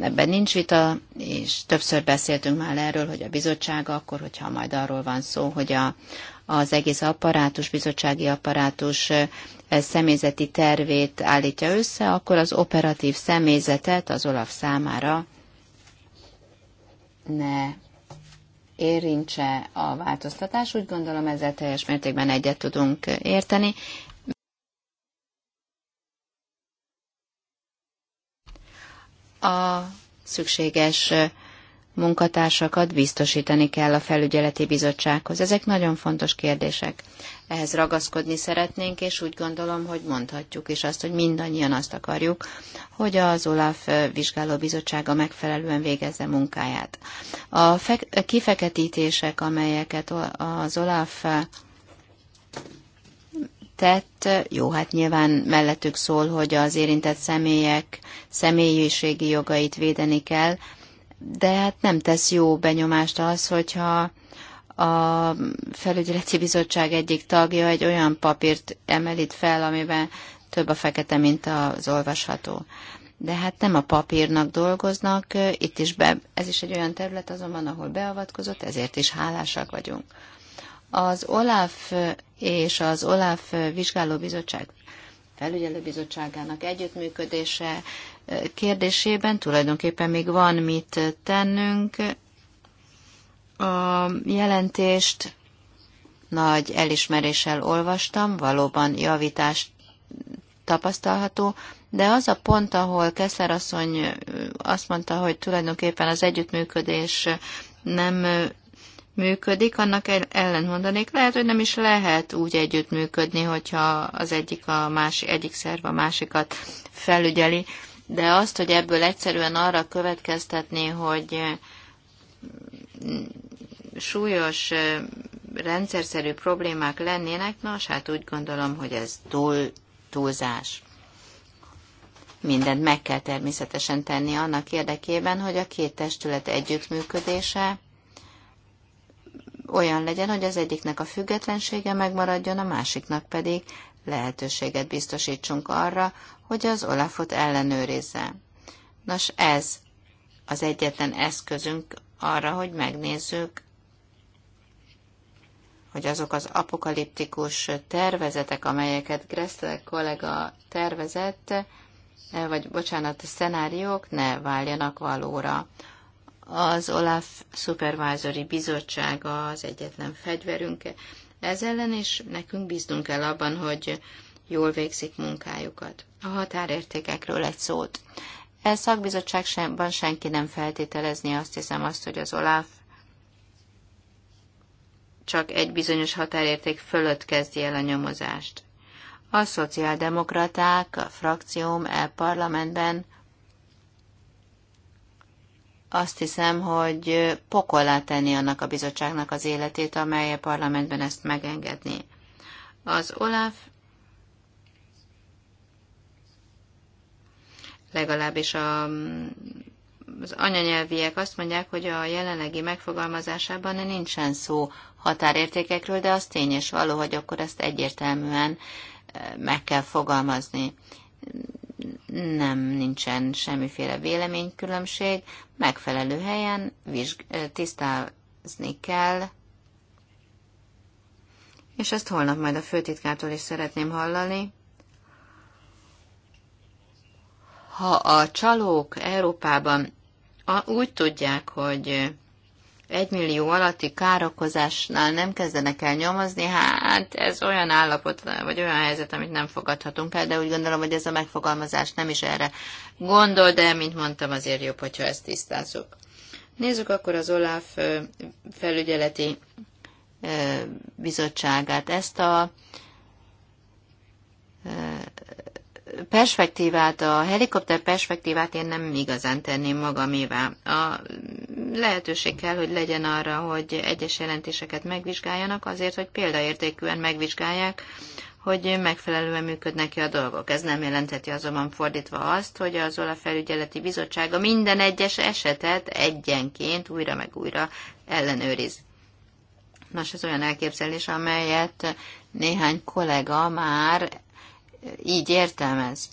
ebben nincs vita, és többször beszéltünk már erről, hogy a bizottság akkor, hogyha majd arról van szó, hogy a, az egész apparátus, bizottsági apparátus személyzeti tervét állítja össze, akkor az operatív személyzetet az Olaf számára ne érintse a változtatás. Úgy gondolom ezzel teljes mértékben egyet tudunk érteni. A szükséges munkatársakat biztosítani kell a felügyeleti bizottsághoz. Ezek nagyon fontos kérdések ehhez ragaszkodni szeretnénk, és úgy gondolom, hogy mondhatjuk is azt, hogy mindannyian azt akarjuk, hogy az OLAF vizsgálóbizottsága megfelelően végezze munkáját. A kifeketítések, amelyeket az OLAF tett, jó, hát nyilván mellettük szól, hogy az érintett személyek személyiségi jogait védeni kell, de hát nem tesz jó benyomást az, hogyha a felügyeleti bizottság egyik tagja egy olyan papírt emelít fel, amiben több a fekete, mint az olvasható. De hát nem a papírnak dolgoznak, itt is be, ez is egy olyan terület azonban, ahol beavatkozott, ezért is hálásak vagyunk. Az OLAF és az OLAF vizsgálóbizottság felügyelőbizottságának együttműködése kérdésében tulajdonképpen még van mit tennünk, a jelentést nagy elismeréssel olvastam, valóban javítást tapasztalható, de az a pont, ahol Keszler asszony azt mondta, hogy tulajdonképpen az együttműködés nem működik, annak ellen mondanék, lehet, hogy nem is lehet úgy együttműködni, hogyha az egyik, a másik, egyik szerv a másikat felügyeli, de azt, hogy ebből egyszerűen arra következtetni, hogy súlyos rendszerszerű problémák lennének, nos, hát úgy gondolom, hogy ez túl, túlzás. Mindent meg kell természetesen tenni annak érdekében, hogy a két testület együttműködése olyan legyen, hogy az egyiknek a függetlensége megmaradjon, a másiknak pedig lehetőséget biztosítsunk arra, hogy az Olafot ellenőrizze. Nos, ez az egyetlen eszközünk arra, hogy megnézzük, hogy azok az apokaliptikus tervezetek, amelyeket Gressler kollega tervezett, eh, vagy bocsánat, szenáriók ne váljanak valóra. Az Olaf Supervisory Bizottsága az egyetlen fegyverünk. Ez ellen is nekünk bíznunk el abban, hogy jól végzik munkájukat. A határértékekről egy szót. E szakbizottságban senki nem feltételezni azt hiszem azt, hogy az Olaf csak egy bizonyos határérték fölött kezdi el a nyomozást. A szociáldemokraták, a frakcióm el parlamentben azt hiszem, hogy pokolá tenni annak a bizottságnak az életét, amely a parlamentben ezt megengedni. Az Olaf legalábbis a, az anyanyelviek azt mondják, hogy a jelenlegi megfogalmazásában nincsen szó határértékekről, de az tény és való, hogy akkor ezt egyértelműen eh, meg kell fogalmazni. Nem nincsen semmiféle véleménykülönbség, megfelelő helyen vizsg- eh, tisztázni kell, és ezt holnap majd a főtitkától is szeretném hallani. Ha a csalók Európában úgy tudják, hogy egymillió millió alatti károkozásnál nem kezdenek el nyomozni, hát ez olyan állapot, vagy olyan helyzet, amit nem fogadhatunk el, de úgy gondolom, hogy ez a megfogalmazás nem is erre gondol, de mint mondtam, azért jobb, hogyha ezt tisztázzuk. Nézzük akkor az OLAF felügyeleti bizottságát. Ezt a perspektívát, a helikopter perspektívát én nem igazán tenném magamévá. A lehetőség kell, hogy legyen arra, hogy egyes jelentéseket megvizsgáljanak azért, hogy példaértékűen megvizsgálják, hogy megfelelően működnek-e a dolgok. Ez nem jelentheti azonban fordítva azt, hogy az OLA felügyeleti bizottsága minden egyes esetet egyenként újra meg újra ellenőriz. Nos, ez olyan elképzelés, amelyet néhány kollega már így értelmez.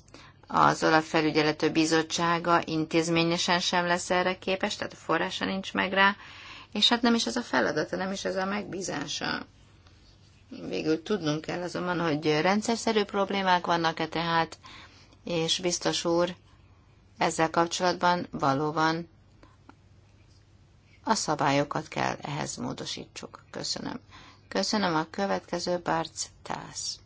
Az OLAF felügyelető bizottsága intézményesen sem lesz erre képes, tehát a forrása nincs meg rá, és hát nem is ez a feladata, nem is ez a megbízása. Végül tudnunk kell azonban, hogy rendszerszerű problémák vannak-e tehát, és biztos úr, ezzel kapcsolatban valóban a szabályokat kell ehhez módosítsuk. Köszönöm. Köszönöm a következő Bárc Tász.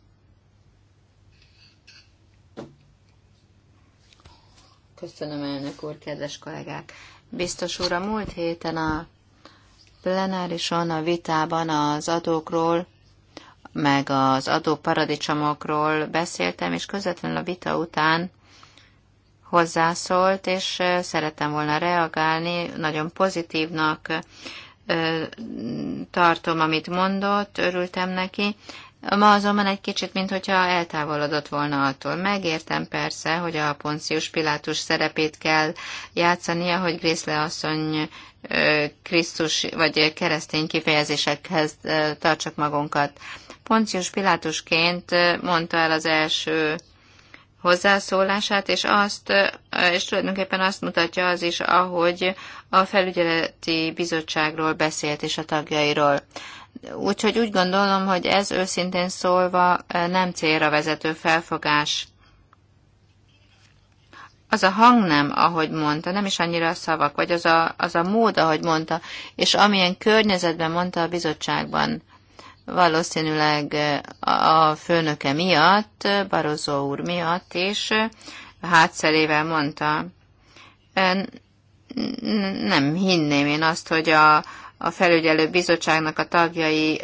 Köszönöm, elnök úr, kedves kollégák. Biztos úr, a múlt héten a plenárison, a vitában az adókról, meg az adóparadicsomokról beszéltem, és közvetlenül a vita után hozzászólt, és szerettem volna reagálni, nagyon pozitívnak tartom, amit mondott, örültem neki, Ma azonban egy kicsit, mintha eltávolodott volna attól. Megértem persze, hogy a Poncius Pilátus szerepét kell játszania, hogy Grészle asszony Krisztus vagy keresztény kifejezésekhez tartsak magunkat. Poncius Pilátusként mondta el az első hozzászólását, és azt, és tulajdonképpen azt mutatja az is, ahogy a felügyeleti bizottságról beszélt és a tagjairól. Úgyhogy úgy gondolom, hogy ez őszintén szólva eh, nem célra vezető felfogás. Az a hang nem, ahogy mondta, nem is annyira a szavak, vagy az a, az a mód, ahogy mondta, és amilyen környezetben mondta a bizottságban, valószínűleg eh, a főnöke miatt, Barozó úr miatt, és eh, hátszerével mondta, nem hinném én azt, hogy a, a felügyelő bizottságnak a tagjai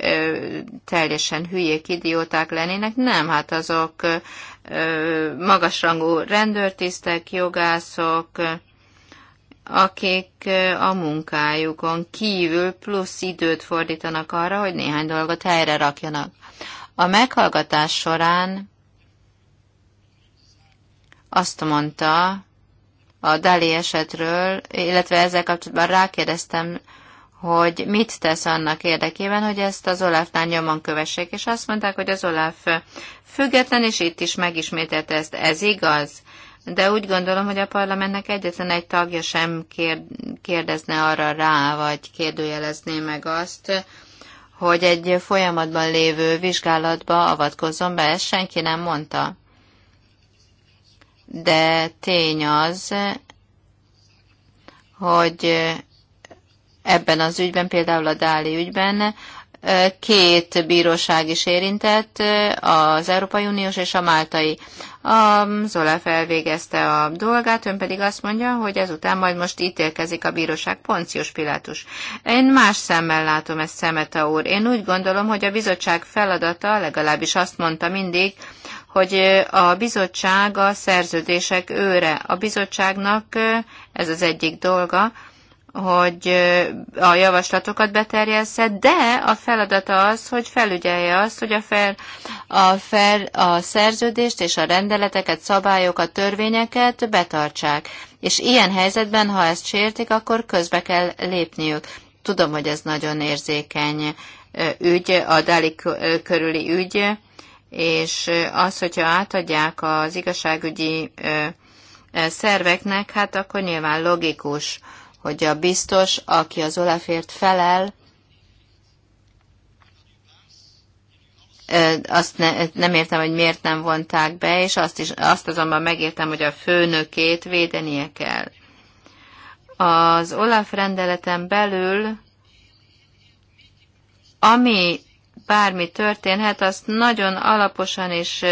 teljesen hülyék, idióták lennének. Nem, hát azok magasrangú rendőrtisztek, jogászok, akik a munkájukon kívül plusz időt fordítanak arra, hogy néhány dolgot helyre rakjanak. A meghallgatás során azt mondta a Dali esetről, illetve ezzel kapcsolatban rákérdeztem hogy mit tesz annak érdekében, hogy ezt az Olafnál nyomon kövessék, és azt mondták, hogy az Olaf független, és itt is megismételte ezt. Ez igaz? De úgy gondolom, hogy a parlamentnek egyetlen egy tagja sem kérdezne arra rá, vagy kérdőjelezné meg azt, hogy egy folyamatban lévő vizsgálatba avatkozzon be, ezt senki nem mondta. De tény az, hogy ebben az ügyben, például a Dáli ügyben, két bíróság is érintett, az Európai Uniós és a Máltai. A Zola felvégezte a dolgát, ön pedig azt mondja, hogy ezután majd most ítélkezik a bíróság Poncius Pilátus. Én más szemmel látom ezt Szemeta úr. Én úgy gondolom, hogy a bizottság feladata, legalábbis azt mondta mindig, hogy a bizottság a szerződések őre. A bizottságnak ez az egyik dolga, hogy a javaslatokat beterjessze, de a feladata az, hogy felügyelje azt, hogy a, fel, a, fel, a szerződést és a rendeleteket, szabályokat, törvényeket betartsák. És ilyen helyzetben, ha ezt sértik, akkor közbe kell lépniük. Tudom, hogy ez nagyon érzékeny ügy, a Dali körüli ügy, és az, hogyha átadják az igazságügyi szerveknek, hát akkor nyilván logikus, hogy a biztos, aki az Olafért felel, azt ne, nem értem, hogy miért nem vonták be, és azt, is, azt azonban megértem, hogy a főnökét védenie kell. Az Olaf rendeleten belül, ami bármi történhet, azt nagyon alaposan és,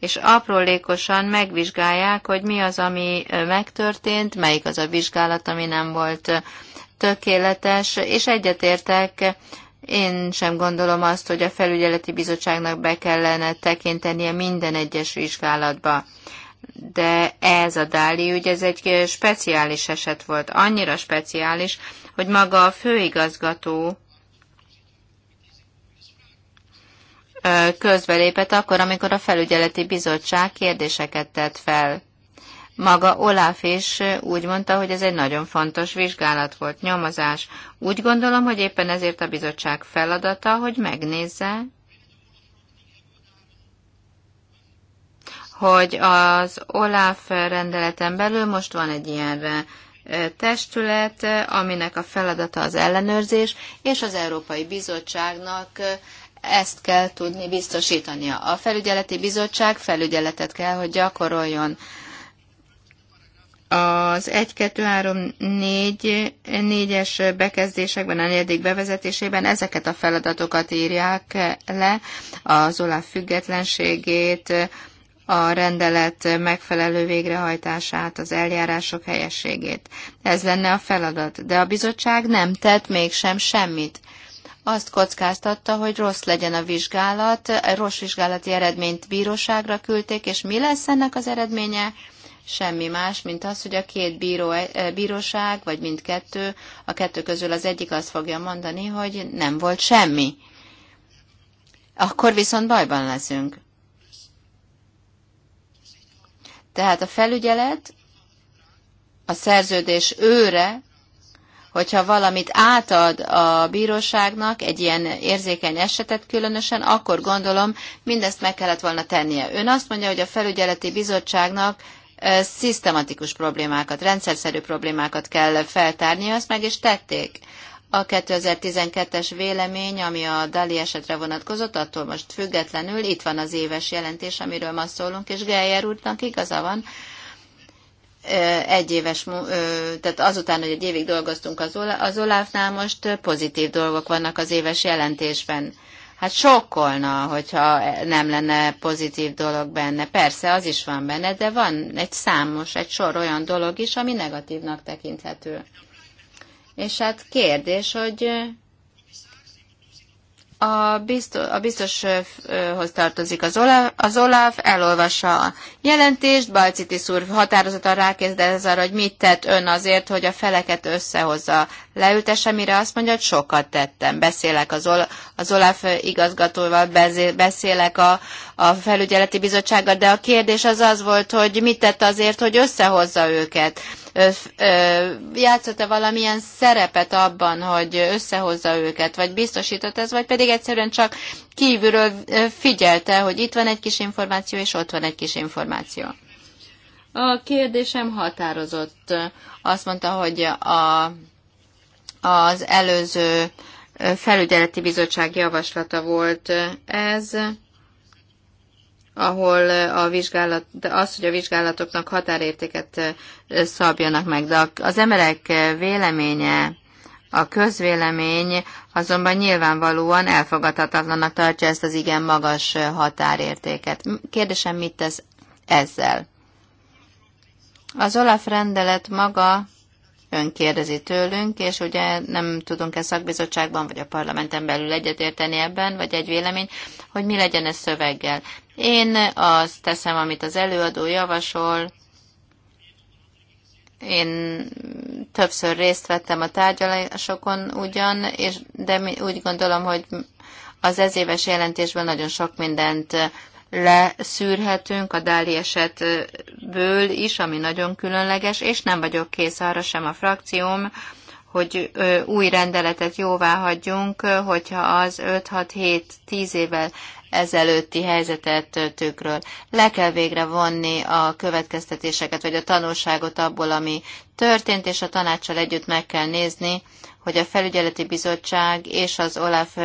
és aprólékosan megvizsgálják, hogy mi az, ami megtörtént, melyik az a vizsgálat, ami nem volt tökéletes, és egyetértek, én sem gondolom azt, hogy a felügyeleti bizottságnak be kellene tekintenie minden egyes vizsgálatba. De ez a Dáli ügy, ez egy speciális eset volt, annyira speciális, hogy maga a főigazgató közbelépett akkor, amikor a felügyeleti bizottság kérdéseket tett fel. Maga Olaf is úgy mondta, hogy ez egy nagyon fontos vizsgálat volt, nyomozás. Úgy gondolom, hogy éppen ezért a bizottság feladata, hogy megnézze, hogy az Olaf rendeleten belül most van egy ilyen testület, aminek a feladata az ellenőrzés, és az Európai Bizottságnak ezt kell tudni biztosítania. A felügyeleti bizottság felügyeletet kell, hogy gyakoroljon. Az 1, 2, 3, 4, 4-es bekezdésekben, a negyedik bevezetésében ezeket a feladatokat írják le, az OLAF függetlenségét, a rendelet megfelelő végrehajtását, az eljárások helyességét. Ez lenne a feladat, de a bizottság nem tett mégsem semmit azt kockáztatta, hogy rossz legyen a vizsgálat, rossz vizsgálati eredményt bíróságra küldték, és mi lesz ennek az eredménye? Semmi más, mint az, hogy a két bíró, eh, bíróság, vagy mindkettő, a kettő közül az egyik azt fogja mondani, hogy nem volt semmi. Akkor viszont bajban leszünk. Tehát a felügyelet, a szerződés őre hogyha valamit átad a bíróságnak, egy ilyen érzékeny esetet különösen, akkor gondolom mindezt meg kellett volna tennie. Ön azt mondja, hogy a felügyeleti bizottságnak szisztematikus problémákat, rendszerszerű problémákat kell feltárni, azt meg is tették. A 2012-es vélemény, ami a Dali esetre vonatkozott, attól most függetlenül itt van az éves jelentés, amiről ma szólunk, és Geyer úrnak igaza van, egyéves, tehát azután, hogy egy évig dolgoztunk az Olávnál, most pozitív dolgok vannak az éves jelentésben. Hát sokkolna, hogyha nem lenne pozitív dolog benne. Persze, az is van benne, de van egy számos, egy sor olyan dolog is, ami negatívnak tekinthető. És hát kérdés, hogy a, biztos, a biztoshoz tartozik az Olaf, az Olaf elolvassa a jelentést, Balcitis úr határozottan rákérdez arra, hogy mit tett ön azért, hogy a feleket összehozza. Leültesse, mire azt mondja, hogy sokat tettem. Beszélek az, Ola, az Olaf igazgatóval, beszélek a, a felügyeleti bizottsággal, de a kérdés az az volt, hogy mit tett azért, hogy összehozza őket játszott-e valamilyen szerepet abban, hogy összehozza őket, vagy biztosított ez, vagy pedig egyszerűen csak kívülről figyelte, hogy itt van egy kis információ, és ott van egy kis információ. A kérdésem határozott. Azt mondta, hogy a, az előző felügyeleti bizottság javaslata volt ez ahol eh, a vizsgálat, az, hogy a vizsgálatoknak határértéket eh, szabjanak meg. De az emberek eh, véleménye, a közvélemény azonban nyilvánvalóan elfogadhatatlanak tartja ezt az igen magas határértéket. Kérdésem, mit tesz ezzel? Az Olaf rendelet maga ön kérdezi tőlünk, és ugye nem tudunk-e szakbizottságban vagy a parlamenten belül egyetérteni ebben, vagy egy vélemény, hogy mi legyen ez szöveggel. Én azt teszem, amit az előadó javasol, én többször részt vettem a tárgyalásokon ugyan, és, de úgy gondolom, hogy az ezéves jelentésben nagyon sok mindent leszűrhetünk a Dáli esetből is, ami nagyon különleges, és nem vagyok kész arra sem a frakcióm, hogy új rendeletet jóvá hagyjunk, hogyha az 5-6-7-10 évvel ezelőtti helyzetet tükről. Le kell végre vonni a következtetéseket, vagy a tanulságot abból, ami történt, és a tanácssal együtt meg kell nézni, hogy a felügyeleti bizottság és az OLAF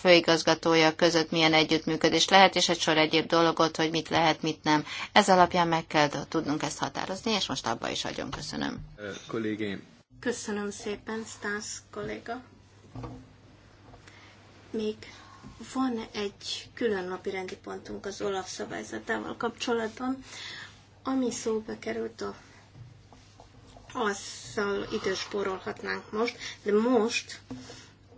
főigazgatója között milyen együttműködés lehet, és egy sor egyéb dologot, hogy mit lehet, mit nem. Ez alapján meg kell tudnunk ezt határozni, és most abba is adjon. Köszönöm. Kollégém. Köszönöm szépen, Stász kolléga. Még van egy külön napi rendi pontunk az OLAF szabályzatával kapcsolatban, ami szóba került a, az azzal időspórolhatnánk most, de most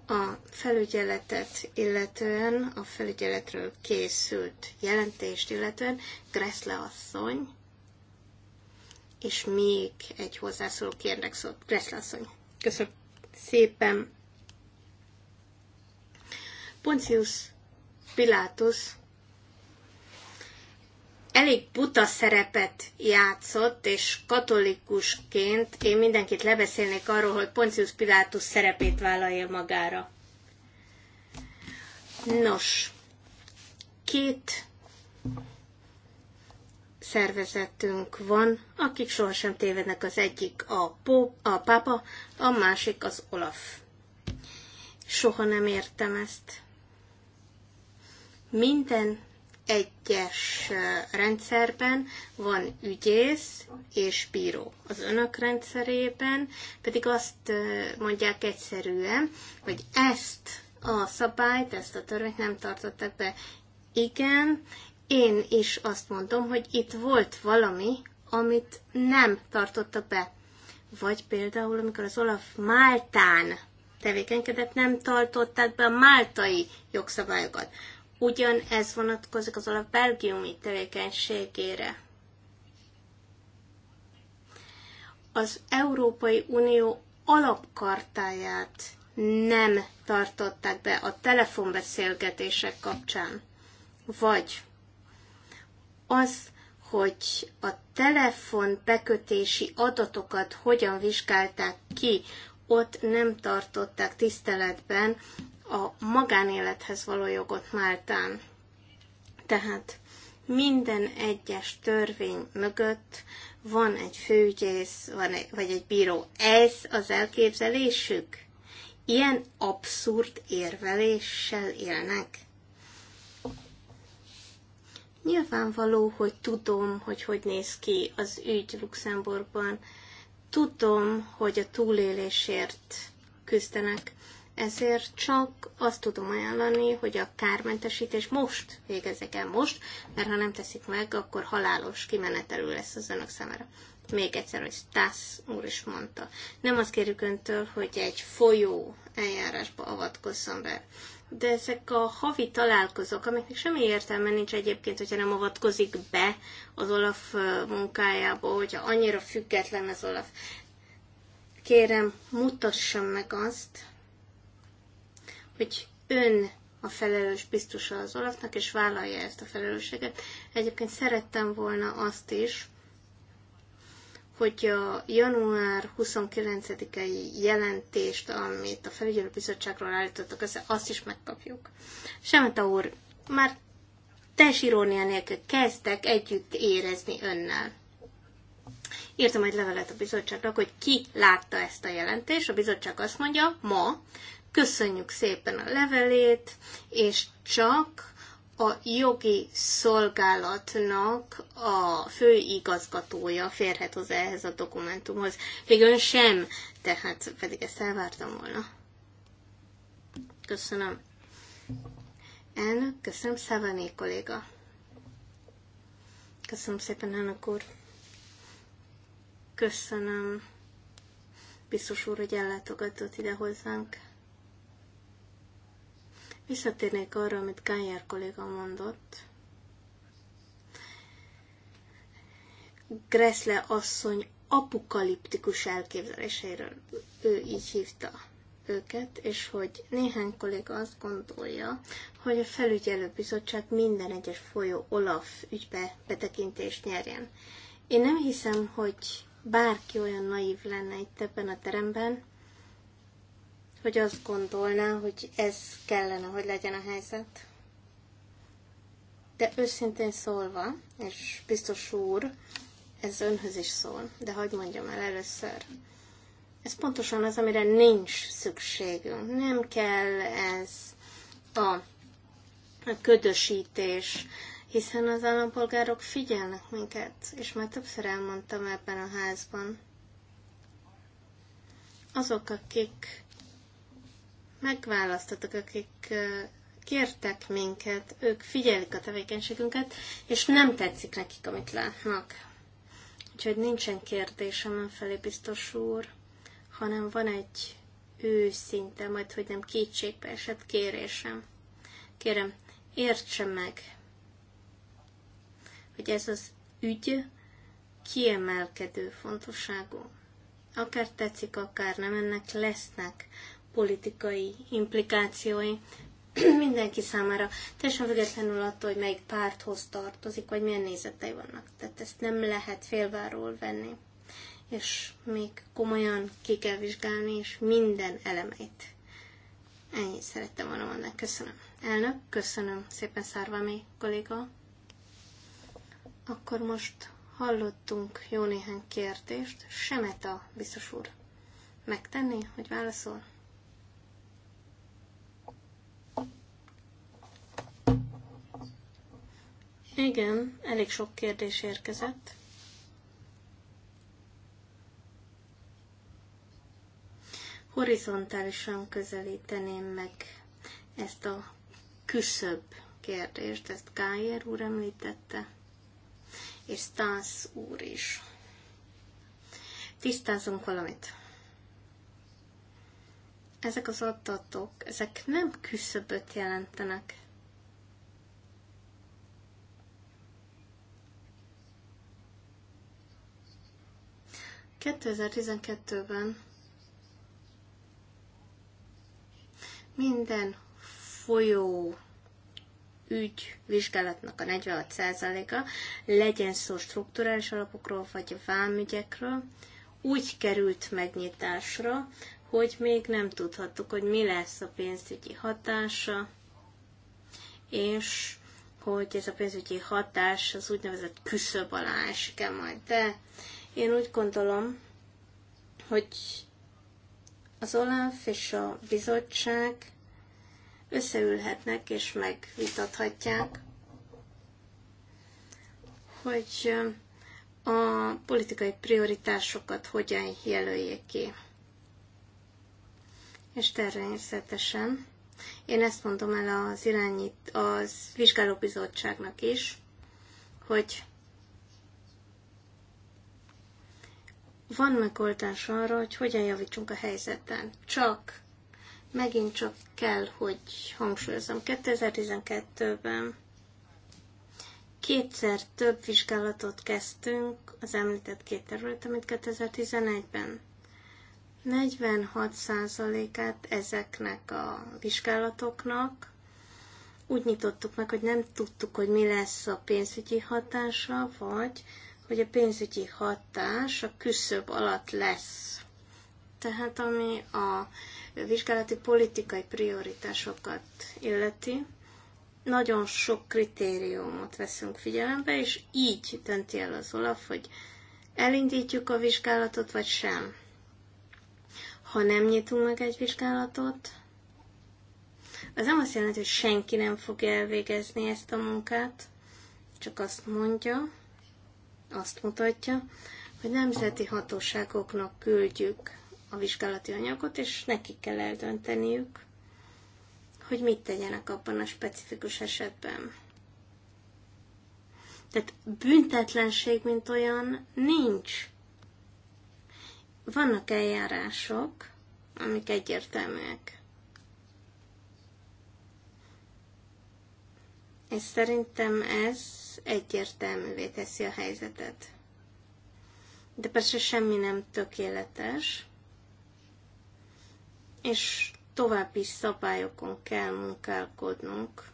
a felügyeletet, illetően a felügyeletről készült jelentést, illetően Gressle asszony, és még egy hozzászóló kérnek szólt. Gressle asszony. Köszönöm szépen. Pontius Pilatus elég buta szerepet játszott, és katolikusként én mindenkit lebeszélnék arról, hogy Pontius Pilátus szerepét vállalja magára. Nos, két szervezetünk van, akik sohasem tévednek, az egyik a, pó, a pápa, a másik az Olaf. Soha nem értem ezt. Minden egyes rendszerben van ügyész és bíró. Az önök rendszerében pedig azt mondják egyszerűen, hogy ezt a szabályt, ezt a törvényt nem tartottak be. Igen, én is azt mondom, hogy itt volt valami, amit nem tartottak be. Vagy például, amikor az Olaf Máltán tevékenykedett, nem tartották be a máltai jogszabályokat. Ugyan ez vonatkozik az olaf belgiumi tevékenységére. Az Európai Unió alapkartáját nem tartották be a telefonbeszélgetések kapcsán. Vagy az, hogy a telefon bekötési adatokat hogyan vizsgálták ki, ott nem tartották tiszteletben a magánélethez való jogot Máltán. Tehát minden egyes törvény mögött van egy főügyész, van egy, vagy egy bíró. Ez az elképzelésük? Ilyen abszurd érveléssel élnek? Nyilvánvaló, hogy tudom, hogy hogy néz ki az ügy Luxemburgban. Tudom, hogy a túlélésért küzdenek ezért csak azt tudom ajánlani, hogy a kármentesítés most végezzék el most, mert ha nem teszik meg, akkor halálos kimenetelő lesz az önök számára. Még egyszer, hogy Stász úr is mondta. Nem azt kérjük öntől, hogy egy folyó eljárásba avatkozzon be. De ezek a havi találkozók, amiknek semmi értelme nincs egyébként, hogyha nem avatkozik be az Olaf munkájába, hogyha annyira független az Olaf. Kérem, mutassam meg azt, hogy ön a felelős biztosa az Olafnak, és vállalja ezt a felelősséget. Egyébként szerettem volna azt is, hogy a január 29-i jelentést, amit a felügyelőbizottságról állítottak össze, azt is megkapjuk. Semeta úr, már teljes irónia nélkül kezdtek együtt érezni önnel. Írtam egy levelet a bizottságnak, hogy ki látta ezt a jelentést. A bizottság azt mondja ma, Köszönjük szépen a levelét, és csak a jogi szolgálatnak a fő igazgatója férhet hozzá ehhez a dokumentumhoz. Még ön sem, tehát pedig ezt elvártam volna. Köszönöm. Elnök, köszönöm, Szávané kolléga. Köszönöm szépen, elnök úr. Köszönöm, biztos úr, hogy ellátogatott ide hozzánk. Visszatérnék arra, amit Gányár kolléga mondott. Gressle asszony apokaliptikus elképzeléseiről. Ő így hívta őket, és hogy néhány kolléga azt gondolja, hogy a felügyelőbizottság minden egyes folyó Olaf ügybe betekintést nyerjen. Én nem hiszem, hogy bárki olyan naív lenne itt ebben a teremben, hogy azt gondolná, hogy ez kellene, hogy legyen a helyzet. De őszintén szólva, és biztos úr, ez önhöz is szól, de hagyd mondjam el először. Ez pontosan az, amire nincs szükségünk. Nem kell ez a ködösítés, hiszen az állampolgárok figyelnek minket, és már többször elmondtam ebben a házban. Azok, akik megválasztottak, akik kértek minket, ők figyelik a tevékenységünket, és nem tetszik nekik, amit látnak. Úgyhogy nincsen kérdésem felé biztos úr, hanem van egy őszinte, majd hogy nem kétségbe esett kérésem. Kérem, értse meg, hogy ez az ügy kiemelkedő fontosságú. Akár tetszik, akár nem, ennek lesznek politikai implikációi mindenki számára, teljesen függetlenül attól, hogy melyik párthoz tartozik, vagy milyen nézetei vannak. Tehát ezt nem lehet félváról venni, és még komolyan ki kell vizsgálni, és minden elemeit. Ennyit szerettem volna mondani. Köszönöm. Elnök, köszönöm szépen Szárvámi kolléga. Akkor most hallottunk jó néhány kérdést. Semeta, biztos úr, megtenni, hogy válaszol? Igen, elég sok kérdés érkezett. Horizontálisan közelíteném meg ezt a küszöbb kérdést, ezt Gájer úr említette, és Stász úr is. Tisztázunk valamit. Ezek az adatok, ezek nem küszöböt jelentenek. 2012-ben minden folyó ügy vizsgálatnak a 46%-a, legyen szó strukturális alapokról vagy a vámügyekről, úgy került megnyitásra, hogy még nem tudhattuk, hogy mi lesz a pénzügyi hatása, és hogy ez a pénzügyi hatás az úgynevezett küszöb alá esik majd. De én úgy gondolom, hogy az OLAF és a bizottság összeülhetnek és megvitathatják, hogy a politikai prioritásokat hogyan jelöljék ki. És természetesen én ezt mondom el az irányít, az vizsgálóbizottságnak is, hogy Van megoldás arra, hogy hogyan javítsunk a helyzeten. Csak, megint csak kell, hogy hangsúlyozom, 2012-ben kétszer több vizsgálatot kezdtünk az említett két területen, mint 2011-ben. 46%-át ezeknek a vizsgálatoknak úgy nyitottuk meg, hogy nem tudtuk, hogy mi lesz a pénzügyi hatása, vagy hogy a pénzügyi hatás a küszöb alatt lesz. Tehát ami a vizsgálati politikai prioritásokat illeti, nagyon sok kritériumot veszünk figyelembe, és így dönti el az Olaf, hogy elindítjuk a vizsgálatot, vagy sem. Ha nem nyitunk meg egy vizsgálatot, az nem azt jelenti, hogy senki nem fogja elvégezni ezt a munkát, csak azt mondja, azt mutatja, hogy nemzeti hatóságoknak küldjük a vizsgálati anyagot, és nekik kell eldönteniük, hogy mit tegyenek abban a specifikus esetben. Tehát büntetlenség, mint olyan, nincs. Vannak eljárások, amik egyértelműek. és szerintem ez egyértelművé teszi a helyzetet. De persze semmi nem tökéletes, és további szabályokon kell munkálkodnunk.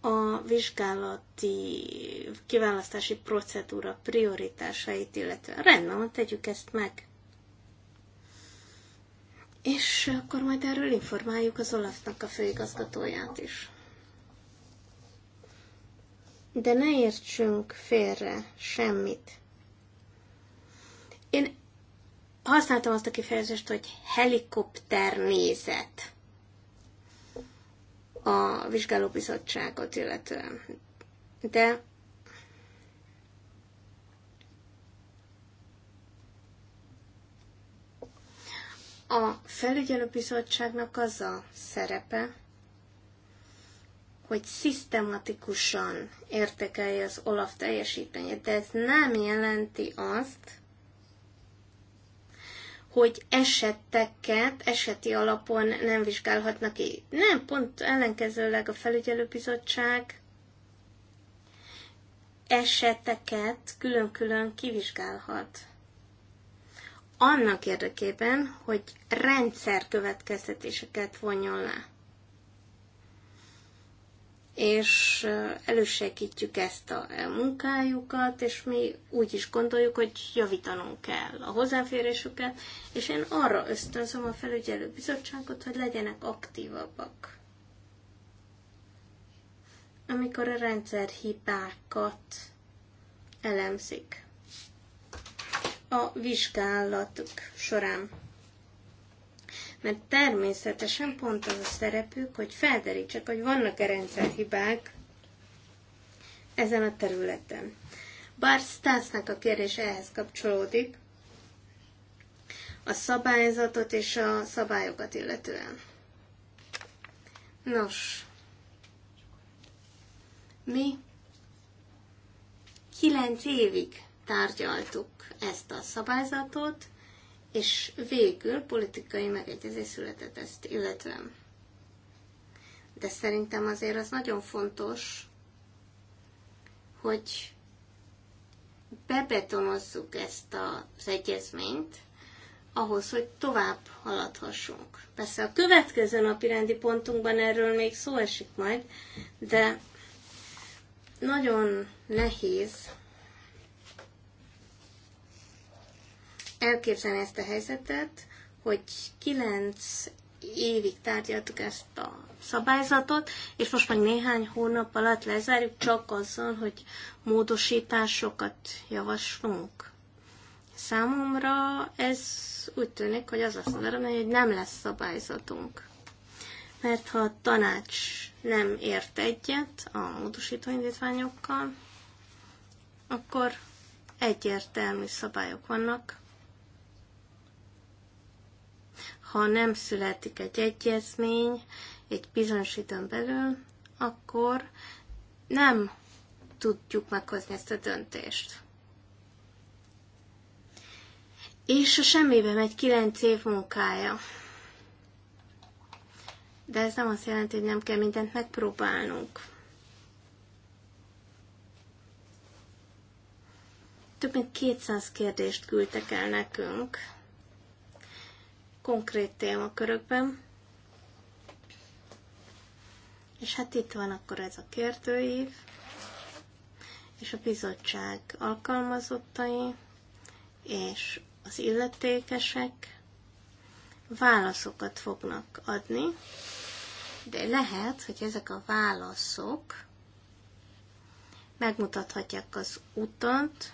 A vizsgálati kiválasztási procedúra prioritásait, illetve rendben, tegyük ezt meg. És akkor majd erről informáljuk az Olafnak a főigazgatóját is. De ne értsünk félre semmit. Én használtam azt a kifejezést, hogy nézet a vizsgálóbizottságot illetően. De A felügyelőbizottságnak az a szerepe, hogy szisztematikusan értékelje az Olaf teljesítményét, de ez nem jelenti azt, hogy eseteket eseti alapon nem vizsgálhatnak ki. Nem, pont ellenkezőleg a felügyelőbizottság eseteket külön-külön kivizsgálhat annak érdekében, hogy rendszer következtetéseket vonjon le. És elősegítjük ezt a munkájukat, és mi úgy is gondoljuk, hogy javítanunk kell a hozzáférésüket, és én arra ösztönzöm a felügyelő bizottságot, hogy legyenek aktívabbak. Amikor a rendszer hibákat elemzik a vizsgálatuk során. Mert természetesen pont az a szerepük, hogy felderítsek, hogy vannak-e rendszerhibák ezen a területen. Bár Stasznak a kérdés ehhez kapcsolódik, a szabályzatot és a szabályokat illetően. Nos, mi kilenc évig tárgyaltuk ezt a szabályzatot, és végül politikai megegyezés született ezt illetve. De szerintem azért az nagyon fontos, hogy bebetonozzuk ezt az egyezményt, ahhoz, hogy tovább haladhassunk. Persze a következő napi rendi pontunkban erről még szó esik majd, de nagyon nehéz elképzelni ezt a helyzetet, hogy kilenc évig tárgyaltuk ezt a szabályzatot, és most meg néhány hónap alatt lezárjuk csak azzal, hogy módosításokat javaslunk. Számomra ez úgy tűnik, hogy az azt mondanom, hogy nem lesz szabályzatunk. Mert ha a tanács nem ért egyet a módosító indítványokkal, akkor egyértelmű szabályok vannak, ha nem születik egy egyezmény egy bizonyos időn belül, akkor nem tudjuk meghozni ezt a döntést. És a semmibe megy kilenc év munkája. De ez nem azt jelenti, hogy nem kell mindent megpróbálnunk. Több mint 200 kérdést küldtek el nekünk konkrét témakörökben. És hát itt van akkor ez a kérdőív, és a bizottság alkalmazottai, és az illetékesek válaszokat fognak adni, de lehet, hogy ezek a válaszok megmutathatják az utat,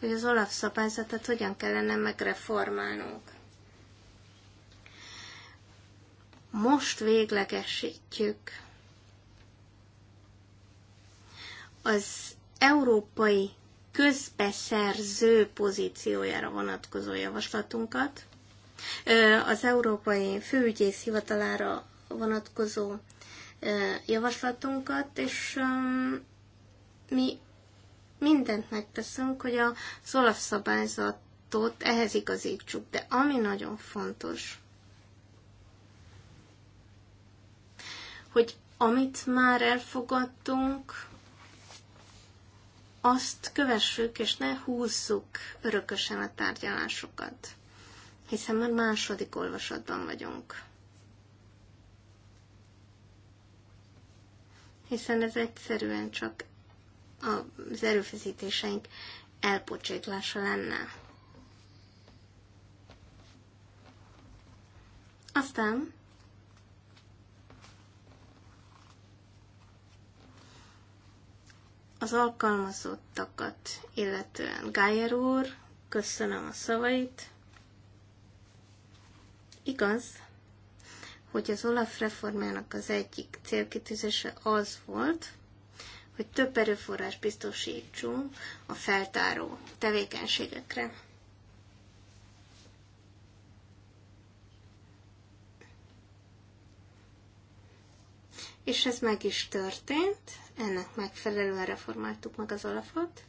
hogy az Olaf szabályzatot hogyan kellene megreformálnunk. most véglegesítjük az európai közbeszerző pozíciójára vonatkozó javaslatunkat, az Európai Főügyész Hivatalára vonatkozó javaslatunkat, és mi mindent megteszünk, hogy a szolaf szabályzatot ehhez igazítsuk. De ami nagyon fontos, hogy amit már elfogadtunk, azt kövessük, és ne húzzuk örökösen a tárgyalásokat, hiszen már második olvasatban vagyunk. Hiszen ez egyszerűen csak az erőfeszítéseink elpocséklása lenne. Aztán az alkalmazottakat, illetően Gájer úr, köszönöm a szavait. Igaz, hogy az Olaf reformjának az egyik célkitűzése az volt, hogy több erőforrás biztosítsunk a feltáró tevékenységekre. És ez meg is történt, ennek megfelelően reformáltuk meg az alapot,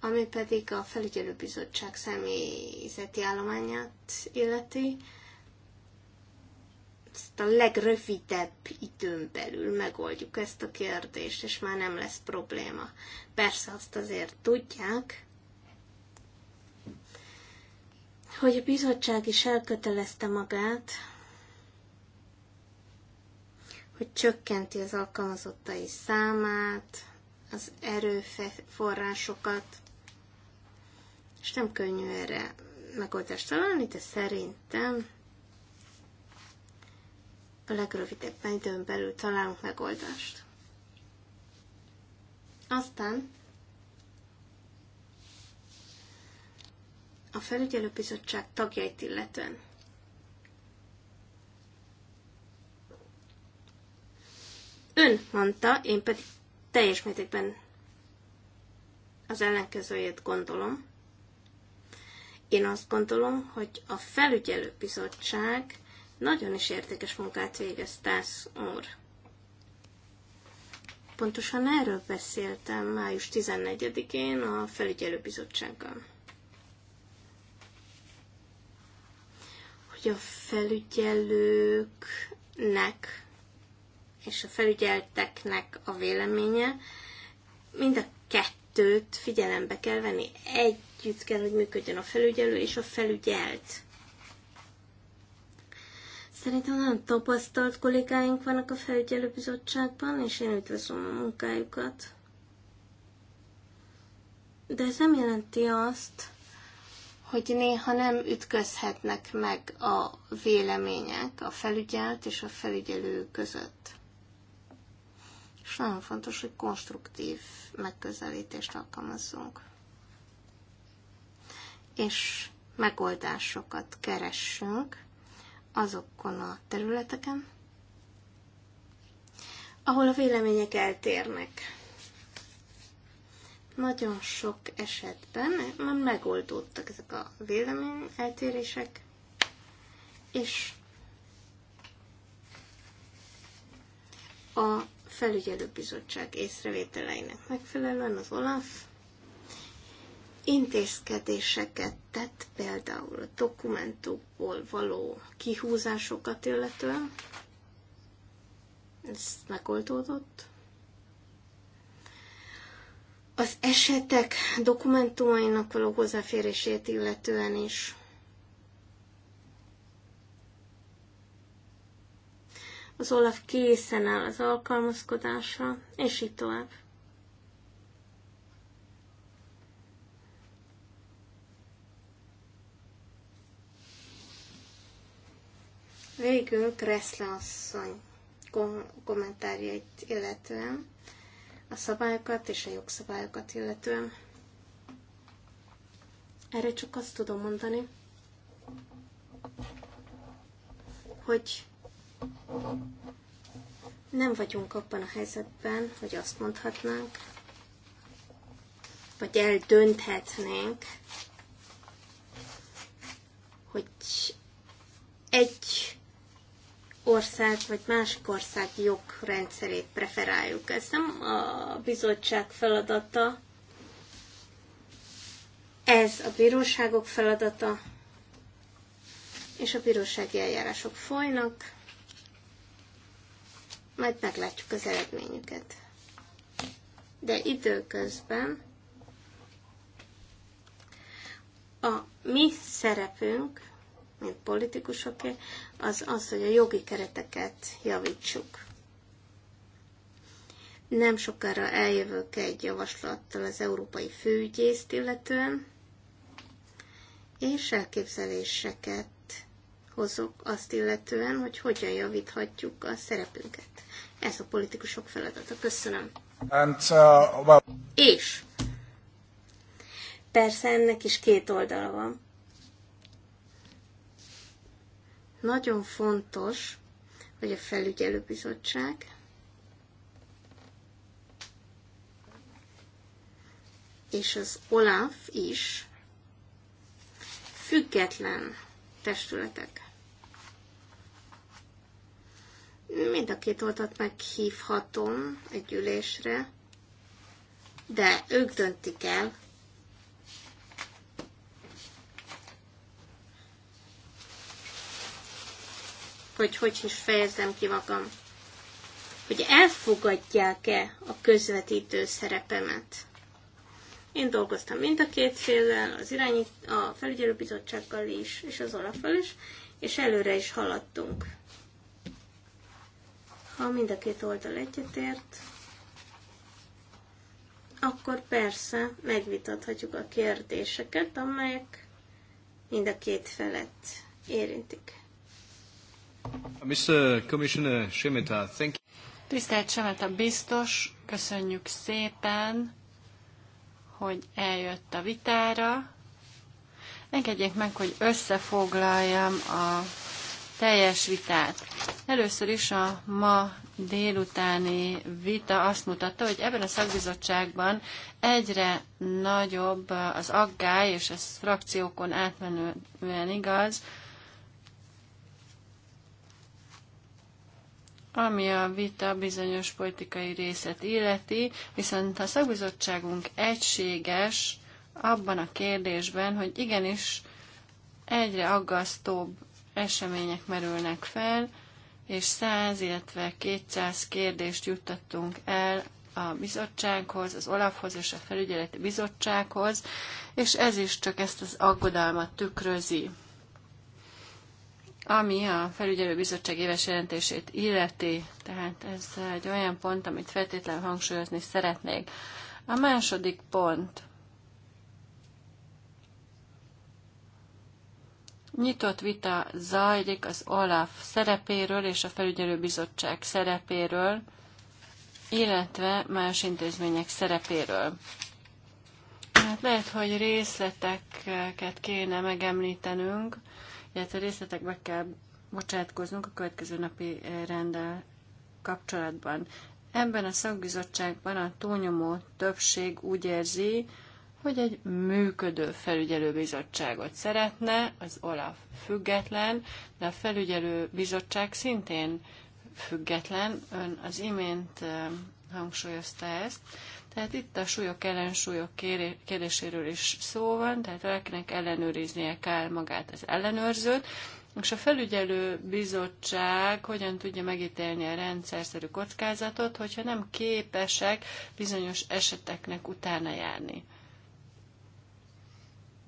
ami pedig a felügyelőbizottság személyzeti állományát illeti, ezt a legrövidebb időn belül megoldjuk ezt a kérdést, és már nem lesz probléma. Persze azt azért tudják, hogy a bizottság is elkötelezte magát, hogy csökkenti az alkalmazottai számát, az erőforrásokat, és nem könnyű erre megoldást találni, de szerintem a legrövidebb időn belül találunk megoldást. Aztán a felügyelőbizottság tagjait illetően Ön mondta, én pedig teljes mértékben az ellenkezőjét gondolom. Én azt gondolom, hogy a felügyelőbizottság nagyon is értékes munkát végez Tász úr. Pontosan erről beszéltem május 14-én a felügyelőbizottsággal. Hogy a felügyelőknek és a felügyelteknek a véleménye, mind a kettőt figyelembe kell venni. Együtt kell, hogy működjön a felügyelő és a felügyelt. Szerintem nagyon tapasztalt kollégáink vannak a felügyelőbizottságban, és én üdvözlöm a munkájukat. De ez nem jelenti azt, hogy néha nem ütközhetnek meg a vélemények a felügyelt és a felügyelő között és nagyon fontos, hogy konstruktív megközelítést alkalmazzunk. És megoldásokat keressünk azokon a területeken, ahol a vélemények eltérnek. Nagyon sok esetben már megoldódtak ezek a vélemény eltérések, és a felügyelőbizottság észrevételeinek megfelelően az OLAF intézkedéseket tett, például a dokumentumból való kihúzásokat illetően. Ez megoldódott. Az esetek dokumentumainak való hozzáférését illetően is az Olaf készen áll az alkalmazkodásra, és így tovább. Végül Kressle asszony kommentárjait illetően, a szabályokat és a jogszabályokat illetően. Erre csak azt tudom mondani, hogy nem vagyunk abban a helyzetben, hogy azt mondhatnánk, vagy eldönthetnénk, hogy egy ország vagy másik ország jogrendszerét preferáljuk. Ez nem a bizottság feladata, ez a bíróságok feladata, és a bírósági eljárások folynak, majd meglátjuk az eredményüket. De időközben a mi szerepünk, mint politikusoké, az az, hogy a jogi kereteket javítsuk. Nem sokára eljövök egy javaslattal az európai főügyészt illetően, és elképzeléseket hozok azt illetően, hogy hogyan javíthatjuk a szerepünket. Ez a politikusok feladata. Köszönöm. And, uh, well... És persze ennek is két oldala van. Nagyon fontos, hogy a felügyelőbizottság és az OLAF is független testületek. Mind a két oldalt meghívhatom egy ülésre, de ők döntik el, hogy hogy is fejezem ki magam, hogy elfogadják-e a közvetítő szerepemet. Én dolgoztam mind a két féllel, az irányít, a felügyelőbizottsággal is, és az olaf is, és előre is haladtunk. Ha mind a két oldal egyetért, akkor persze megvitathatjuk a kérdéseket, amelyek mind a két felett érintik. Mr. Commissioner Shemeta, thank you. Tisztelt Semeta biztos, köszönjük szépen, hogy eljött a vitára. Engedjék meg, hogy összefoglaljam a teljes vitát. Először is a ma délutáni vita azt mutatta, hogy ebben a szakbizottságban egyre nagyobb az aggály, és ez frakciókon átmenően igaz, ami a vita bizonyos politikai részét illeti, viszont a szakbizottságunk egységes abban a kérdésben, hogy igenis egyre aggasztóbb események merülnek fel, és 100, illetve 200 kérdést juttattunk el a bizottsághoz, az Olafhoz és a felügyeleti bizottsághoz, és ez is csak ezt az aggodalmat tükrözi. Ami a felügyelő bizottság éves jelentését illeti, tehát ez egy olyan pont, amit feltétlenül hangsúlyozni szeretnék. A második pont Nyitott vita zajlik az OLAF szerepéről és a felügyelőbizottság szerepéről, illetve más intézmények szerepéről. Hát lehet, hogy részleteket kéne megemlítenünk, illetve részletekbe kell bocsátkoznunk a következő napi rendel kapcsolatban. Ebben a szakbizottságban a túlnyomó többség úgy érzi, hogy egy működő felügyelőbizottságot szeretne, az OLAF független, de a felügyelőbizottság szintén független, ön az imént hangsúlyozta ezt. Tehát itt a súlyok ellensúlyok kérdéséről is szó van, tehát valakinek ellenőriznie kell magát az ellenőrzőt, és a felügyelő bizottság hogyan tudja megítélni a rendszerszerű kockázatot, hogyha nem képesek bizonyos eseteknek utána járni.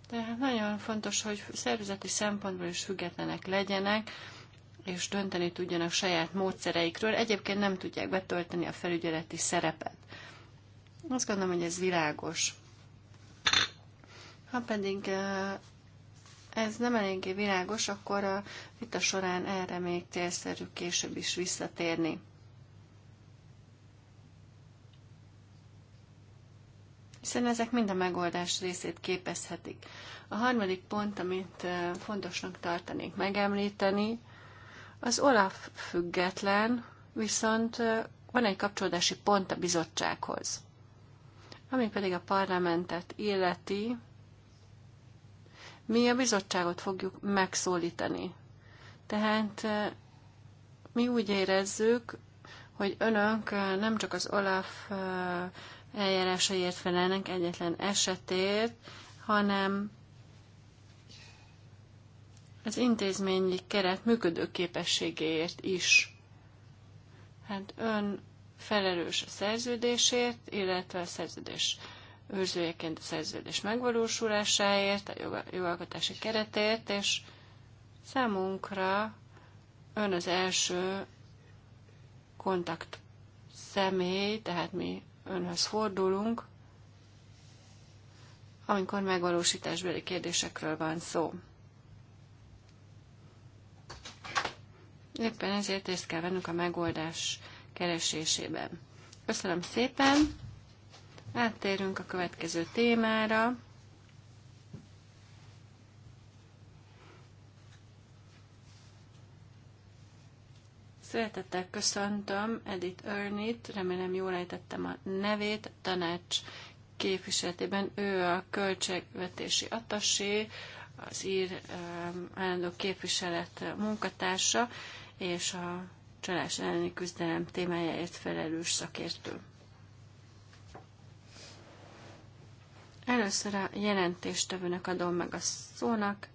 Tehát nagyon fontos, hogy szervezeti szempontból is függetlenek legyenek, és dönteni tudjanak saját módszereikről. Egyébként nem tudják betölteni a felügyeleti szerepet. Azt gondolom, hogy ez világos. Ha pedig ez nem eléggé világos, akkor a vita során erre még célszerű később is visszatérni. hiszen ezek mind a megoldás részét képezhetik. A harmadik pont, amit fontosnak tartanék megemlíteni, az Olaf független, viszont van egy kapcsolódási pont a bizottsághoz. Ami pedig a parlamentet illeti, mi a bizottságot fogjuk megszólítani. Tehát mi úgy érezzük, hogy önök nem csak az Olaf eljárásaiért felelnek egyetlen esetért, hanem az intézményi keret képességéért is. Hát ön felelős a szerződésért, illetve a szerződés őrzőjeként a szerződés megvalósulásáért, a jogalkotási keretért, és számunkra ön az első kontakt személy, tehát mi önhöz fordulunk, amikor megvalósításbeli kérdésekről van szó. Éppen ezért részt kell vennünk a megoldás keresésében. Köszönöm szépen! Áttérünk a következő témára. Szeretettel köszöntöm Edith Örnit, remélem jól ejtettem a nevét, a tanács képviseletében ő a költségvetési attasé, az ír állandó képviselet munkatársa, és a csalás elleni küzdelem témájáért felelős szakértő. Először a jelentéstevőnek adom meg a szónak,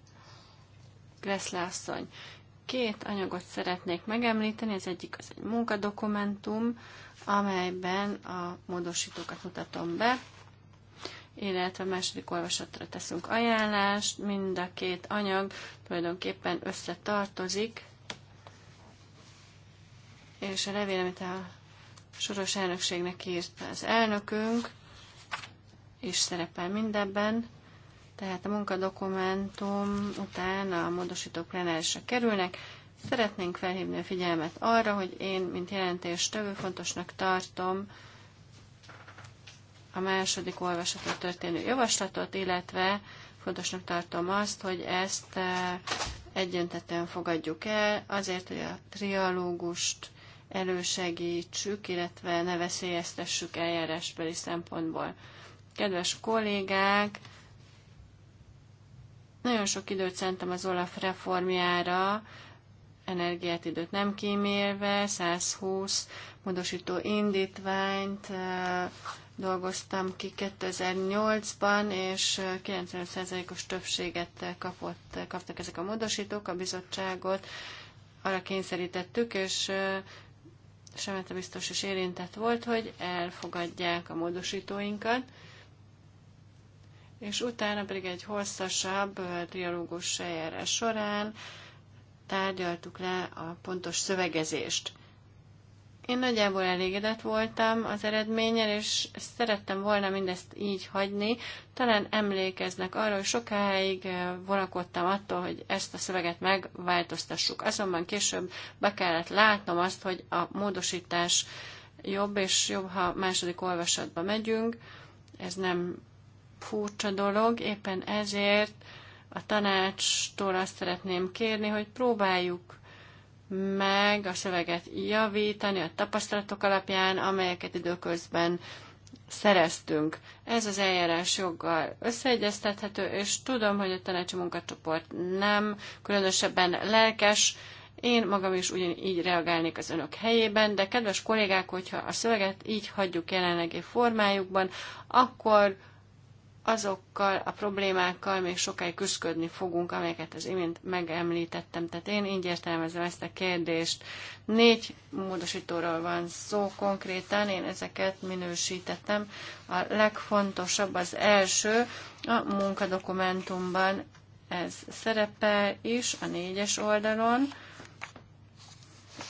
Gressle asszony. Két anyagot szeretnék megemlíteni, az egyik az egy munkadokumentum, amelyben a módosítókat mutatom be, illetve második olvasatra teszünk ajánlást, mind a két anyag tulajdonképpen összetartozik, és a levél, amit a soros elnökségnek írt az elnökünk, és szerepel mindebben tehát a munkadokumentum után a módosító plenárisra kerülnek. Szeretnénk felhívni a figyelmet arra, hogy én, mint jelentéstevő fontosnak tartom a második olvasatra történő javaslatot, illetve fontosnak tartom azt, hogy ezt eh, egyöntetően fogadjuk el, azért, hogy a trialógust elősegítsük, illetve ne veszélyeztessük eljárásbeli szempontból. Kedves kollégák, nagyon sok időt szentem az Olaf reformjára, energiát, időt nem kímélve, 120 módosító indítványt dolgoztam ki 2008-ban, és 95%-os többséget kapott, kaptak ezek a módosítók, a bizottságot arra kényszerítettük, és semmit biztos is érintett volt, hogy elfogadják a módosítóinkat és utána pedig egy hosszasabb dialógus eljárás során tárgyaltuk le a pontos szövegezést. Én nagyjából elégedett voltam az eredménnyel, és szerettem volna mindezt így hagyni. Talán emlékeznek arra, hogy sokáig vonakodtam attól, hogy ezt a szöveget megváltoztassuk. Azonban később be kellett látnom azt, hogy a módosítás jobb, és jobb, ha második olvasatba megyünk. Ez nem furcsa dolog, éppen ezért a tanácstól azt szeretném kérni, hogy próbáljuk meg a szöveget javítani a tapasztalatok alapján, amelyeket időközben szereztünk. Ez az eljárás joggal összeegyeztethető, és tudom, hogy a tanácsi munkacsoport nem különösebben lelkes, én magam is ugyanígy reagálnék az önök helyében, de kedves kollégák, hogyha a szöveget így hagyjuk jelenlegi formájukban, akkor azokkal a problémákkal még sokáig küzdködni fogunk, amelyeket az imént megemlítettem. Tehát én így értelmezem ezt a kérdést. Négy módosítóról van szó konkrétan, én ezeket minősítettem. A legfontosabb az első, a munkadokumentumban ez szerepel is a négyes oldalon.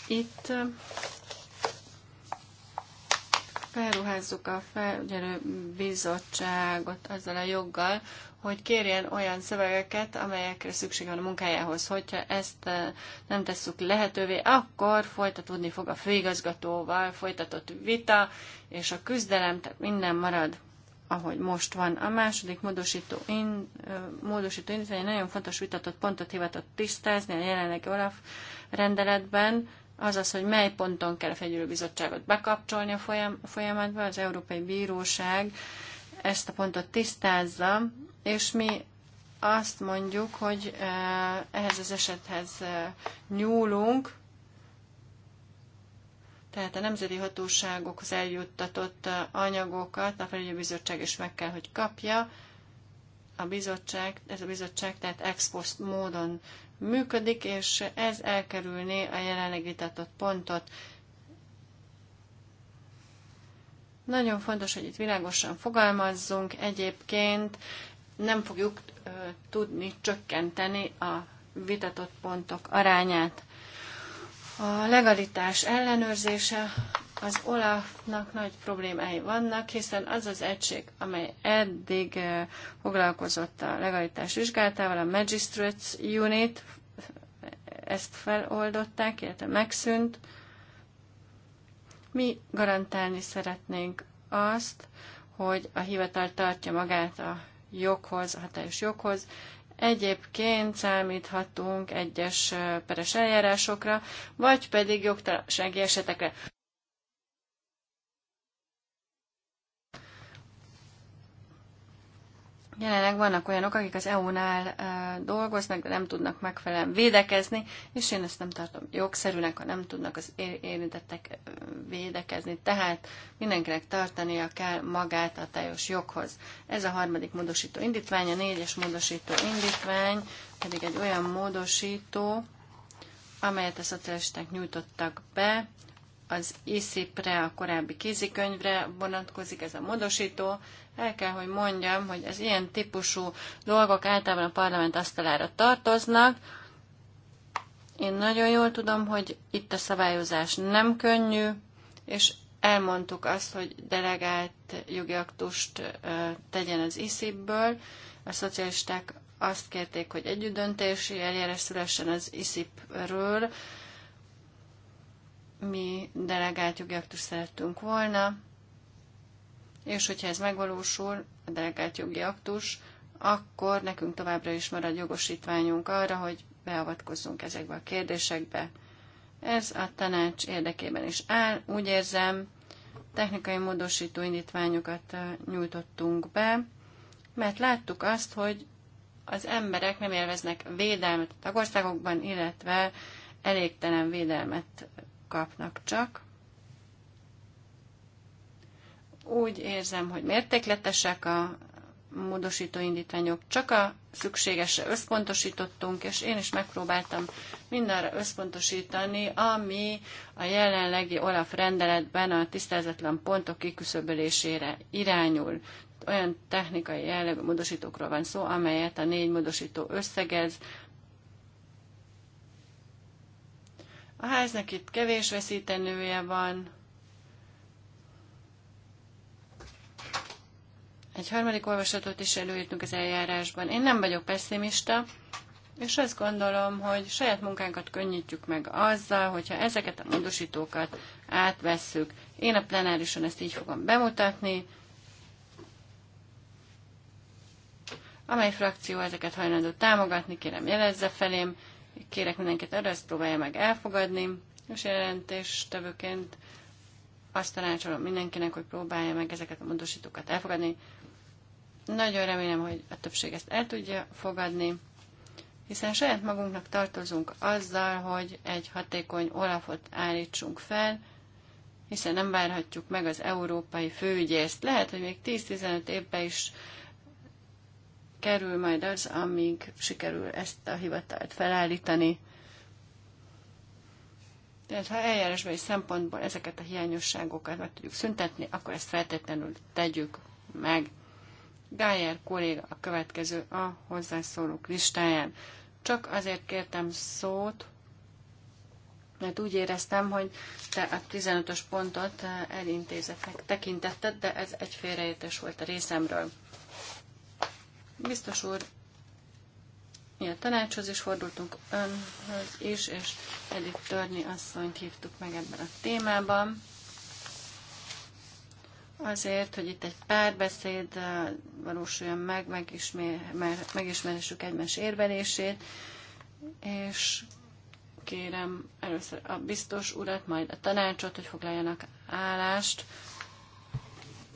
Itt felruházzuk a felügyelő bizottságot azzal a joggal, hogy kérjen olyan szövegeket, amelyekre szükség van a munkájához. Hogyha ezt eh, nem tesszük lehetővé, akkor folytatódni fog a főigazgatóval folytatott vita, és a küzdelem, tehát minden marad ahogy most van. A második módosító, in, eh, módosító indítvány nagyon fontos vitatott pontot hivatott tisztázni a jelenlegi Olaf rendeletben, az az, hogy mely ponton kell a fegyelőbizottságot bekapcsolni a, folyam, folyamatba, az Európai Bíróság ezt a pontot tisztázza, és mi azt mondjuk, hogy e, ehhez az esethez e, nyúlunk, tehát a nemzeti hatóságokhoz eljuttatott e, anyagokat a felügyelőbizottság is meg kell, hogy kapja. A bizottság, ez a bizottság tehát ex post módon működik, és ez elkerülné a jelenleg vitatott pontot. Nagyon fontos, hogy itt világosan fogalmazzunk, egyébként nem fogjuk ö, tudni csökkenteni a vitatott pontok arányát. A legalitás ellenőrzése az Olafnak nagy problémái vannak, hiszen az az egység, amely eddig eh, foglalkozott a legalitás vizsgálatával, a Magistrates Unit, ezt feloldották, illetve megszűnt. Mi garantálni szeretnénk azt, hogy a hivatal tartja magát a joghoz, a hatályos joghoz. Egyébként számíthatunk egyes eh, peres eljárásokra, vagy pedig jogtalansági esetekre. Jelenleg vannak olyanok, akik az EU-nál dolgoznak, de nem tudnak megfelelően védekezni, és én ezt nem tartom jogszerűnek, ha nem tudnak az érintettek védekezni. Tehát mindenkinek tartania kell magát a teljes joghoz. Ez a harmadik módosító indítvány, a négyes módosító indítvány pedig egy olyan módosító, amelyet a szocialisták nyújtottak be, az ISZIP-re, a korábbi kézikönyvre vonatkozik ez a módosító, el kell, hogy mondjam, hogy az ilyen típusú dolgok általában a parlament asztalára tartoznak. Én nagyon jól tudom, hogy itt a szabályozás nem könnyű, és elmondtuk azt, hogy delegált jogi aktust tegyen az ISZIP-ből. A szocialisták azt kérték, hogy együttdöntési eljárás szülessen az ISZIP-ről. Mi delegált jogi aktust szerettünk volna és hogyha ez megvalósul, a delegált jogi aktus, akkor nekünk továbbra is marad jogosítványunk arra, hogy beavatkozzunk ezekbe a kérdésekbe. Ez a tanács érdekében is áll. Úgy érzem, technikai módosító indítványokat nyújtottunk be, mert láttuk azt, hogy az emberek nem élveznek védelmet a tagországokban, illetve elégtelen védelmet kapnak csak. Úgy érzem, hogy mértékletesek a módosító indítványok, csak a szükségesre összpontosítottunk, és én is megpróbáltam mindenre összpontosítani, ami a jelenlegi OLAF rendeletben a tisztázatlan pontok kiküszöbölésére irányul. Olyan technikai jellegű módosítókról van szó, amelyet a négy módosító összegez. A háznak itt kevés veszítenője van, egy harmadik olvasatot is előírtunk az eljárásban. Én nem vagyok pessimista, és azt gondolom, hogy saját munkánkat könnyítjük meg azzal, hogyha ezeket a módosítókat átvesszük. Én a plenárison ezt így fogom bemutatni, amely frakció ezeket hajlandó támogatni, kérem jelezze felém, kérek mindenkit arra, ezt próbálja meg elfogadni, és jelentéstevőként azt tanácsolom mindenkinek, hogy próbálja meg ezeket a módosítókat elfogadni, nagyon remélem, hogy a többség ezt el tudja fogadni, hiszen saját magunknak tartozunk azzal, hogy egy hatékony olafot állítsunk fel, hiszen nem várhatjuk meg az európai főügyészt. Lehet, hogy még 10-15 évben is kerül majd az, amíg sikerül ezt a hivatalt felállítani. Tehát ha eljárásbeli szempontból ezeket a hiányosságokat meg tudjuk szüntetni, akkor ezt feltétlenül tegyük meg. Gájer kolléga a következő a hozzászólók listáján. Csak azért kértem szót, mert úgy éreztem, hogy te a 15-ös pontot elintézetnek tekintetted, de ez egy félreértés volt a részemről. Biztos úr, mi a tanácshoz is fordultunk önhöz is, és Edith Törni asszonyt hívtuk meg ebben a témában azért, hogy itt egy párbeszéd eh, valósuljon meg, megismer, megismerhessük egymás érvelését, és kérem először a biztos urat, majd a tanácsot, hogy foglaljanak állást.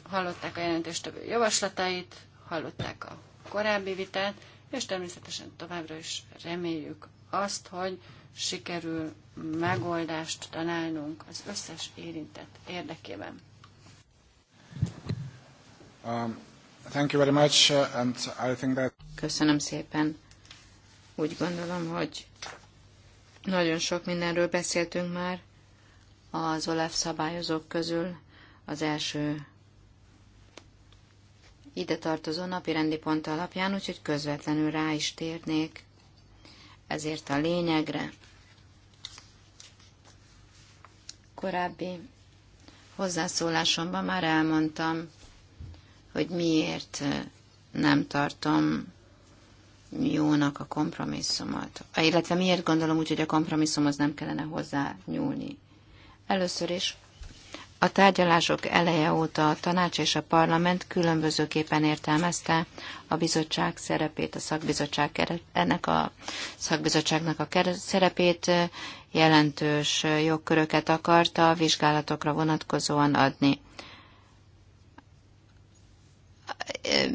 Hallották a jelentéstevő javaslatait, hallották a korábbi vitát, és természetesen továbbra is reméljük azt, hogy sikerül megoldást találnunk az összes érintett érdekében. Um, thank you very much, uh, and I think that... Köszönöm szépen. Úgy gondolom, hogy nagyon sok mindenről beszéltünk már az OLAF szabályozók közül. Az első ide tartozó napi rendi pont alapján, úgyhogy közvetlenül rá is térnék. Ezért a lényegre. Korábbi hozzászólásomban már elmondtam, hogy miért nem tartom jónak a kompromisszumot. Illetve miért gondolom úgy, hogy a kompromisszumhoz nem kellene hozzá nyúlni. Először is a tárgyalások eleje óta a tanács és a parlament különbözőképpen értelmezte a bizottság szerepét, a szakbizottság ennek a szakbizottságnak a szerepét jelentős jogköröket akarta a vizsgálatokra vonatkozóan adni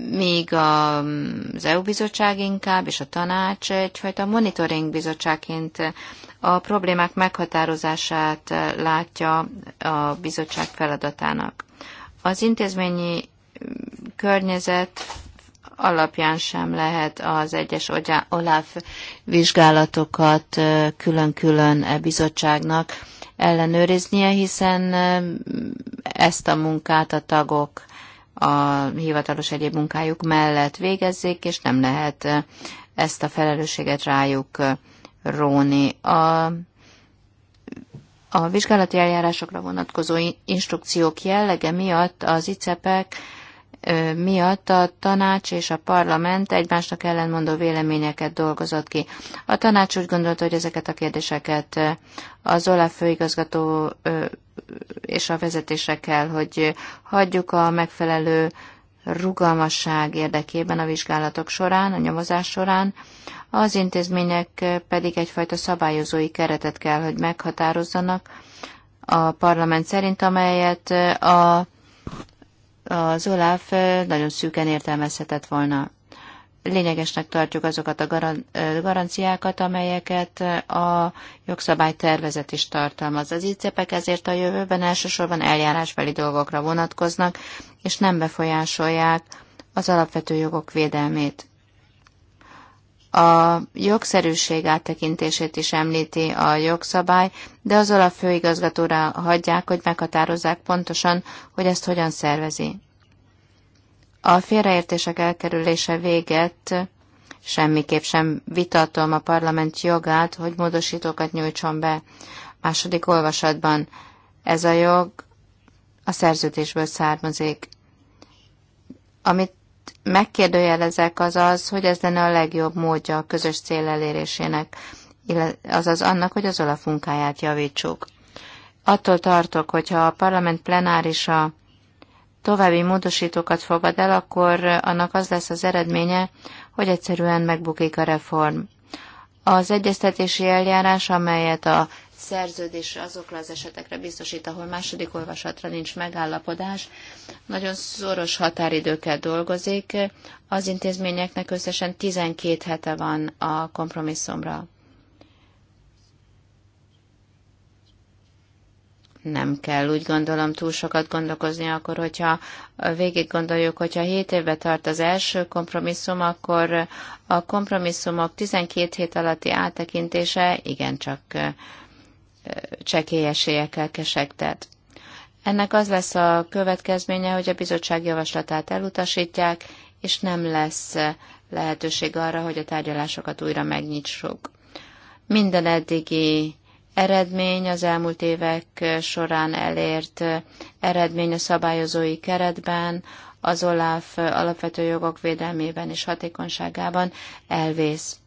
míg az EU bizottság inkább, és a tanács egyfajta monitoring bizottságként a problémák meghatározását látja a bizottság feladatának. Az intézményi környezet alapján sem lehet az egyes OLAF vizsgálatokat külön-külön e bizottságnak ellenőriznie, hiszen ezt a munkát a tagok a hivatalos egyéb munkájuk mellett végezzék, és nem lehet ezt a felelősséget rájuk róni. A, a vizsgálati eljárásokra vonatkozó instrukciók jellege miatt az ICEPek miatt a tanács és a parlament egymásnak ellenmondó véleményeket dolgozott ki. A tanács úgy gondolta, hogy ezeket a kérdéseket az OLAF főigazgató és a vezetése kell, hogy hagyjuk a megfelelő rugalmasság érdekében a vizsgálatok során, a nyomozás során, az intézmények pedig egyfajta szabályozói keretet kell, hogy meghatározzanak a parlament szerint, amelyet a az Olaf nagyon szűken értelmezhetett volna. Lényegesnek tartjuk azokat a garanciákat, amelyeket a jogszabálytervezet is tartalmaz. Az ICP-ek ezért a jövőben elsősorban eljárásbeli dolgokra vonatkoznak, és nem befolyásolják az alapvető jogok védelmét. A jogszerűség áttekintését is említi a jogszabály, de az a főigazgatóra hagyják, hogy meghatározzák pontosan, hogy ezt hogyan szervezi. A félreértések elkerülése véget semmiképp sem vitatom a parlament jogát, hogy módosítókat nyújtson be második olvasatban. Ez a jog a szerződésből származik. Amit megkérdőjelezek, az az, hogy ez lenne a legjobb módja a közös cél elérésének, azaz annak, hogy az olaf munkáját javítsuk. Attól tartok, hogyha a parlament plenárisa további módosítókat fogad el, akkor annak az lesz az eredménye, hogy egyszerűen megbukik a reform. Az egyeztetési eljárás, amelyet a szerződésre azokra az esetekre biztosít, ahol második olvasatra nincs megállapodás. Nagyon szoros határidőkkel dolgozik. Az intézményeknek összesen 12 hete van a kompromisszumra. nem kell úgy gondolom túl sokat gondolkozni, akkor hogyha végig gondoljuk, hogyha 7 évbe tart az első kompromisszum, akkor a kompromisszumok 12 hét alatti áttekintése igencsak csekélyesélyekkel kesegtet. Ennek az lesz a következménye, hogy a bizottság javaslatát elutasítják, és nem lesz lehetőség arra, hogy a tárgyalásokat újra megnyitsuk. Minden eddigi eredmény az elmúlt évek során elért eredmény a szabályozói keretben, az OLAF alapvető jogok védelmében és hatékonyságában elvész.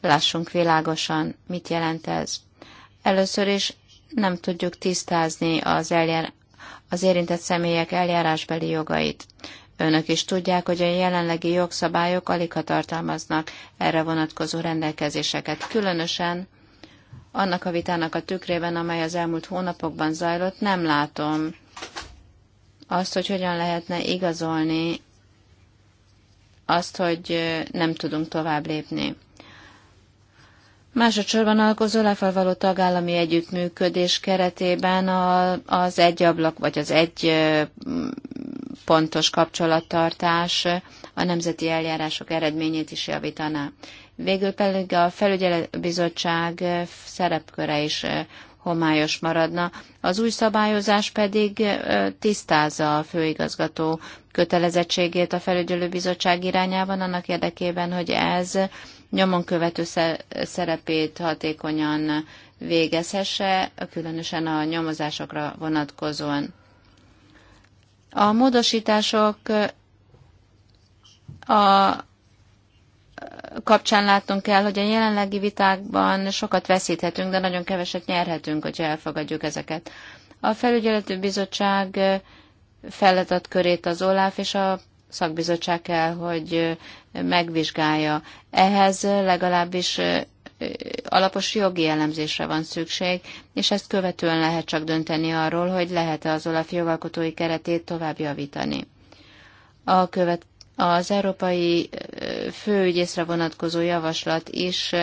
Lássunk világosan, mit jelent ez. Először is nem tudjuk tisztázni az, eljár, az érintett személyek eljárásbeli jogait. Önök is tudják, hogy a jelenlegi jogszabályok alig tartalmaznak erre vonatkozó rendelkezéseket, különösen annak a vitának a tükrében, amely az elmúlt hónapokban zajlott, nem látom azt, hogy hogyan lehetne igazolni azt, hogy nem tudunk tovább lépni. Másodszorban a Kozolával való tagállami együttműködés keretében a, az egy ablak vagy az egy pontos kapcsolattartás a nemzeti eljárások eredményét is javítaná. Végül pedig a felügyelőbizottság szerepköre is homályos maradna. Az új szabályozás pedig tisztázza a főigazgató kötelezettségét a felügyelőbizottság irányában annak érdekében, hogy ez nyomon követő szerepét hatékonyan végezhesse, különösen a nyomozásokra vonatkozóan. A módosítások a kapcsán látunk el, hogy a jelenlegi vitákban sokat veszíthetünk, de nagyon keveset nyerhetünk, hogyha elfogadjuk ezeket. A felügyeleti bizottság feladatkörét az OLAF és a szakbizottság kell, hogy megvizsgálja. Ehhez legalábbis alapos jogi elemzésre van szükség, és ezt követően lehet csak dönteni arról, hogy lehet-e az OLAF jogalkotói keretét tovább javítani. A követ, az európai főügyészre vonatkozó javaslat is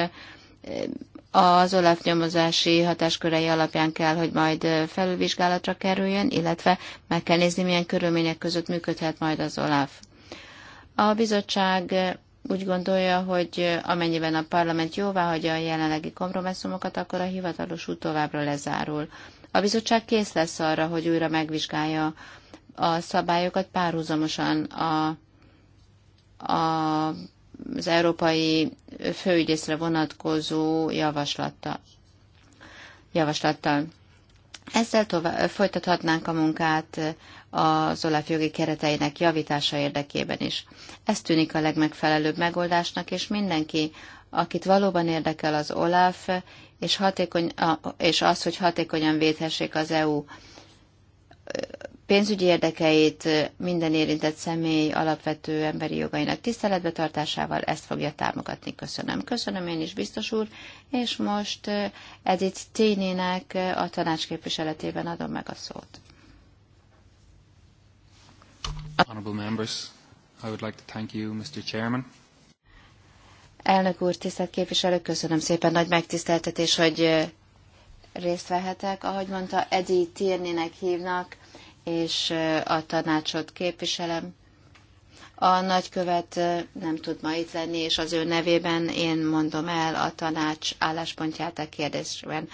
az OLAF nyomozási hatáskörei alapján kell, hogy majd felülvizsgálatra kerüljön, illetve meg kell nézni, milyen körülmények között működhet majd az OLAF. A bizottság úgy gondolja, hogy amennyiben a parlament jóvá hagyja a jelenlegi kompromisszumokat, akkor a hivatalos út továbbra lezárul. A bizottság kész lesz arra, hogy újra megvizsgálja a szabályokat párhuzamosan a, a az európai főügyészre vonatkozó javaslata, javaslattal. Ezzel tovább, folytathatnánk a munkát az OLAF jogi kereteinek javítása érdekében is. Ez tűnik a legmegfelelőbb megoldásnak, és mindenki, akit valóban érdekel az OLAF, és, hatékony, és az, hogy hatékonyan védhessék az EU pénzügyi érdekeit minden érintett személy alapvető emberi jogainak tiszteletbe tartásával ezt fogja támogatni. Köszönöm. Köszönöm én is, biztos úr, és most eh, Edith Ténének eh, a tanács képviseletében adom meg a szót. Honorable members, I would like to thank you, Mr. Chairman. Elnök úr, tisztelt képviselők, köszönöm szépen, nagy megtiszteltetés, hogy eh, részt vehetek. Ahogy mondta, Edi Tiernének hívnak, és a tanácsot képviselem. A nagykövet nem tud ma itt lenni, és az ő nevében én mondom el a tanács álláspontját a e kérdésben.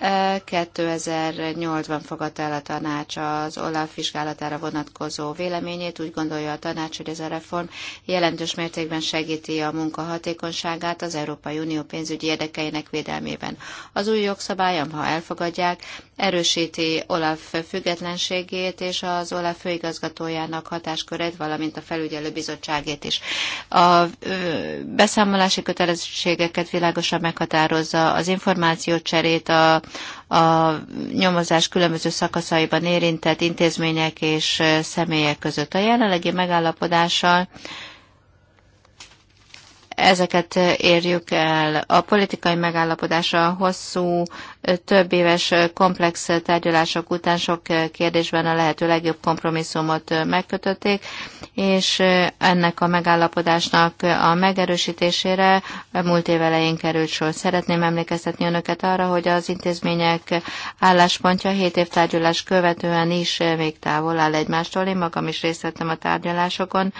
2008-ban fogadta el a tanács az Olaf vizsgálatára vonatkozó véleményét. Úgy gondolja a tanács, hogy ez a reform jelentős mértékben segíti a munka hatékonyságát az Európai Unió pénzügyi érdekeinek védelmében. Az új jogszabályom, ha elfogadják, erősíti Olaf függetlenségét és az Olaf főigazgatójának hatáskörét, valamint a felügyelőbizottságét is. A beszámolási kötelezettségeket világosan meghatározza az információcserét, a a nyomozás különböző szakaszaiban érintett intézmények és személyek között. A jelenlegi megállapodással ezeket érjük el. A politikai megállapodásra hosszú, több éves komplex tárgyalások után sok kérdésben a lehető legjobb kompromisszumot megkötötték, és ennek a megállapodásnak a megerősítésére múlt év elején került sor. Szeretném emlékeztetni önöket arra, hogy az intézmények álláspontja 7 év tárgyalás követően is még távol áll egymástól. Én magam is részt vettem a tárgyalásokon,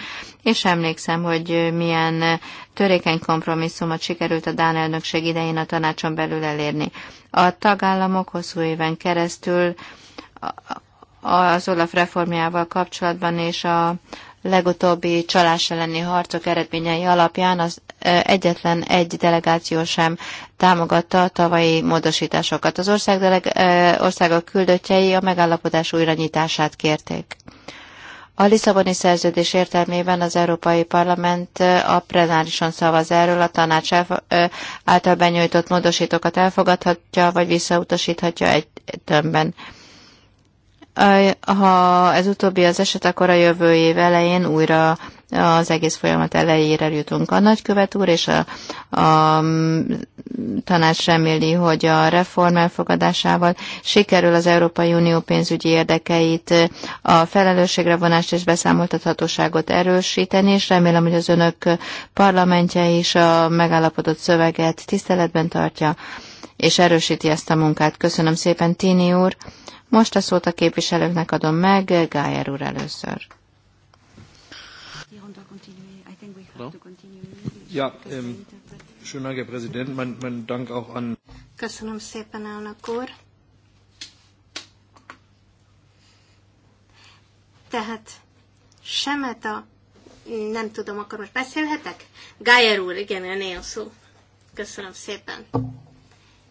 és emlékszem, hogy milyen törékeny kompromisszumot sikerült a Dán elnökség idején a tanácson belül elérni. A tagállamok hosszú éven keresztül az Olaf reformjával kapcsolatban és a legutóbbi csalás elleni harcok eredményei alapján az egyetlen egy delegáció sem támogatta a tavalyi módosításokat. Az ország deleg- országok küldöttjei a megállapodás újranyitását kérték. A Lisszaboni szerződés értelmében az Európai Parlament a plenárison szavaz erről, a tanács által benyújtott módosítókat elfogadhatja, vagy visszautasíthatja egy tömbben. Ha ez utóbbi az eset, akkor a jövő év elején újra az egész folyamat elejére jutunk. A nagykövet úr és a, a tanács reméli, hogy a reform elfogadásával sikerül az Európai Unió pénzügyi érdekeit, a felelősségre vonást és beszámoltathatóságot erősíteni, és remélem, hogy az önök parlamentje is a megállapodott szöveget tiszteletben tartja, és erősíti ezt a munkát. Köszönöm szépen, Tini úr! Most a szót a képviselőknek adom meg, Gájer úr először. Ja, ähm, schönen Dank, Herr Präsident. Mein, mein Dank auch an. Köszönöm szépen, elnök úr. Tehát a... nem tudom, akkor most beszélhetek? Gájer úr, igen, a szó. Köszönöm szépen.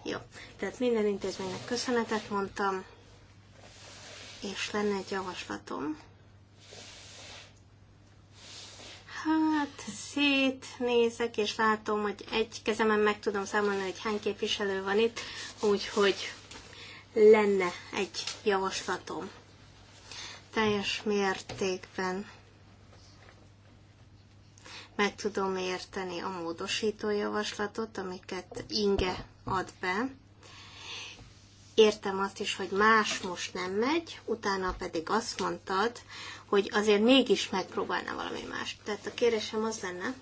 Jó, tehát minden intézménynek köszönetet mondtam, és lenne egy javaslatom. Hát szétnézek, és látom, hogy egy kezemen meg tudom számolni, hogy hány képviselő van itt, úgyhogy lenne egy javaslatom. Teljes mértékben meg tudom érteni a módosító javaslatot, amiket Inge ad be. Értem azt is, hogy más most nem megy, utána pedig azt mondtad, hogy azért mégis megpróbálná valami más. Tehát a kérésem az lenne,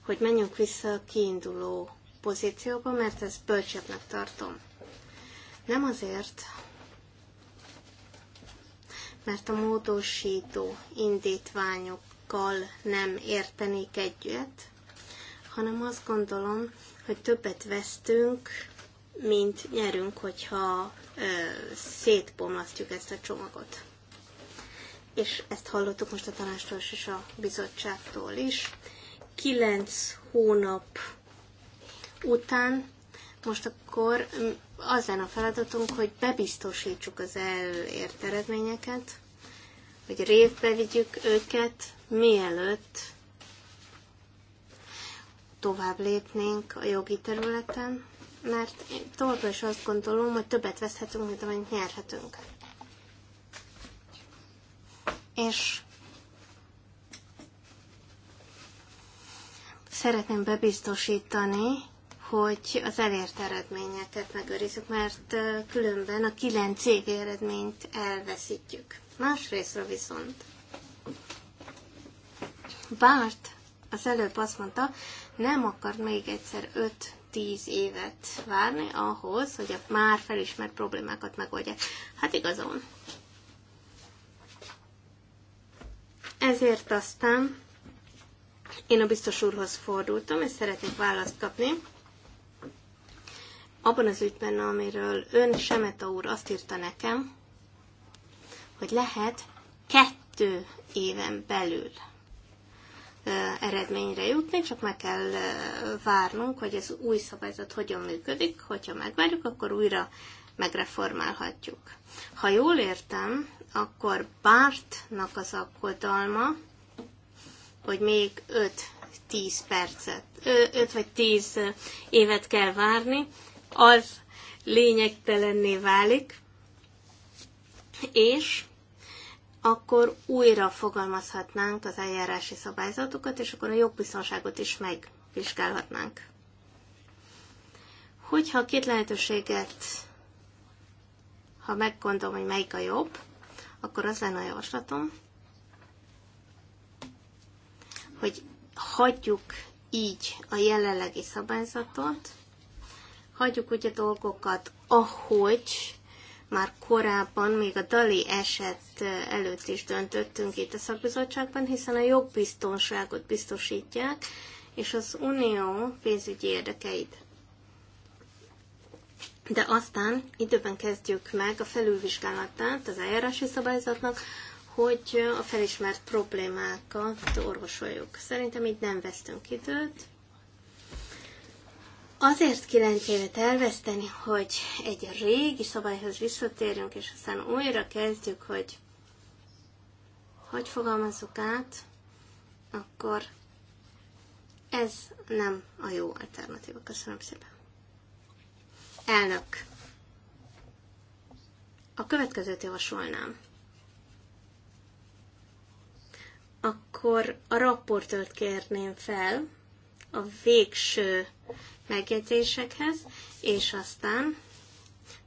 hogy menjünk vissza a kiinduló pozícióba, mert ezt bölcsebbnek tartom. Nem azért, mert a módosító indítványokkal nem értenék egyet, hanem azt gondolom, hogy többet vesztünk, mint nyerünk, hogyha ö, szétbomlasztjuk ezt a csomagot és ezt hallottuk most a tanástól és a bizottságtól is. Kilenc hónap után most akkor mm, az lenne a feladatunk, hogy bebiztosítsuk az elért eredményeket, hogy révbe vigyük őket, mielőtt tovább lépnénk a jogi területen, mert továbbra is azt gondolom, hogy többet veszhetünk, mint amennyit nyerhetünk és szeretném bebiztosítani, hogy az elért eredményeket megőrizzük, mert különben a kilenc év eredményt elveszítjük. Másrésztről viszont Bárt az előbb azt mondta, nem akar még egyszer 5-10 évet várni ahhoz, hogy a már felismert problémákat megoldják. Hát igazon, Ezért aztán én a biztos úrhoz fordultam, és szeretnék választ kapni. Abban az ügyben, amiről ön, Semeta úr azt írta nekem, hogy lehet kettő éven belül eredményre jutni, csak meg kell várnunk, hogy ez új szabályzat hogyan működik, hogyha megvárjuk, akkor újra megreformálhatjuk. Ha jól értem, akkor Bartnak az aggodalma, hogy még 5-10 percet, 5 vagy 10 évet kell várni, az lényegtelenné válik, és akkor újra fogalmazhatnánk az eljárási szabályzatokat, és akkor a jogbiztonságot is megvizsgálhatnánk. Hogyha két lehetőséget, ha meggondolom, hogy melyik a jobb, akkor az lenne a javaslatom, hogy hagyjuk így a jelenlegi szabályzatot, hagyjuk ugye dolgokat, ahogy már korábban, még a Dali eset előtt is döntöttünk itt a szakbizottságban, hiszen a jogbiztonságot biztosítják, és az unió pénzügyi érdekeit de aztán időben kezdjük meg a felülvizsgálatát az eljárási szabályzatnak, hogy a felismert problémákat orvosoljuk. Szerintem így nem vesztünk időt. Azért kilenc évet elveszteni, hogy egy régi szabályhoz visszatérjünk, és aztán újra kezdjük, hogy hogy fogalmazzuk át, akkor ez nem a jó alternatíva. Köszönöm szépen. Elnök, a következőt javasolnám. Akkor a rapportört kérném fel a végső megjegyzésekhez, és aztán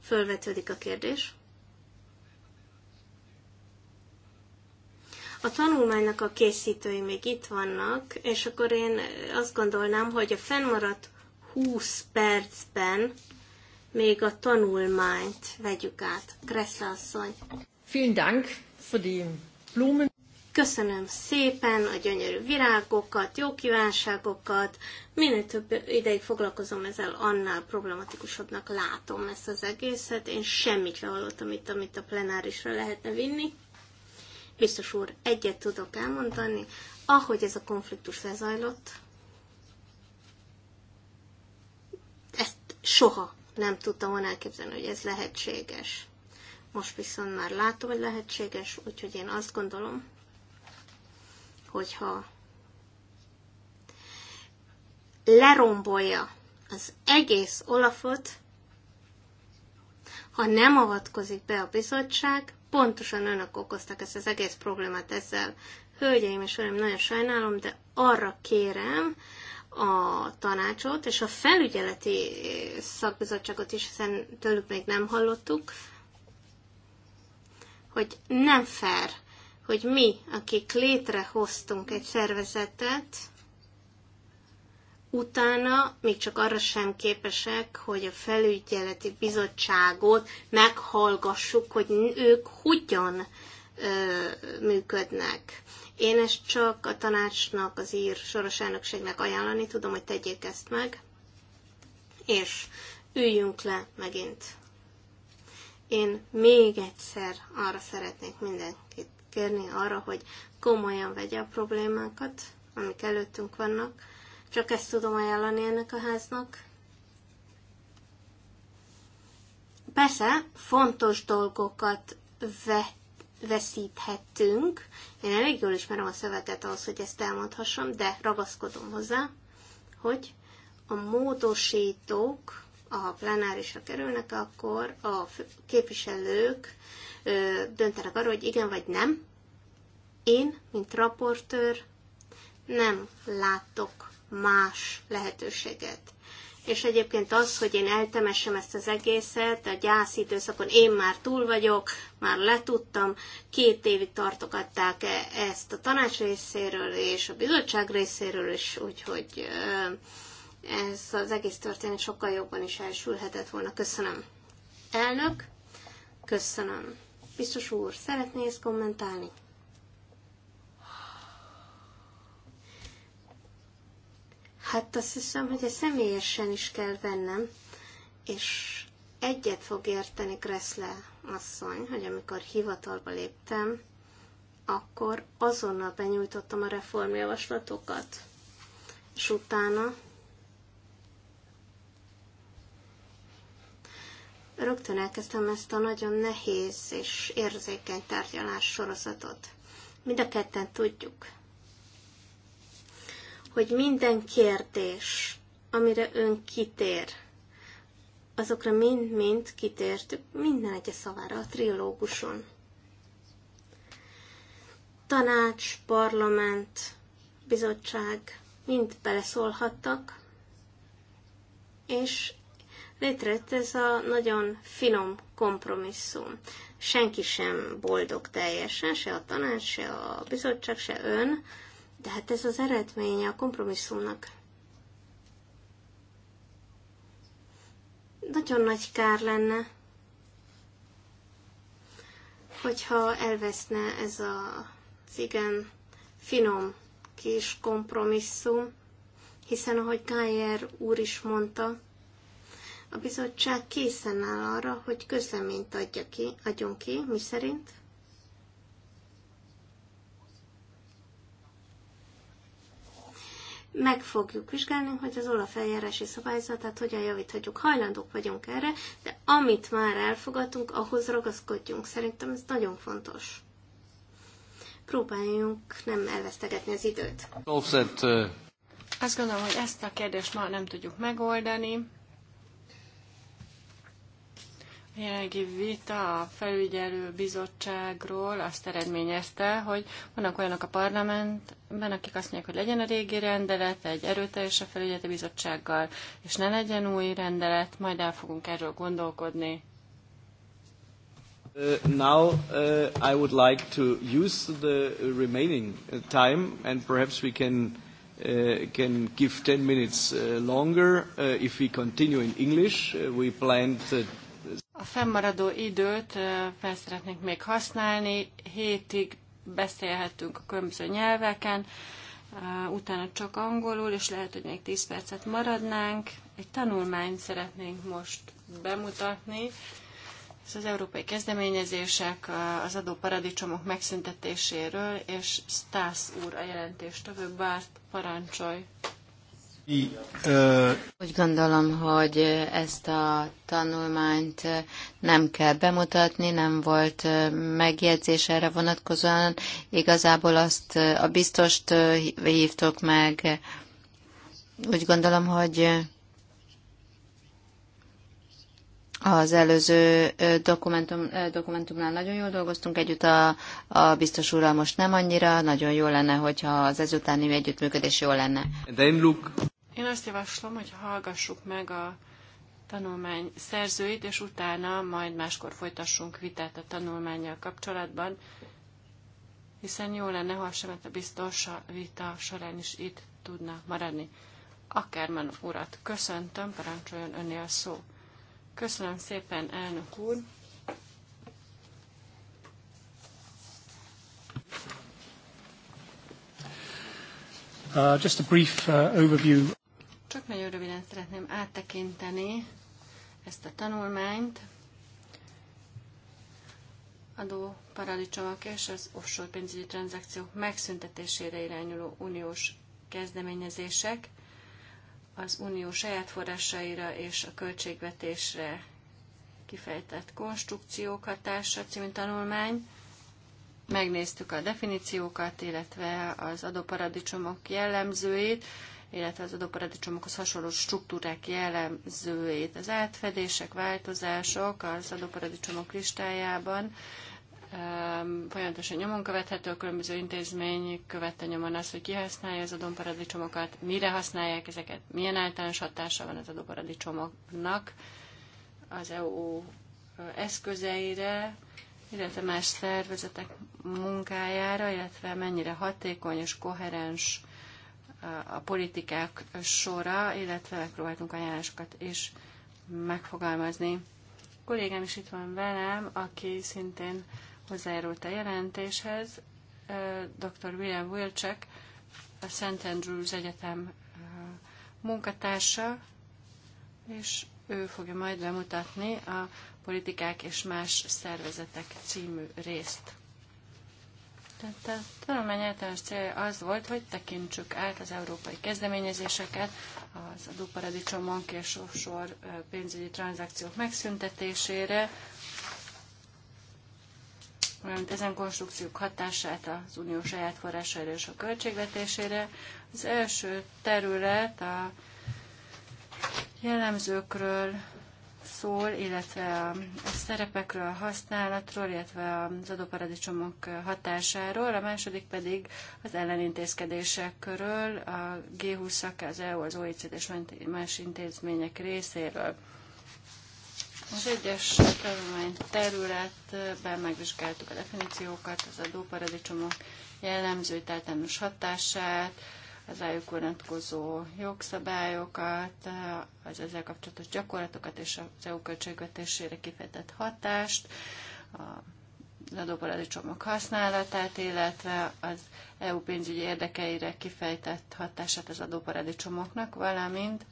fölvetődik a kérdés. a tanulmánynak a készítői még itt vannak, és akkor én azt gondolnám, hogy a fennmaradt 20 percben még a tanulmányt vegyük át. Kressle asszony. Vielen Dank für die Blumen. Köszönöm szépen a gyönyörű virágokat, jó kívánságokat. Minél több ideig foglalkozom ezzel, annál problematikusabbnak látom ezt az egészet. Én semmit sem hallottam itt, amit a plenárisra lehetne vinni. Biztos úr, egyet tudok elmondani. Ahogy ez a konfliktus lezajlott, ezt soha nem tudtam volna elképzelni, hogy ez lehetséges. Most viszont már látom, hogy lehetséges, úgyhogy én azt gondolom, hogyha lerombolja az egész Olafot, ha nem avatkozik be a bizottság, pontosan önök okoztak ezt az egész problémát ezzel. Hölgyeim és uraim, nagyon sajnálom, de arra kérem, a tanácsot és a felügyeleti eh, szakbizottságot is, hiszen tőlük még nem hallottuk, hogy nem fair, hogy mi, akik létrehoztunk egy szervezetet, utána még csak arra sem képesek, hogy a felügyeleti bizottságot meghallgassuk, hogy ők hogyan ö, működnek. Én ezt csak a tanácsnak, az ír soros elnökségnek ajánlani tudom, hogy tegyék ezt meg, és üljünk le megint. Én még egyszer arra szeretnék mindenkit kérni arra, hogy komolyan vegye a problémákat, amik előttünk vannak. Csak ezt tudom ajánlani ennek a háznak. Persze, fontos dolgokat vett veszíthettünk. Én elég jól ismerem a szövetet ahhoz, hogy ezt elmondhassam, de ragaszkodom hozzá, hogy a módosítók, a plenárisra kerülnek, akkor a képviselők ö, döntenek arról, hogy igen vagy nem. Én, mint raportőr, nem látok más lehetőséget és egyébként az, hogy én eltemessem ezt az egészet, a gyász időszakon én már túl vagyok, már letudtam, két évig tartogatták e- ezt a tanács részéről és a bizottság részéről is, úgyhogy ez az egész történet sokkal jobban is elsülhetett volna. Köszönöm. Elnök, köszönöm. Biztos úr, szeretné ezt kommentálni? Hát azt hiszem, hogy ezt személyesen is kell vennem, és egyet fog érteni Gressle asszony, hogy amikor hivatalba léptem, akkor azonnal benyújtottam a reformjavaslatokat, és utána rögtön elkezdtem ezt a nagyon nehéz és érzékeny tárgyalás sorozatot. Mind a ketten tudjuk, hogy minden kérdés, amire ön kitér, azokra mind-mind kitértük minden egyes szavára a trilóguson. Tanács, parlament, bizottság mind beleszólhattak, és létrejött ez a nagyon finom kompromisszum. Senki sem boldog teljesen, se a tanács, se a bizottság, se ön, de hát ez az eredménye a kompromisszumnak. Nagyon nagy kár lenne, hogyha elveszne ez a igen finom kis kompromisszum, hiszen ahogy Gájer úr is mondta, a bizottság készen áll arra, hogy közleményt adja ki, adjon ki, mi szerint meg fogjuk vizsgálni, hogy az olaf eljárási szabályzatát hogyan javíthatjuk. Hajlandók vagyunk erre, de amit már elfogadtunk, ahhoz ragaszkodjunk. Szerintem ez nagyon fontos. Próbáljunk nem elvesztegetni az időt. Uh, Azt gondolom, hogy ezt a kérdést ma nem tudjuk megoldani jelenlegi vita a felügyelő bizottságról azt eredményezte, hogy vannak olyanok a parlamentben, akik azt mondják, hogy legyen a régi rendelet, egy erőteljes a felügyelő bizottsággal, és ne legyen új rendelet, majd el fogunk erről gondolkodni. Uh, now uh, I would like to use the remaining uh, time and perhaps we can Uh, can give 10 minutes uh, longer uh, if we continue in English. Uh, we planned uh, a fennmaradó időt fel szeretnénk még használni. Hétig beszélhetünk a különböző nyelveken, utána csak angolul, és lehet, hogy még 10 percet maradnánk. Egy tanulmányt szeretnénk most bemutatni. Ez az európai kezdeményezések az adóparadicsomok megszüntetéséről, és Stász úr a jelentéstevő, Bárt parancsolj! Úgy gondolom, hogy ezt a tanulmányt nem kell bemutatni, nem volt megjegyzés erre vonatkozóan. Igazából azt a biztost hívtok meg. Úgy gondolom, hogy az előző dokumentum, dokumentumnál nagyon jól dolgoztunk együtt, a, a biztos úrral most nem annyira, nagyon jó lenne, hogyha az ezutáni együttműködés jó lenne. Én azt javaslom, hogy hallgassuk meg a tanulmány szerzőit, és utána majd máskor folytassunk vitát a tanulmányjal kapcsolatban, hiszen jó lenne, ha sem a biztos vita során is itt tudna maradni. Akárman urat köszöntöm, parancsoljon a szó. Köszönöm szépen, elnök úr! Uh, just a brief uh, overview. Csak nagyon röviden szeretném áttekinteni ezt a tanulmányt. Adó paradicsomok és az offshore pénzügyi tranzakciók megszüntetésére irányuló uniós kezdeményezések az unió saját forrásaira és a költségvetésre kifejtett konstrukciók hatása című tanulmány. Megnéztük a definíciókat, illetve az adóparadicsomok jellemzőit, illetve az adóparadicsomokhoz hasonló struktúrák jellemzőjét. Az átfedések, változások az adóparadicsomok listájában um, folyamatosan nyomon követhető, a különböző intézmény követte nyomon az, hogy ki használja az adóparadicsomokat, mire használják ezeket, milyen általános hatása van az adóparadicsomoknak az EU eszközeire, illetve más szervezetek munkájára, illetve mennyire hatékony és koherens a politikák sora, illetve próbáltunk ajánlásokat is megfogalmazni. A kollégám is itt van velem, aki szintén hozzájárult a jelentéshez, dr. William Wilczek, a St. Andrews Egyetem munkatársa, és ő fogja majd bemutatni a politikák és más szervezetek című részt. Tehát a tanulmány általános célja az volt, hogy tekintsük át az európai kezdeményezéseket, az adóparadicsomok és offshore pénzügyi tranzakciók megszüntetésére, valamint ezen konstrukciók hatását az unió saját forrásaira és a költségvetésére. Az első terület a jellemzőkről szól, illetve a szerepekről, a használatról, illetve az adóparadicsomok hatásáról, a második pedig az ellenintézkedésekről, a G20-ak, az EU, az OECD és más intézmények részéről. Az egyes tanulmány területben megvizsgáltuk a definíciókat, az adóparadicsomok jellemzőit, általános hatását, az rájuk vonatkozó jogszabályokat, az ezzel kapcsolatos gyakorlatokat és az EU költségvetésére kifejtett hatást, az adóparadicsomok használatát, illetve az EU pénzügyi érdekeire kifejtett hatását az adóparadicsomoknak, valamint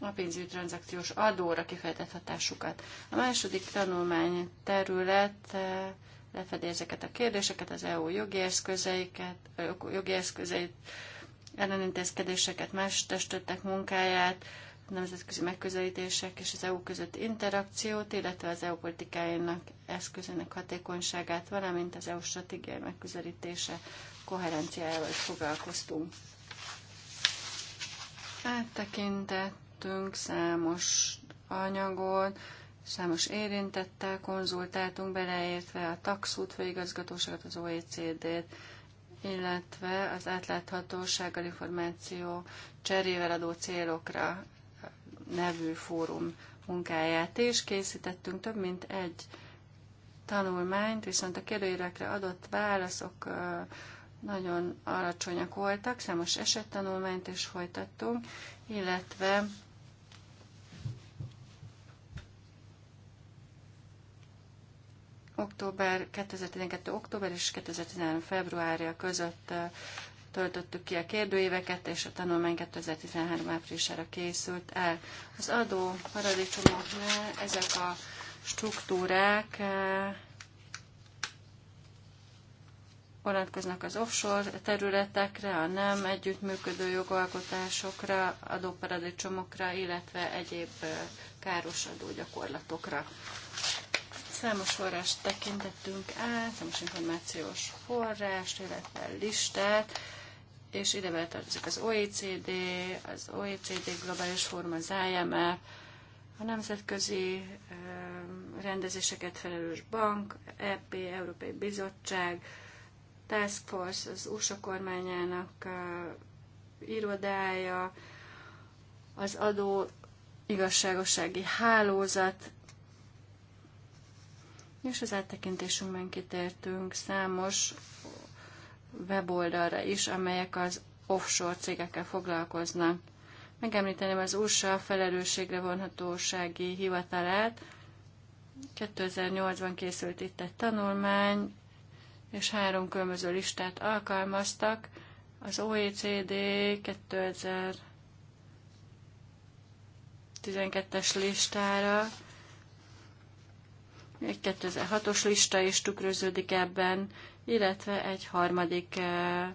a pénzügyi tranzakciós adóra kifejtett hatásukat. A második tanulmány terület lefedi ezeket a kérdéseket, az EU jogi, eszközeiket, jogi eszközeit, ellenintézkedéseket, más testőtek munkáját, nemzetközi megközelítések és az EU között interakciót, illetve az EU politikájának eszközének hatékonyságát, valamint az EU stratégiai megközelítése koherenciájával is foglalkoztunk. Áttekintettünk számos anyagon, Számos érintettel konzultáltunk, beleértve a taxút főigazgatóságot, az OECD-t, illetve az átláthatósággal információ cserével adó célokra nevű fórum munkáját is. Készítettünk több mint egy tanulmányt, viszont a kérdőjérekre adott válaszok nagyon alacsonyak voltak, számos esettanulmányt is folytattunk, illetve Október 2012. október és 2013. februárja között töltöttük ki a kérdőíveket, és a tanulmány 2013 áprilisára készült el. Az adó paradicsomoknál ezek a struktúrák vonatkoznak az offshore területekre, a nem együttműködő jogalkotásokra, adóparadicsomokra, illetve egyéb káros adógyakorlatokra. Számos forrást tekintettünk át, számos információs forrást, illetve listát, és ide tartozik az OECD, az OECD Globális forma, az IMF, a nemzetközi rendezéseket felelős bank, EP, Európai Bizottság, Task Force, az USA kormányának irodája, az adó igazságossági hálózat, és az áttekintésünkben kitértünk számos weboldalra is, amelyek az offshore cégekkel foglalkoznak. Megemlíteném az USA felelősségre vonhatósági hivatalát. 2008-ban készült itt egy tanulmány, és három különböző listát alkalmaztak. Az OECD 2012-es listára egy 2006-os lista is tükröződik ebben, illetve egy harmadik eh,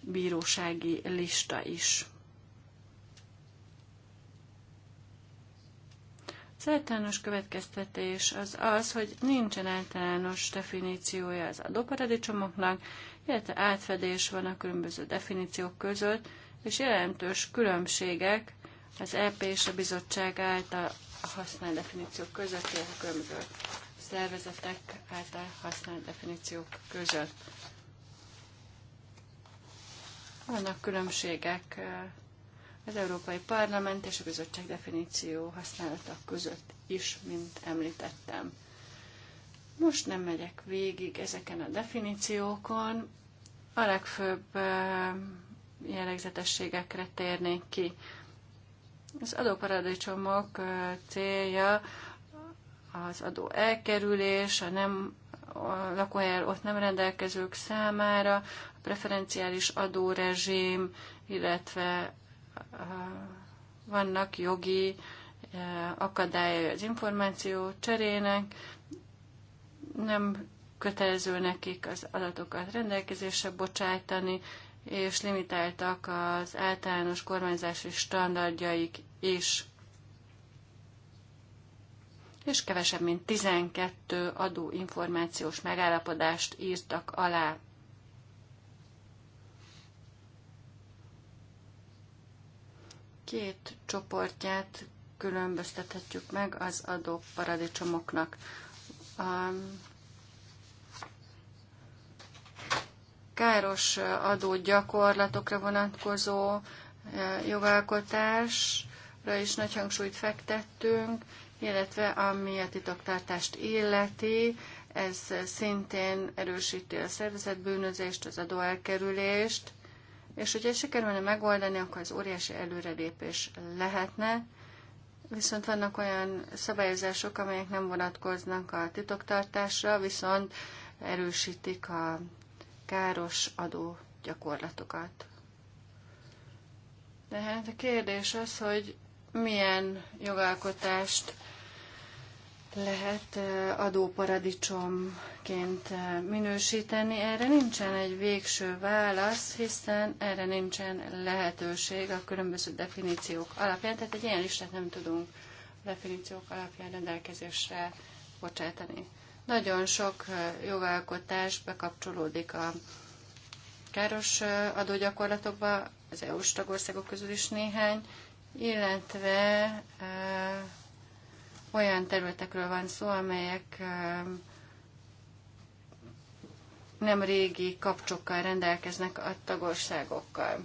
bírósági lista is. Az általános következtetés az az, hogy nincsen általános definíciója az adóparadicsomoknak, illetve átfedés van a különböző definíciók között, és jelentős különbségek az EP és a bizottság által a használt definíciók között, illetve a különböző szervezetek által használt definíciók között. Vannak különbségek eh, az Európai Parlament és a bizottság definíció használata között is, mint említettem. Most nem megyek végig ezeken a definíciókon, a legfőbb eh, jellegzetességekre térnék ki. Az adóparadicsomok célja az adó elkerülés, a nem a lakóhelyel ott nem rendelkezők számára, a preferenciális adórezsim, illetve vannak jogi akadályai az információ cserének, nem kötelező nekik az adatokat rendelkezésre bocsájtani, és limitáltak az általános kormányzási standardjaik is. És kevesebb, mint 12 adóinformációs megállapodást írtak alá. Két csoportját különböztethetjük meg az adóparadicsomoknak. A káros adógyakorlatokra vonatkozó e, jogalkotásra is nagy hangsúlyt fektettünk, illetve ami a titoktartást illeti, ez szintén erősíti a szervezetbűnözést, az adóelkerülést, és hogyha sikerülne megoldani, akkor az óriási előrelépés lehetne, Viszont vannak olyan szabályozások, amelyek nem vonatkoznak a titoktartásra, viszont erősítik a káros adó gyakorlatokat. De hát a kérdés az, hogy milyen jogalkotást lehet eh, adóparadicsomként eh, minősíteni. Erre nincsen egy végső válasz, hiszen erre nincsen lehetőség a különböző definíciók alapján, tehát egy ilyen listát nem tudunk definíciók alapján rendelkezésre bocsátani. Nagyon sok jogalkotás bekapcsolódik a káros adógyakorlatokba, az EU-s tagországok közül is néhány, illetve olyan területekről van szó, amelyek nem régi kapcsokkal rendelkeznek a tagországokkal.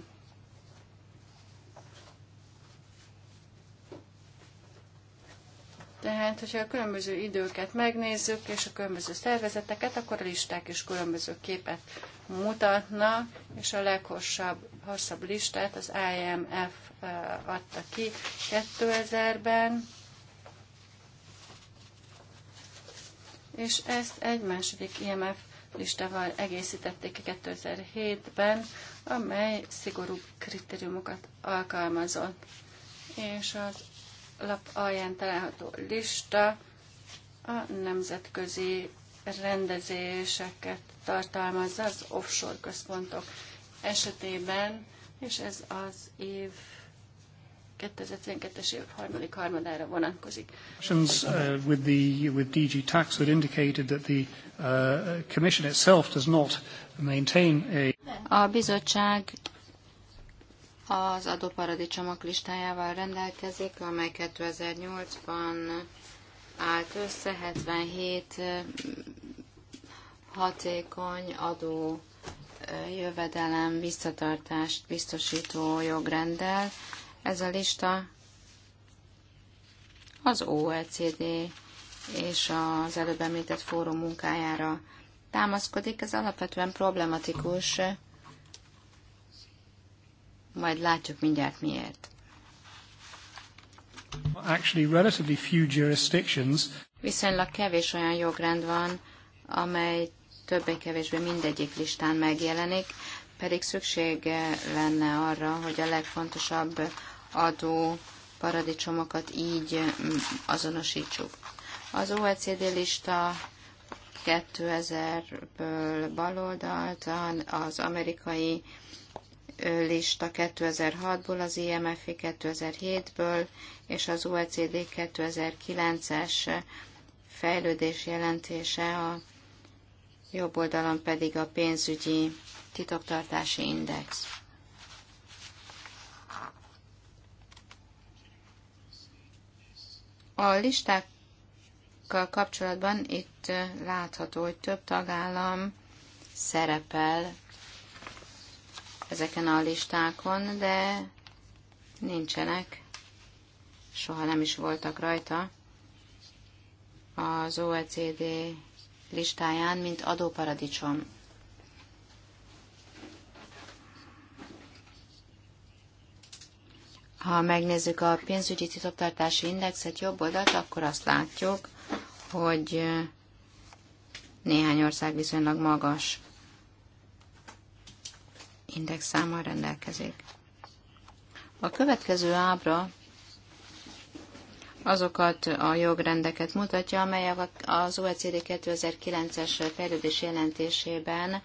Tehát, hogyha a különböző időket megnézzük, és a különböző szervezeteket, akkor a listák is különböző képet mutatnak, és a leghosszabb hosszabb listát az IMF adta ki 2000-ben, és ezt egy második IMF listával egészítették ki 2007-ben, amely szigorú kritériumokat alkalmazott. És az lap alján található lista a nemzetközi rendezéseket tartalmazza az offshore központok esetében, és ez az év 2012-es év harmadik harmadára vonatkozik. Uh, with the with DG Tax that indicated that the uh, Commission itself does not maintain a. A bizottság az adóparadicsomok listájával rendelkezik, amely 2008-ban állt össze 77 hatékony adó jövedelem visszatartást biztosító jogrendel. Ez a lista az OECD és az előbb említett fórum munkájára támaszkodik. Ez alapvetően problematikus majd látjuk mindjárt miért. Actually, relatively few jurisdictions. Viszonylag kevés olyan jogrend van, amely többé-kevésbé mindegyik listán megjelenik, pedig szüksége lenne arra, hogy a legfontosabb adó paradicsomokat így azonosítsuk. Az OECD lista 2000-ből baloldalt, az amerikai lista 2006-ból, az IMF 2007-ből és az OECD 2009-es fejlődés jelentése, a jobb oldalon pedig a pénzügyi titoktartási index. A listákkal kapcsolatban itt látható, hogy több tagállam szerepel ezeken a listákon, de nincsenek, soha nem is voltak rajta az OECD listáján, mint adóparadicsom. Ha megnézzük a pénzügyi titoktartási indexet jobb oldalt, akkor azt látjuk, hogy néhány ország viszonylag magas index számmal rendelkezik. A következő ábra azokat a jogrendeket mutatja, amelyek az OECD 2009-es fejlődés jelentésében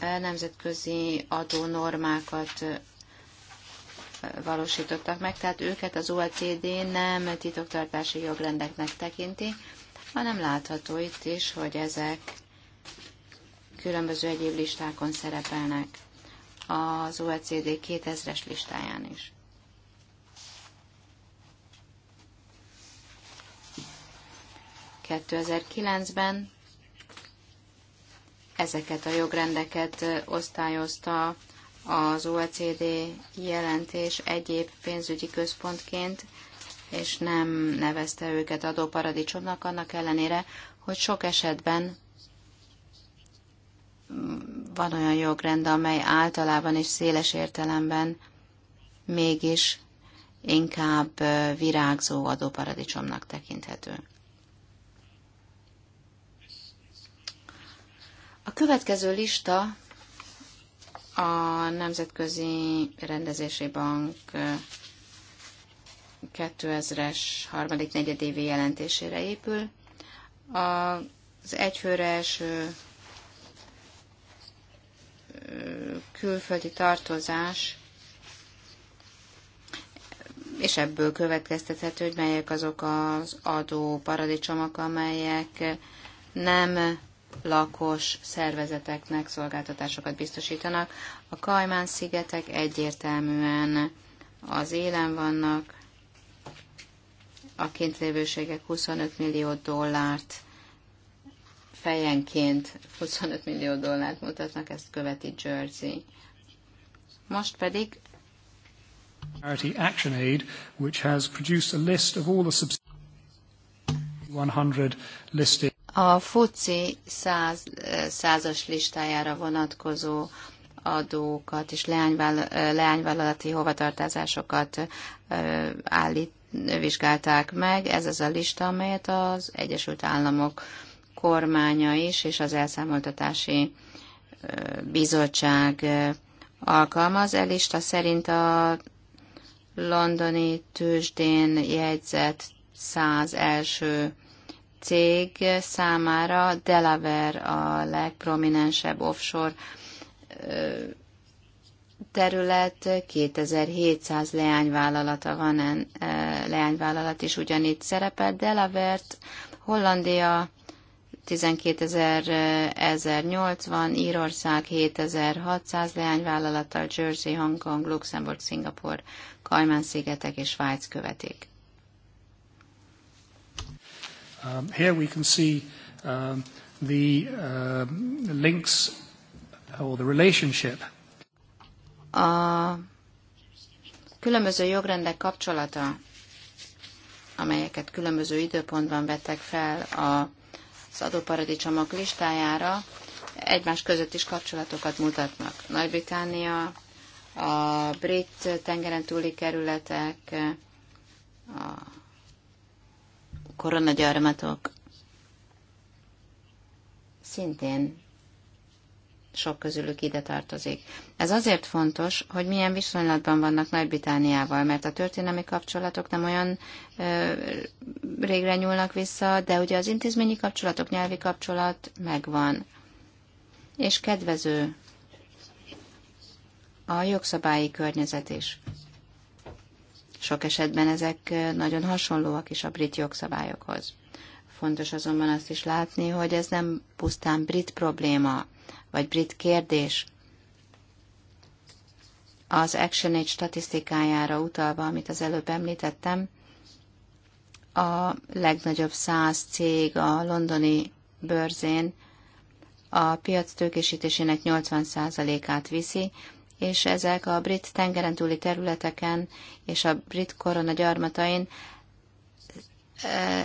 eh, nemzetközi adónormákat eh, valósítottak meg, tehát őket az OECD nem titoktartási jogrendeknek tekinti, hanem látható itt is, hogy ezek különböző egyéb listákon szerepelnek az OECD 2000-es listáján is. ...2009-ben ezeket a jogrendeket osztályozta az OECD jelentés egyéb pénzügyi központként, és nem nevezte őket adóparadicsomnak, annak ellenére, hogy sok esetben van olyan jogrend, amely általában és széles értelemben mégis inkább virágzó adóparadicsomnak tekinthető. A következő lista a Nemzetközi Rendezési Bank 2000-es harmadik negyedévi jelentésére épül. Az egyfőre első külföldi tartozás, és ebből következtethető, hogy melyek azok az adó paradicsomok, amelyek nem lakos szervezeteknek szolgáltatásokat biztosítanak. A Kajmán-szigetek egyértelműen az élen vannak, a kintlévőségek 25 millió dollárt fejenként 25 millió dollárt mutatnak, ezt követi Jersey. Most pedig Charity Action Aid, which has produced a list of all the 100 listed. A FUCI 100, százas as listájára vonatkozó adókat és leányvállal, leányvállalati hovatartozásokat állít, vizsgálták meg. Ez az a lista, amelyet az Egyesült Államok kormánya is, és az elszámoltatási bizottság alkalmaz. Elista szerint a londoni tőzsdén jegyzett 100 első cég számára Delaware a legprominensebb offshore terület, 2700 leányvállalata van, leányvállalat is ugyanitt szerepel. t Hollandia 12.080, Írország 7.600 leányvállalattal, Jersey, Hongkong, Luxemburg, Szingapur, Kajmán-szigetek és Svájc követik. Um, here we can see um, the uh, links or the relationship. A különböző jogrendek kapcsolata, amelyeket különböző időpontban vettek fel a az adóparadicsomok listájára, egymás között is kapcsolatokat mutatnak. Nagy-Britannia, a brit tengeren túli kerületek, a koronagyarmatok szintén sok közülük ide tartozik. Ez azért fontos, hogy milyen viszonylatban vannak Nagy-Britániával, mert a történelmi kapcsolatok nem olyan ö, régre nyúlnak vissza, de ugye az intézményi kapcsolatok, nyelvi kapcsolat megvan. És kedvező a jogszabályi környezet is. Sok esetben ezek nagyon hasonlóak is a brit jogszabályokhoz. Fontos azonban azt is látni, hogy ez nem pusztán brit probléma vagy brit kérdés, az Action Age statisztikájára utalva, amit az előbb említettem, a legnagyobb száz cég a londoni bőrzén a piac tőkésítésének 80%-át viszi, és ezek a brit tengeren túli területeken és a brit korona gyarmatain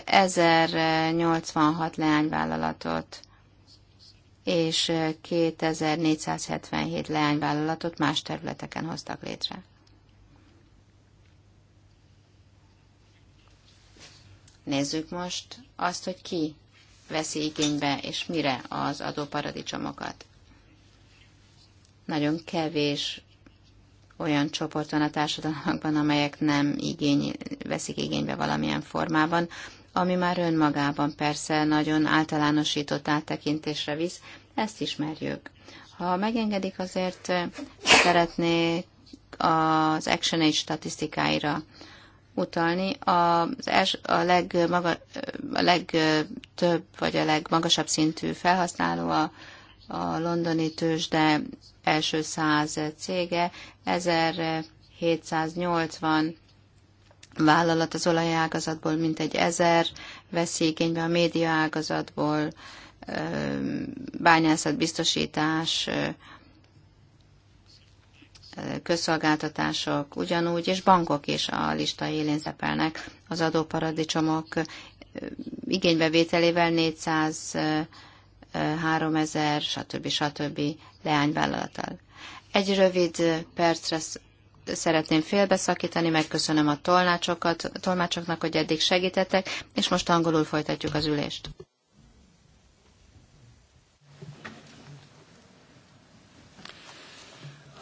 1086 eh, leányvállalatot és 2477 leányvállalatot más területeken hoztak létre. Nézzük most azt, hogy ki veszi igénybe és mire az adóparadicsomokat. Nagyon kevés olyan csoport van a társadalmakban, amelyek nem igény, veszik igénybe valamilyen formában ami már önmagában persze nagyon általánosított áttekintésre visz, ezt ismerjük. Ha megengedik, azért szeretnék az Action Age statisztikáira utalni. Az els, a, legmaga, a legtöbb vagy a legmagasabb szintű felhasználó a, a londoni tőzsde első száz cége, 1780 vállalat az olajágazatból, mint egy ezer veszi igénybe a média ágazatból, bányászatbiztosítás, közszolgáltatások ugyanúgy, és bankok is a lista élén szepelnek az adóparadicsomok igénybevételével 400, 3000, stb. stb. leányvállalattal. Egy rövid percre szeretném félbeszakítani, megköszönöm a tolmácsokat, tolmácsoknak, hogy eddig segítettek, és most angolul folytatjuk az ülést.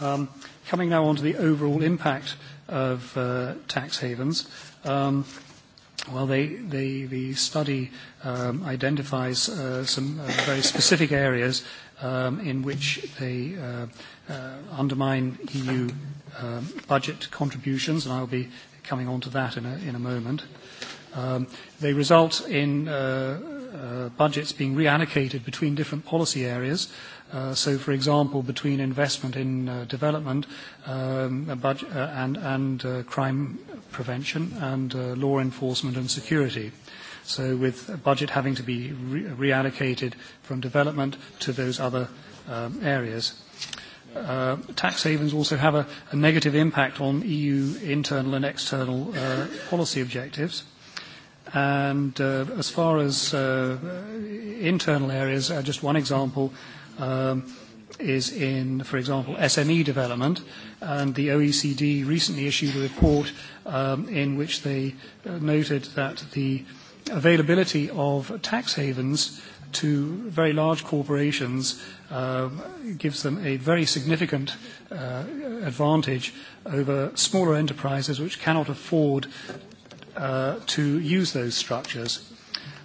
Um, coming now on to the overall impact of uh, tax havens. Um, Well, they, they, the study um, identifies uh, some uh, very specific areas um, in which they uh, uh, undermine EU uh, um, budget contributions, and I'll be coming on to that in a, in a moment. Um, they result in uh, uh, budgets being reallocated between different policy areas. Uh, so, for example, between investment in uh, development um, budget, uh, and, and uh, crime prevention and uh, law enforcement and security. Uh, So with a budget having to be re reallocated from development to those other um, areas. Uh, tax havens also have a, a negative impact on EU internal and external uh, policy objectives. And uh, as far as uh, internal areas, uh, just one example um, is in, for example, SME development. And the OECD recently issued a report um, in which they uh, noted that the uh, availability of tax havens to very large corporations uh, gives them a very significant uh, advantage over smaller enterprises which cannot afford uh, to use those structures.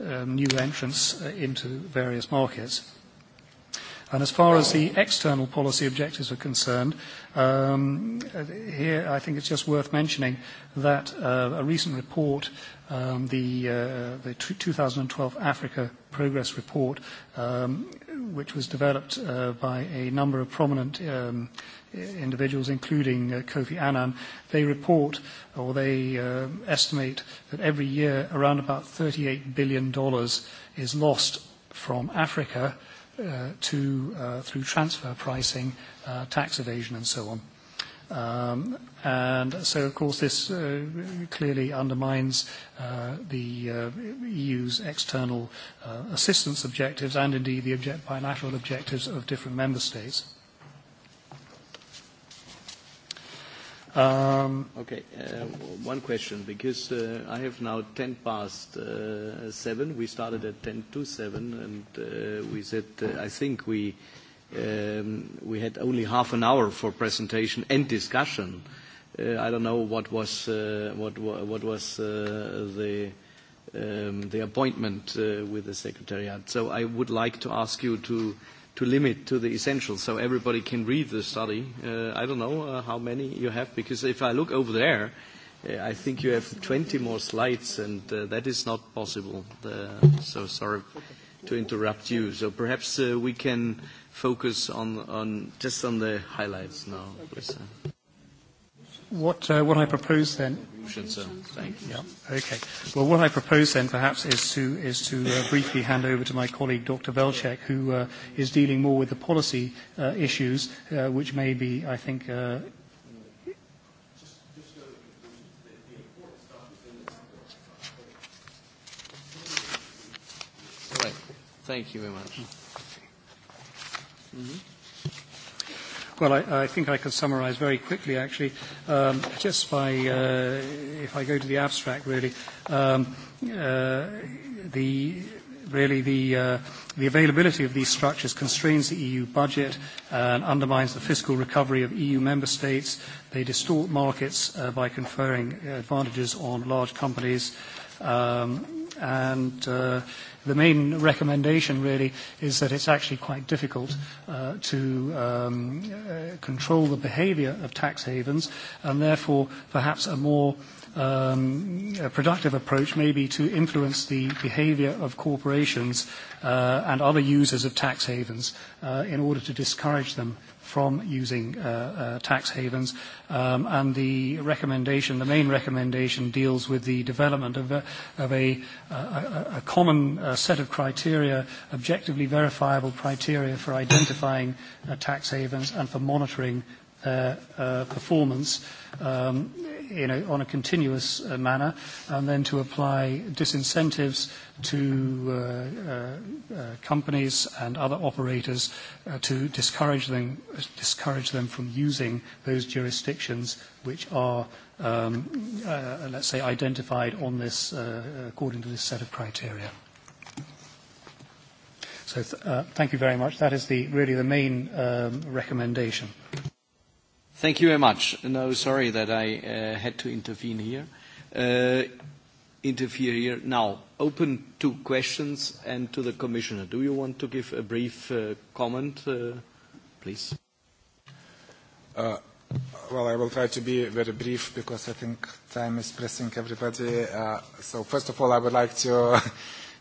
um, new entrants uh, into various markets. And as far as the external policy objectives are concerned, um, here I think it's just worth mentioning that uh, a recent report, um, the, uh, the 2012 Africa Progress Report, um, which was developed uh, by a number of prominent um, Uh, individuals, including uh, Kofi Annan, they report or they uh, estimate that every year around about $38 billion is lost from Africa uh, to, uh, through transfer pricing, uh, tax evasion and so on. Um, and so, of course, this uh, clearly undermines uh, the uh, EU's external uh, assistance objectives and indeed the object bilateral objectives of different member states. Um, okay, uh, one question, because uh, I have now 10 past uh, 7. We started at 10 to 7, and uh, we said, uh, I think we, um, we had only half an hour for presentation and discussion. Uh, I don't know what was, uh, what, what was uh, the, um, the appointment uh, with the Secretariat. So I would like to ask you to to limit to the essentials so everybody can read the study. Uh, I don't know uh, how many you have, because if I look over there, uh, I think you have 20 more slides, and uh, that is not possible. Uh, so sorry to interrupt you. So perhaps uh, we can focus on, on just on the highlights now. Okay. What, uh, what I propose then... Thank you. Yeah, okay. Well, what I propose then perhaps is to, is to uh, briefly hand over to my colleague, Dr. Velchek, who uh, is dealing more with the policy uh, issues, uh, which may be, I think, uh, Right. Thank you very much. Hmm. Mm-hmm. Well, I, I think I could summarize very quickly, actually, um, just by, uh, if I go to the abstract, really, um, uh, the really the, uh, the availability of these structures constrains the EU budget and undermines the fiscal recovery of EU member states. They distort markets uh, by conferring advantages on large companies. Um, and uh, the main recommendation really is that it's actually quite difficult uh, to um, uh, control the behavior of tax havens and therefore perhaps a more um, a productive approach may be to influence the behavior of corporations uh, and other users of tax havens uh, in order to discourage them from using uh, uh, tax havens. Um, and the recommendation, the main recommendation, deals with the development of a, of a, a, a common uh, set of criteria, objectively verifiable criteria for identifying uh, tax havens and for monitoring their uh, performance. Um, in a, on a continuous uh, manner, and then to apply disincentives to uh, uh, uh, companies and other operators uh, to discourage them, uh, discourage them from using those jurisdictions which are, um, uh, let's say, identified on this, uh, according to this set of criteria. So th uh, thank you very much. That is the, really the main um, recommendation. Thank you very much. No, sorry that I uh, had to intervene here. Uh, interfere here. Now, open to questions and to the Commissioner. Do you want to give a brief uh, comment, uh, please? Uh, well, I will try to be very brief because I think time is pressing everybody. Uh, so first of all, I would like to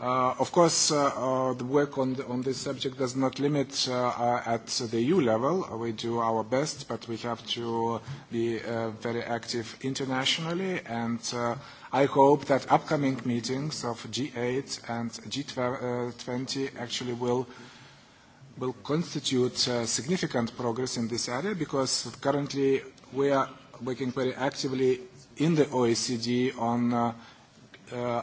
Uh, of course, uh, uh, the work on, the, on this subject does not limit uh, uh, at the EU level. Uh, we do our best, but we have to be uh, very active internationally. And uh, I hope that upcoming meetings of G8 and G20 uh, actually will will constitute uh, significant progress in this area because currently we are working very actively in the OECD on uh, uh,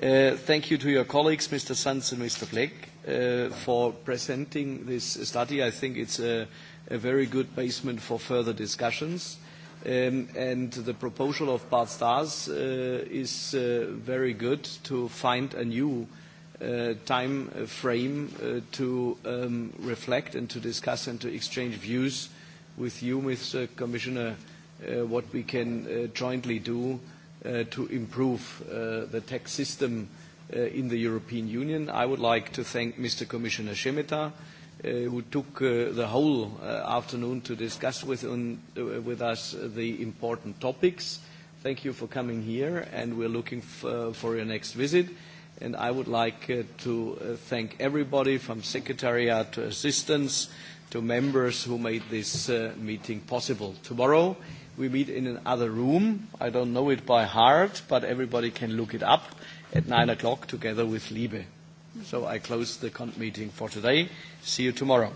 Uh, thank you to your colleagues, Mr. Sanz and Mr. Fleck, uh, for presenting this study. I think it's a, a very good basement for further discussions. Um, and the proposal of Bart Stars uh, is uh, very good to find a new uh, time uh, frame uh, to um, reflect and to discuss and to exchange views with you, Mr. Commissioner, uh, what we can uh, jointly do uh, uh, to improve uh, the tax system uh, in the European Union. I would like to thank Mr. Commissioner Shemeta, uh, who took uh, the whole uh, afternoon to discuss with, un, uh, with us the important topics. Thank you for coming here, and we're looking f uh, for your next visit. And I would like uh, to uh, thank everybody from Secretariat to assistants to members who made this uh, meeting possible. Tomorrow, We meet in another room. I don't know it by heart, but everybody can look it up at 9 o'clock together with Liebe. So I close the meeting for today. See you tomorrow.